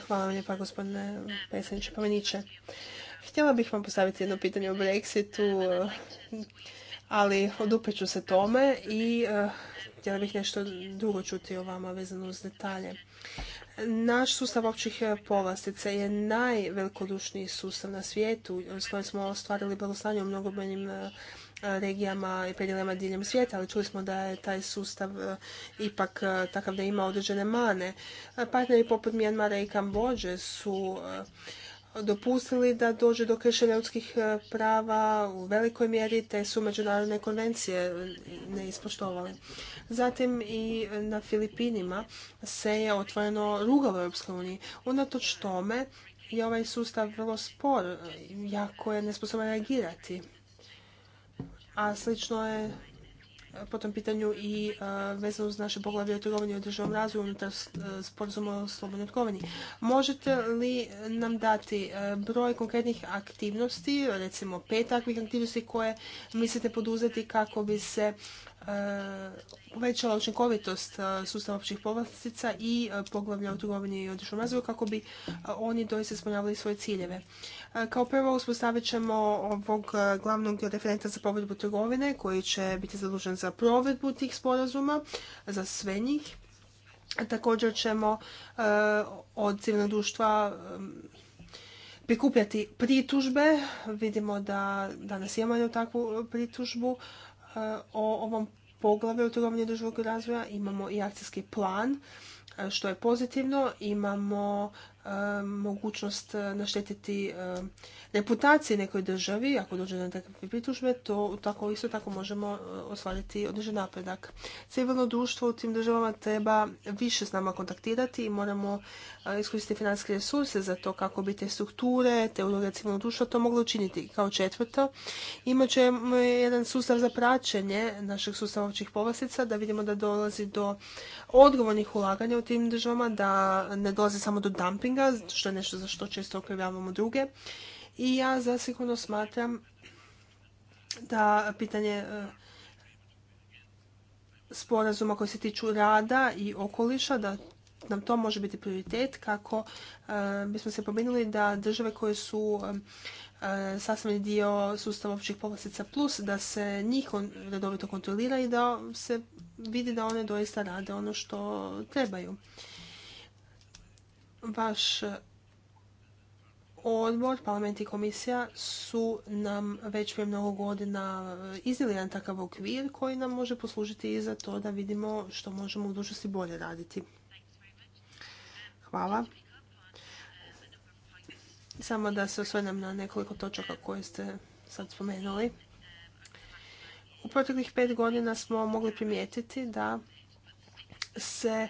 Hvala vam lijepa, gospodine predsjedniče Pomeniće. Pa htjela bih vam postaviti jedno pitanje o Brexitu, e, ali odupeću se tome i e, Htjela bih nešto dugo čuti o vama vezano uz detalje. Naš sustav općih povlastica je najvelikodušniji sustav na svijetu s kojim smo ostvarili blagostanje u mnogobrojnim e, regijama i predjelima diljem svijeta, ali čuli smo da je taj sustav e, ipak e, takav da ima određene mane. Partneri poput Mijanmara i Kambođe su dopustili da dođe do kršenja ljudskih e, prava u velikoj mjeri, te su međunarodne konvencije ne ispoštovali. Zatim i na Filipinima se je otvoreno rugalo Europskoj uniji. Unatoč tome je ovaj sustav vrlo spor, jako je nesposoban reagirati. A slično je po tom pitanju i vezano uz naše poglavlje o trgovini i održivom razvoju unutar e, sporazuma o slobodnoj trgovini. Možete li nam dati e, broj konkretnih aktivnosti, recimo pet takvih aktivnosti koje mislite poduzeti kako bi se e, uvećala učinkovitost sustava općih povlastica i poglavlja o trgovini i održavom razvoju kako bi oni doista ispunjavali svoje ciljeve. E, kao prvo uspostavit ćemo ovog e, glavnog referenta za provedbu trgovine koji će biti zadužen za provedbu tih sporazuma za sve njih. Također ćemo e, od civilnog društva prikupljati pritužbe. Vidimo da danas imamo jednu takvu pritužbu o ovom poglavlju u trgovini održivog razvoja. Imamo i akcijski plan što je pozitivno. Imamo E, mogućnost e, naštetiti e, reputaciji nekoj državi, ako dođe na takve pritužbe, to tako, isto tako možemo ostvariti određen napredak. Civilno društvo u tim državama treba više s nama kontaktirati i moramo iskoristiti finanske resurse za to kako bi te strukture, te uloge civilnog društva to moglo učiniti. Kao četvrto, imat ćemo jedan sustav za praćenje našeg sustava općih povlastica, da vidimo da dolazi do odgovornih ulaganja u tim državama, da ne dolazi samo do dumping što je nešto za što često okrivljavamo druge. I ja zasigurno smatram da pitanje e, sporazuma koji se tiču rada i okoliša, da nam to može biti prioritet kako e, bismo se pobrinuli da države koje su e, sastavni dio sustava općih povlastica plus, da se njih redovito kontrolira i da se vidi da one doista rade ono što trebaju. Vaš odbor, parlament i komisija su nam već prije mnogo godina e, iznijeli jedan takav okvir koji nam može poslužiti i za to da vidimo što možemo u budućnosti bolje raditi. Hvala. Samo da se osvrnem na nekoliko točaka koje ste sad spomenuli. U proteklih pet godina smo mogli primijetiti da se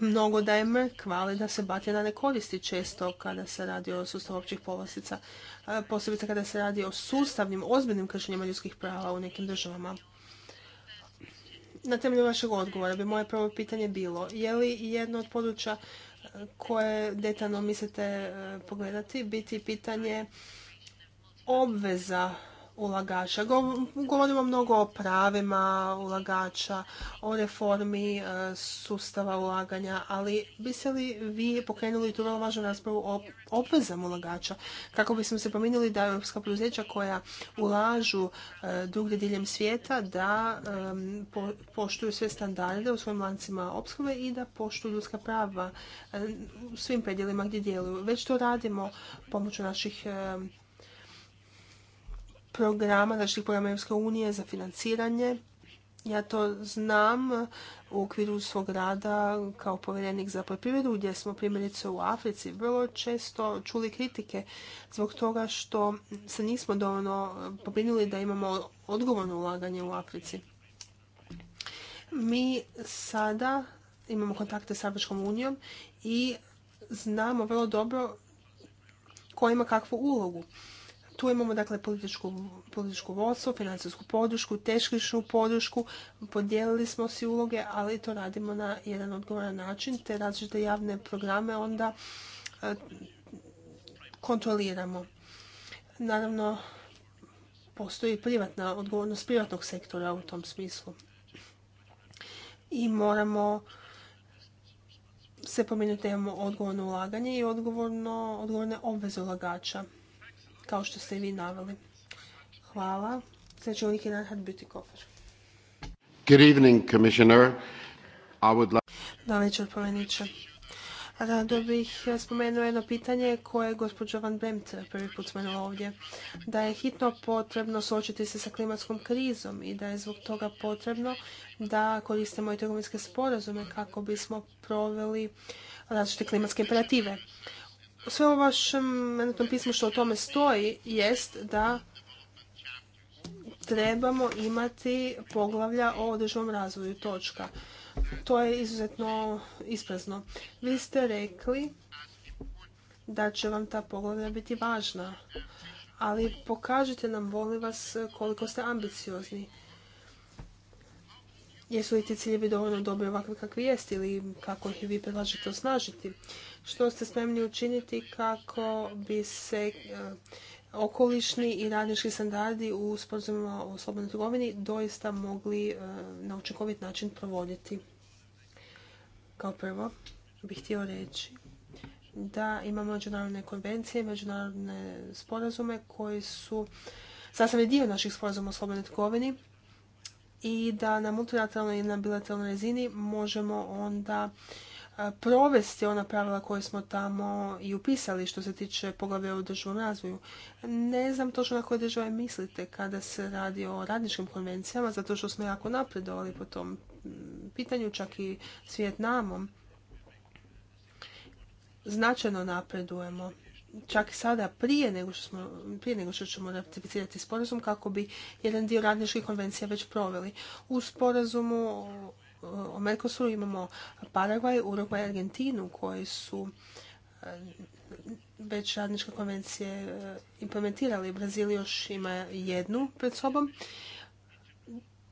mnogo daje mrkva, ali da se batina ne koristi često kada se radi o sustavu općih povlastica, posebice kada se radi o sustavnim, ozbiljnim kršenjima ljudskih prava u nekim državama. Na temelju vašeg odgovora bi moje prvo pitanje bilo, je li jedno od područja e, koje detaljno mislite e, pogledati biti pitanje obveza ulagača. Govorimo mnogo o pravima ulagača, o reformi e, sustava ulaganja, ali biste li vi pokrenuli tu vrlo važnu raspravu o obvezama ulagača kako bismo se pominjali da je europska poduzeća koja ulažu e, drugdje diljem svijeta da e, poštuju sve standarde u svojim lancima opskrbe i da poštuju ljudska prava u svim predjelima gdje djeluju. Već to radimo pomoću naših programa, znači programa Europske unije za financiranje. Ja to znam u okviru svog rada kao povjerenik za poljoprivredu gdje smo primjerice u Africi vrlo često čuli kritike zbog toga što se nismo dovoljno pobrinuli da imamo odgovorno ulaganje u Africi. Mi sada imamo kontakte s Afričkom unijom i znamo vrlo dobro ko ima kakvu ulogu. Tu imamo dakle političku, političku vodstvo, financijsku podršku, teškišnu podršku, podijelili smo si uloge, ali to radimo na jedan odgovoran način, te različite javne programe onda e, kontroliramo. Naravno, postoji privatna odgovornost privatnog sektora u tom smislu. I moramo se pominuti da imamo odgovorno ulaganje i odgovorne obveze ulagača kao što ste i vi naveli. Hvala. Sljedeći uvijek je biti Bütikofer. Good evening, Commissioner. I would like... Da večer, poveniče. Rado bih spomenuo jedno pitanje koje je gospođa Van Bremt prvi put spomenula ovdje. Da je hitno potrebno suočiti se sa klimatskom krizom i da je zbog toga potrebno da koristimo i trgovinske sporazume kako bismo proveli različite klimatske imperative sve u vašem pismu što o tome stoji jest da trebamo imati poglavlja o održivom razvoju točka. To je izuzetno isprazno. Vi ste rekli da će vam ta poglavlja biti važna, ali pokažite nam, voli vas, koliko ste ambiciozni. Jesu li ti ciljevi dovoljno dobri ovakvi kakvi jeste ili kako ih vi predlažete osnažiti? što ste spremni učiniti kako bi se e, okolišni i radnički standardi u sporazumima o slobodnoj trgovini doista mogli e, na učinkovit način provoditi. Kao prvo bih htio reći da imamo međunarodne konvencije, međunarodne sporazume koji su sastavni dio naših sporazuma o slobodnoj trgovini i da na multilateralnoj i na bilateralnoj razini možemo onda provesti ona pravila koje smo tamo i upisali što se tiče poglavlja o održivom razvoju. Ne znam točno na koje države mislite kada se radi o radničkim konvencijama, zato što smo jako napredovali po tom mm, pitanju, čak i s Vjetnamom. Značajno napredujemo čak i sada prije nego što, smo, prije nego što ćemo ratificirati sporazum kako bi jedan dio radničkih konvencija već proveli. U sporazumu u Mercosuru imamo Paragvaj, Uruguay i Argentinu koji su e, već radničke konvencije e, implementirali. Brazil još ima jednu pred sobom.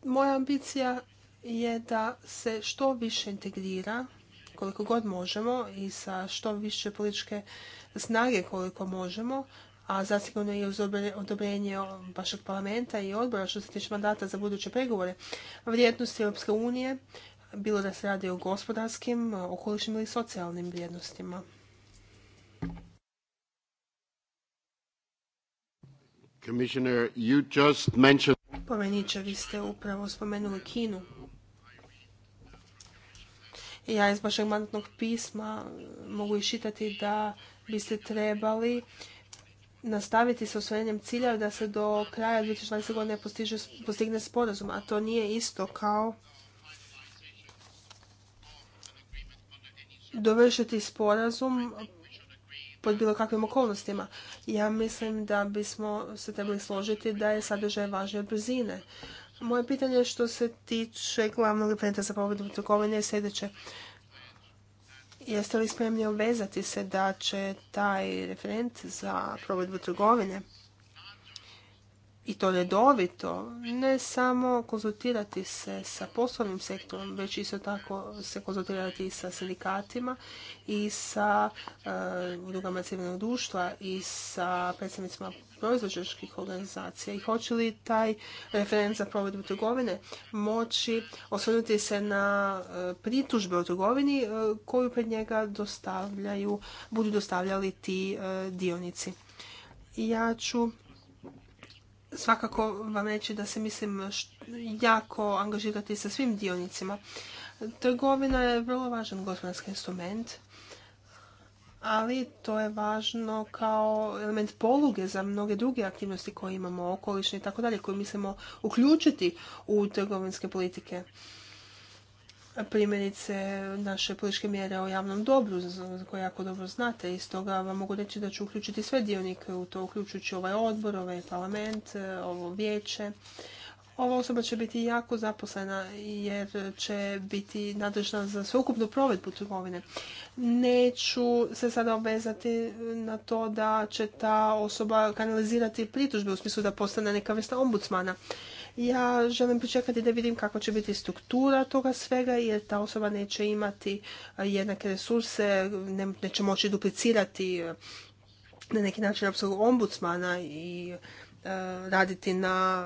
Moja ambicija je da se što više integrira koliko god možemo i sa što više političke snage koliko možemo a zasigurno je uz odobrenje vašeg parlamenta i odbora što se tiče mandata za buduće pregovore, vrijednosti Europske unije, bilo da se radi o gospodarskim, okolišnim ili socijalnim vrijednostima. Pomeniče, vi ste upravo spomenuli Kinu. Ja iz vašeg mandatnog pisma mogu iščitati da biste trebali nastaviti sa osvojenjem cilja da se do kraja 2020. godine postiže, postigne sporazum, a to nije isto kao dovršiti sporazum pod bilo kakvim okolnostima. Ja mislim da bismo se trebali složiti da je sadržaj važniji od brzine. Moje pitanje što se tiče glavnog referenta za povredu trgovine je sljedeće. Jeste li spremni obvezati se da će taj referent za provedbu trgovine i to redovito, ne samo konzultirati se sa poslovnim sektorom, već isto tako se konzultirati i sa sindikatima i sa uh, udrugama civilnog društva i sa predstavnicima proizvođačkih organizacija i hoće li taj referent za provedbu trgovine moći osvrnuti se na e, pritužbe o trgovini e, koju pred njega dostavljaju, budu dostavljali ti dionici. Ja ću svakako vam reći da se mislim jako angažirati sa svim dionicima. Trgovina je vrlo važan gospodarski instrument, ali to je važno kao element poluge za mnoge druge aktivnosti koje imamo, okoliš i tako dalje, koje mislimo uključiti u trgovinske politike primjerice naše političke mjere o javnom dobru, koje jako dobro znate i stoga vam mogu reći da ću uključiti sve dionike u to, uključujući ovaj odbor, ovaj parlament, e, ovo vijeće. Ova osoba će biti jako zaposlena jer će biti nadležna za sveukupnu provedbu trgovine. Neću se sada obvezati na to da će ta osoba kanalizirati pritužbe u smislu da postane neka vrsta ombudsmana. Ja želim pričekati da vidim kako će biti struktura toga svega jer ta osoba neće imati jednake resurse, neće moći duplicirati na neki način apsolutno ombudsmana i raditi na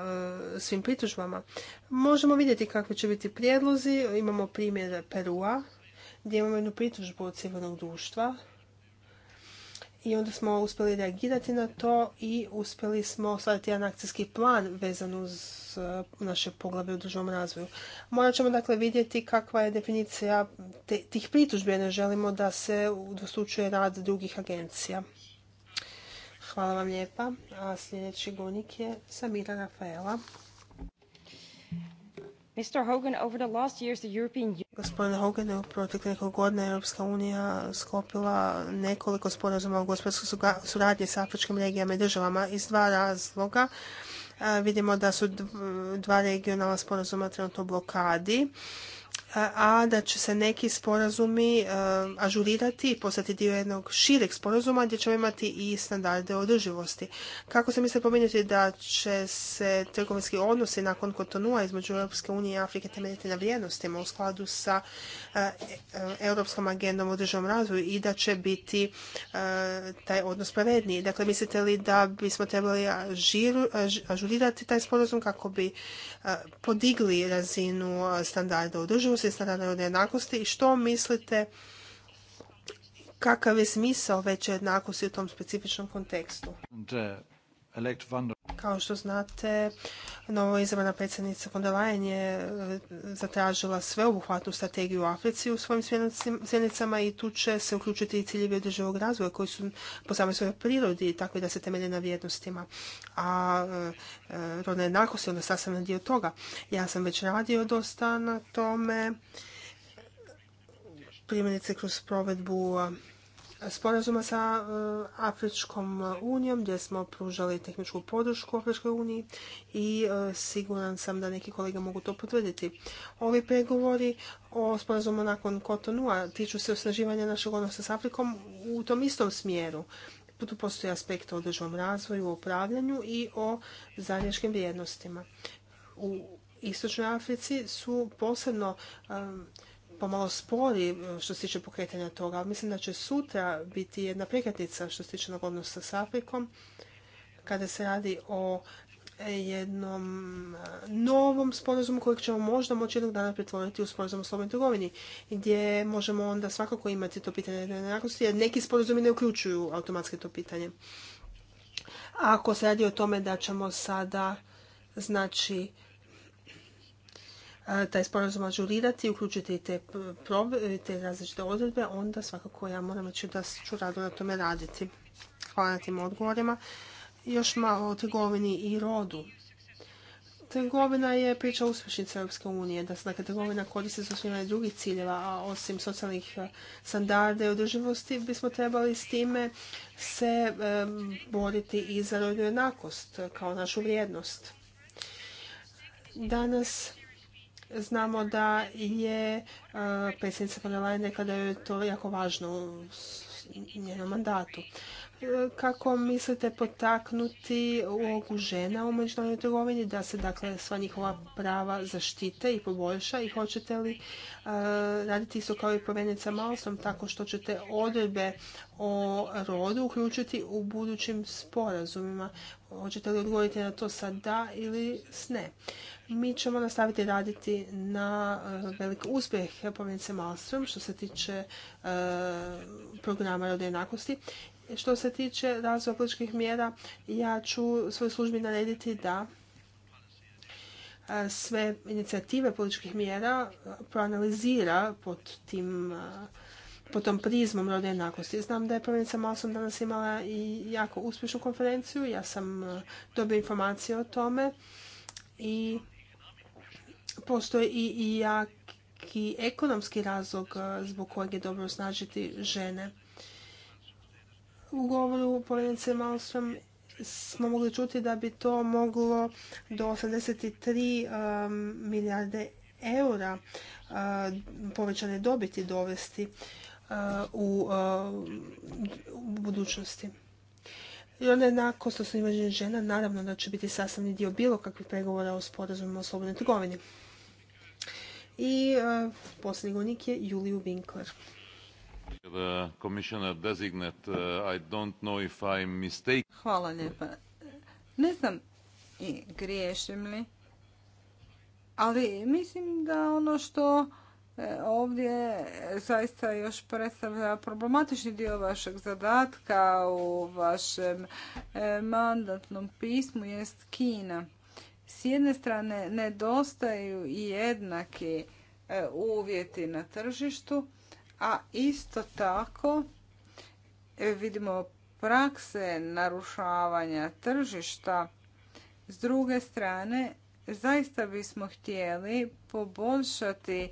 svim pritužbama. Možemo vidjeti kakvi će biti prijedlozi. Imamo primjer Perua gdje imamo jednu pritužbu od civilnog društva i onda smo uspjeli reagirati na to i uspjeli smo ostvariti jedan akcijski plan vezan uz uh, naše poglavlje u državnom razvoju. Morat ćemo dakle vidjeti kakva je definicija tih pritužbi, ne želimo da se udvostručuje rad drugih agencija. Hvala vam lijepa. A sljedeći gonik je Samira Rafaela. Gospodine Hogan, u proteklih nekoliko godina Europska unija sklopila nekoliko sporazuma o gospodarskoj suradnji sa afričkim regijama i državama iz dva razloga. E, vidimo da su dva regionalna sporazuma trenutno u blokadi a da će se neki sporazumi e, ažurirati i postati dio jednog šireg sporazuma gdje ćemo imati i standarde održivosti. Kako se misle pominjati da će se trgovinski odnosi nakon Kotonua između Europske unije i Afrike temeljiti na vrijednostima u skladu sa e, e, Europskom agendom o razvoju i da će biti taj odnos pravedniji. Dakle, mislite li da bismo trebali ažurirati taj sporazum kako bi podigli razinu standarda održivosti svjesna i što mislite kakav je smisao veće jednakosti u tom specifičnom kontekstu? Kao što znate, novo izabrana predsjednica von der Leyen je e, zatražila sveobuhvatnu strategiju u Africi u svojim sjednicama i tu će se uključiti i ciljevi održivog razvoja koji su po samoj svojoj prirodi takvi da se temelje na vrijednostima. A e, e, rodna jednakost je onda sastavni dio toga. Ja sam već radio dosta na tome primjerice kroz provedbu sporazuma sa eh, Afričkom unijom gdje smo pružali tehničku podršku Afričkoj uniji i eh, siguran sam da neki kolege mogu to potvrditi. Ovi pregovori o sporazumu nakon Kotonua tiču se osnaživanja našeg odnosa s Afrikom u tom istom smjeru. Tu postoji aspekt o održivom razvoju, o upravljanju i o zajedničkim vrijednostima. U Istočnoj Africi su posebno eh, pomalo spori e, što se tiče pokretanja toga, mislim da će sutra biti jedna prekretnica što se tiče odnosa sa Afrikom, kada se radi o jednom e, novom sporazumu kojeg ćemo možda moći jednog dana pretvoriti u sporazum o slobodnoj trgovini, gdje možemo onda svakako imati to pitanje jednakosti, jer neki sporazumi ne uključuju automatske to pitanje. ako se radi o tome da ćemo sada znači taj sporazum ažurirati i uključiti te, te različite odredbe, onda svakako ja moram reći da ću rado na tome raditi. Hvala na tim odgovorima. Još malo o trgovini i rodu. Trgovina je priča uspješnice Europske unije, da dakle, trgovina koristi za osnivanje drugih ciljeva, a osim socijalnih standarda i održivosti bismo trebali s time se e, boriti i za rodnu jednakost kao našu vrijednost. Danas Znamo da je e, predsjednica von der da je to jako važno u njenom mandatu kako mislite potaknuti ulogu žena u međunarodnoj trgovini da se dakle sva njihova prava zaštite i poboljša i hoćete li e, raditi isto kao i provenica Malsom tako što ćete odredbe o rodu uključiti u budućim sporazumima? Hoćete li odgovoriti na to sa da ili s ne? Mi ćemo nastaviti raditi na e, velik uspjeh povjerenice Malstrom što se tiče e, programa rode jednakosti što se tiče razvoja političkih mjera, ja ću svoj službi narediti da sve inicijative političkih mjera proanalizira pod tim tom prizmom rodne jednakosti. Znam da je Prvenica Malsom danas imala i jako uspješnu konferenciju. Ja sam dobio informacije o tome i postoji i jaki ekonomski razlog zbog kojeg je dobro osnažiti žene. U govoru povjerenice Malmström smo mogli čuti da bi to moglo do 83 um, milijarde eura uh, povećane dobiti dovesti uh, uh, u, budućnosti. I onda jednakost osnivađenja žena naravno da će biti sastavni dio bilo kakvih pregovora o sporazumima o slobodnoj trgovini. I posljednji govornik je Juliju Winkler. Uh, Hvala lijepa. Ne znam i griješim li, ali mislim da ono što e, ovdje zaista još predstavlja problematični dio vašeg zadatka u vašem e, mandatnom pismu jest Kina. S jedne strane nedostaju jednaki e, uvjeti na tržištu, a isto tako e, vidimo prakse narušavanja tržišta. S druge strane, zaista bismo htjeli poboljšati e,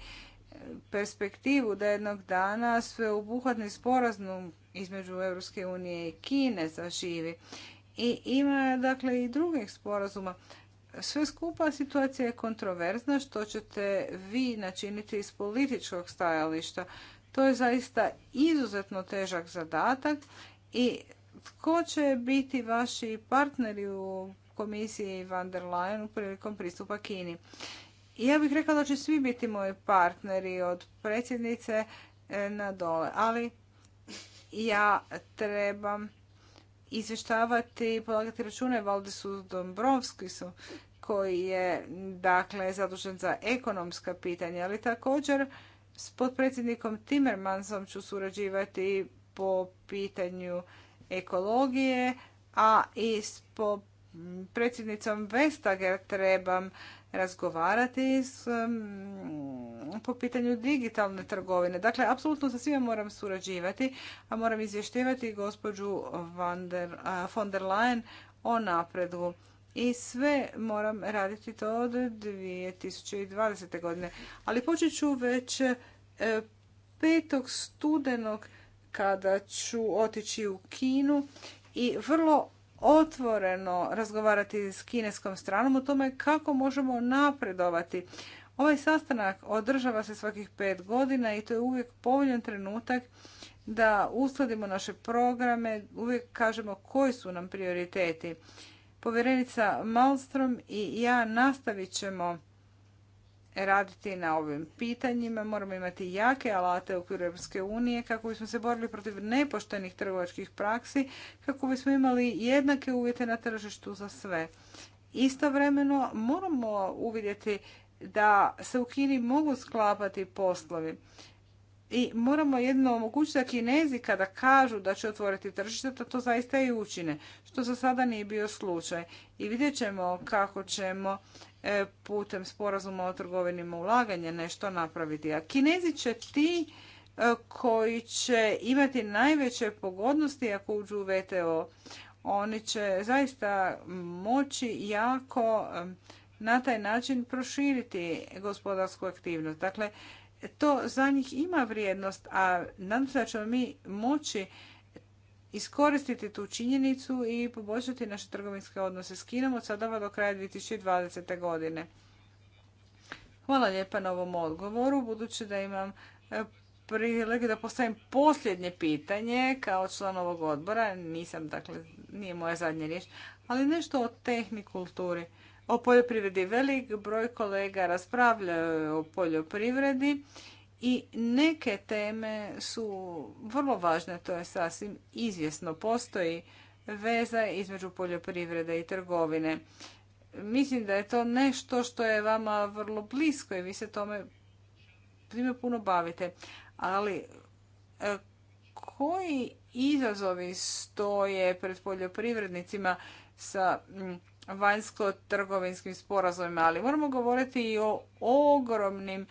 perspektivu da jednog dana sveobuhvatni sporazum između Europske unije i Kine zaživi. I ima dakle i drugih sporazuma. Sve skupa situacija je kontroverzna što ćete vi načiniti iz političkog stajališta. To je zaista izuzetno težak zadatak i tko će biti vaši partneri u komisiji van der Leyen prilikom pristupa Kini? Ja bih rekla da će svi biti moji partneri od predsjednice e, na dole, ali ja trebam izvještavati i polagati račune Valdesu Dombrovskisu koji je dakle zadužen za ekonomska pitanja, ali također s potpredsjednikom Timmermansom ću surađivati po pitanju ekologije, a i s predsjednicom Vestager trebam razgovarati s, po pitanju digitalne trgovine. Dakle, apsolutno sa svima moram surađivati, a moram izvještivati gospođu der, von der Leyen o napredu i sve moram raditi to od 2020. godine. Ali počet ću već 5. E, studenog kada ću otići u Kinu i vrlo otvoreno razgovarati s kineskom stranom o tome kako možemo napredovati. Ovaj sastanak održava se svakih pet godina i to je uvijek povoljan trenutak da uskladimo naše programe, uvijek kažemo koji su nam prioriteti. Povjerenica Malstrom i ja nastavit ćemo raditi na ovim pitanjima. Moramo imati jake alate u okviru Europske unije kako bismo se borili protiv nepoštenih trgovačkih praksi, kako bismo imali jednake uvjete na tržištu za sve. Istovremeno moramo uvidjeti da se u Kini mogu sklapati poslovi. I moramo jedno omogućiti da kinezi kada kažu da će otvoriti tržište, da to zaista i učine, što za sada nije bio slučaj. I vidjet ćemo kako ćemo e, putem sporazuma o trgovinima ulaganja nešto napraviti. A kinezi će ti e, koji će imati najveće pogodnosti ako uđu u VTO. Oni će zaista moći jako e, na taj način proširiti gospodarsku aktivnost. Dakle, to za njih ima vrijednost, a nadam se da ćemo mi moći iskoristiti tu činjenicu i poboljšati naše trgovinske odnose s Kinom od sada do kraja 2020. godine. Hvala lijepa na ovom odgovoru, budući da imam e, prilike da postavim posljednje pitanje kao član ovog odbora. Nisam, dakle, nije moja zadnja riječ, ali nešto o tehnikulturi. kulturi o poljoprivredi. Velik broj kolega raspravljaju o poljoprivredi i neke teme su vrlo važne, to je sasvim izvjesno. Postoji veza između poljoprivrede i trgovine. Mislim da je to nešto što je vama vrlo blisko i vi se tome time puno bavite. Ali e, koji izazovi stoje pred poljoprivrednicima sa vanjsko-trgovinskim sporazumima, ali moramo govoriti i o ogromnim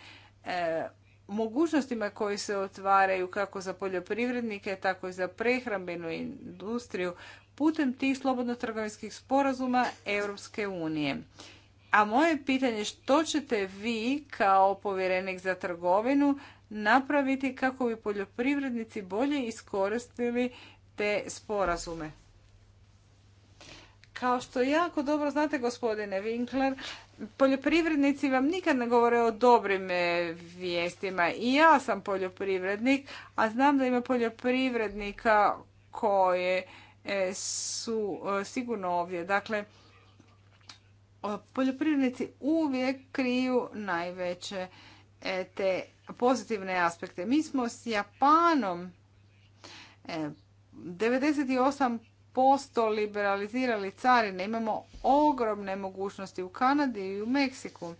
e, mogućnostima koji se otvaraju kako za poljoprivrednike, tako i za prehrambenu industriju putem tih slobodno-trgovinskih sporazuma Europske unije. A moje pitanje je što ćete vi kao povjerenik za trgovinu napraviti kako bi poljoprivrednici bolje iskoristili te sporazume? Kao što jako dobro znate, gospodine Winkler, poljoprivrednici vam nikad ne govore o dobrim e, vijestima. I ja sam poljoprivrednik, a znam da ima poljoprivrednika koje e, su e, sigurno ovdje. Dakle, poljoprivrednici uvijek kriju najveće te pozitivne aspekte. Mi smo s Japanom 98% posto liberalizirali carine. Imamo ogromne mogućnosti u Kanadi i u Meksiku.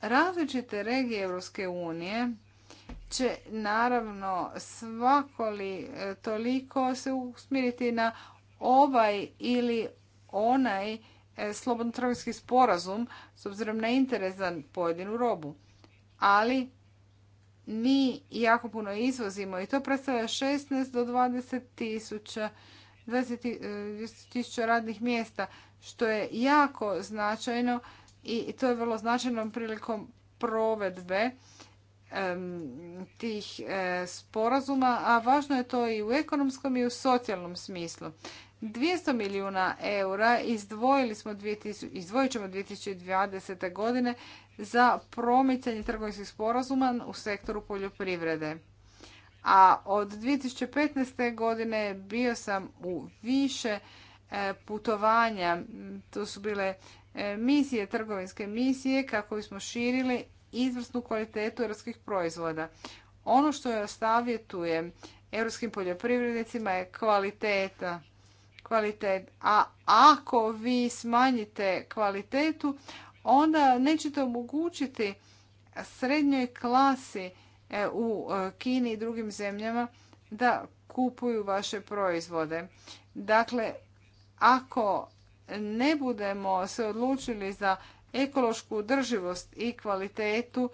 Različite regije Europske unije će naravno svakoli e, toliko se usmiriti na ovaj ili onaj e, slobodno sporazum s obzirom na interes za pojedinu robu. Ali mi jako puno izvozimo i to predstavlja 16 do 20 tisuća 20.000 e, radnih mjesta, što je jako značajno i to je vrlo značajnom prilikom provedbe tih e, sporazuma, a važno je to i u ekonomskom i u socijalnom smislu. 200 milijuna eura izdvojili smo izdvojit ćemo 2020. godine za promicanje trgovinskih sporazuma u sektoru poljoprivrede. A od 2015. godine bio sam u više e, putovanja. To su bile e, misije, trgovinske misije kako bismo širili izvrsnu kvalitetu europskih proizvoda. Ono što ja savjetujem europskim poljoprivrednicima je kvaliteta. Kvalitet. A ako vi smanjite kvalitetu, onda nećete omogućiti srednjoj klasi E, u e, Kini i drugim zemljama da kupuju vaše proizvode. Dakle, ako ne budemo se odlučili za ekološku održivost i kvalitetu,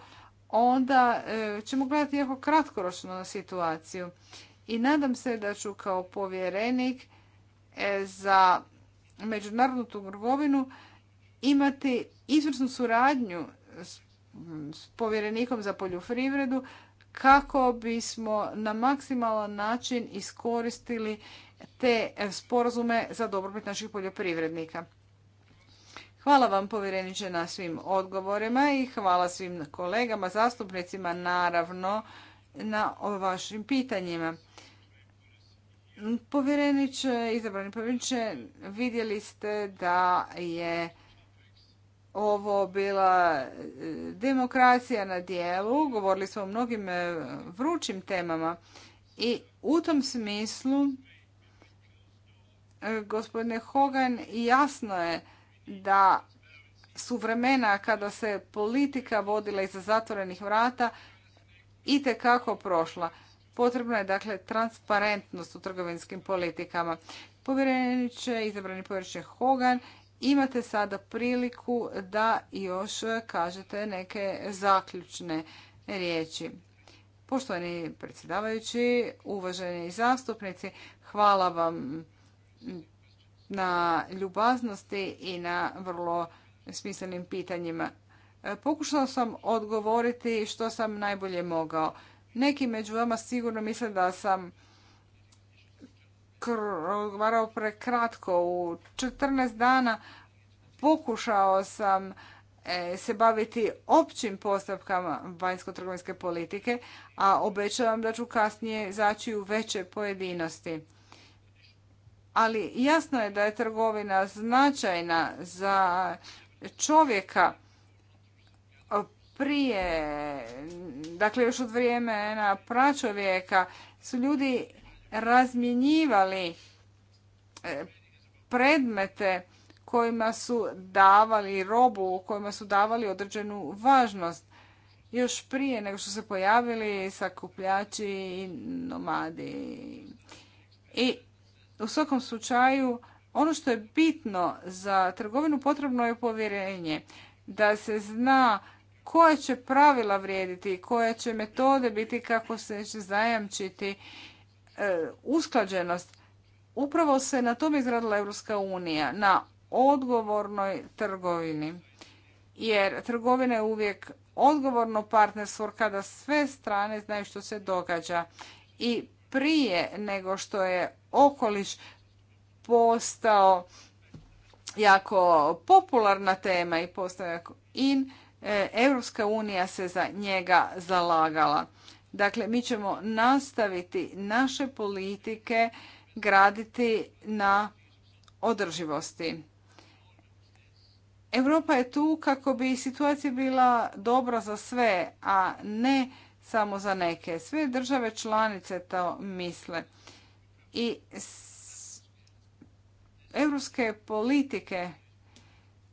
onda e, ćemo gledati jako kratkoročno na situaciju. I nadam se da ću kao povjerenik za međunarodnu trgovinu imati izvrsnu suradnju s povjerenikom za poljoprivredu kako bismo na maksimalan način iskoristili te sporazume za dobrobit naših poljoprivrednika. Hvala vam povjereniče na svim odgovorima i hvala svim kolegama, zastupnicima naravno na vašim pitanjima. Povjereniče, izabrani povjereniče, vidjeli ste da je ovo bila e, demokracija na dijelu. Govorili smo o mnogim e, vrućim temama i u tom smislu e, gospodine Hogan jasno je da su vremena kada se politika vodila iza zatvorenih vrata i kako prošla. Potrebna je dakle transparentnost u trgovinskim politikama. Povjereniče, izabrani povjereniče Hogan, Imate sada priliku da još kažete neke zaključne riječi. Poštovani predsjedavajući, uvaženi zastupnici, hvala vam na ljubaznosti i na vrlo smislenim pitanjima. Pokušao sam odgovoriti što sam najbolje mogao. Neki među vama sigurno misle da sam varao prekratko. U 14 dana pokušao sam e, se baviti općim postavkama vanjsko-trgovinske politike, a obećavam da ću kasnije zaći u veće pojedinosti. Ali jasno je da je trgovina značajna za čovjeka prije, dakle još od na pračovjeka, su ljudi razmjenjivali e, predmete kojima su davali robu, kojima su davali određenu važnost još prije nego što se pojavili sakupljači i nomadi. I u svakom slučaju ono što je bitno za trgovinu potrebno je povjerenje da se zna koje će pravila vrijediti, koje će metode biti kako se će zajamčiti E, usklađenost. Upravo se na tome izradila Europska unija, na odgovornoj trgovini. Jer trgovina je uvijek odgovorno partnerstvo kada sve strane znaju što se događa. I prije nego što je okoliš postao jako popularna tema i postao jako in, e, Europska unija se za njega zalagala. Dakle, mi ćemo nastaviti naše politike graditi na održivosti. Europa je tu kako bi situacija bila dobra za sve, a ne samo za neke. Sve države članice to misle. I europske politike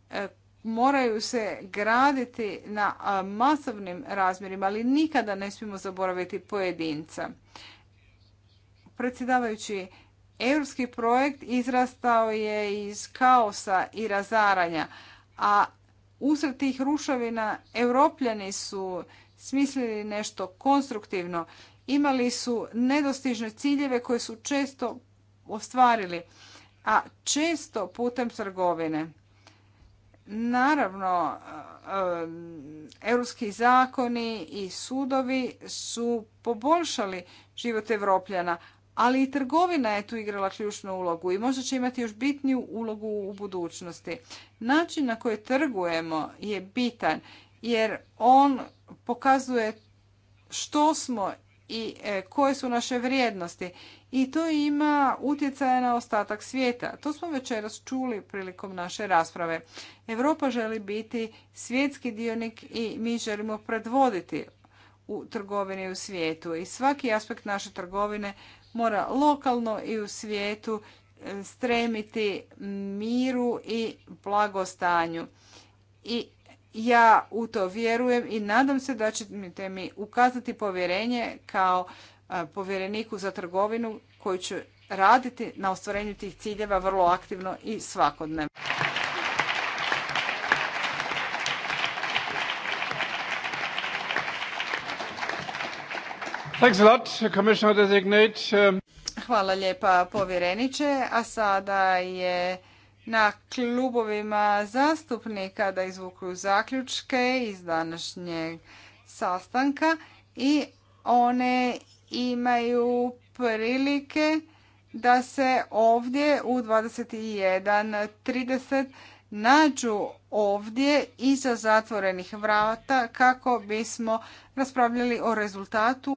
e, moraju se graditi na masovnim razmjerima, ali nikada ne smijemo zaboraviti pojedinca. Predsjedavajući, europski projekt izrastao je iz kaosa i razaranja, a usred tih ruševina europljani su smislili nešto konstruktivno, imali su nedostižne ciljeve koje su često ostvarili, a često putem trgovine. Naravno, e, e, europski zakoni i sudovi su poboljšali život Evropljana, ali i trgovina je tu igrala ključnu ulogu i možda će imati još bitniju ulogu u budućnosti. Način na koji trgujemo je bitan jer on pokazuje što smo i e, koje su naše vrijednosti. I to ima utjecaja na ostatak svijeta. To smo večeras čuli prilikom naše rasprave. Europa želi biti svjetski dionik i mi želimo predvoditi u trgovini u svijetu. I svaki aspekt naše trgovine mora lokalno i u svijetu e, stremiti miru i blagostanju. I ja u to vjerujem i nadam se da ćete mi ukazati povjerenje kao e, povjereniku za trgovinu koji će raditi na ostvarenju tih ciljeva vrlo aktivno i svakodnevno. Hvala lijepa povjereniče, a sada je na klubovima zastupnika da izvukuju zaključke iz današnjeg sastanka i one imaju prilike da se ovdje u 21.30 nađu ovdje iza zatvorenih vrata kako bismo raspravljali o rezultatu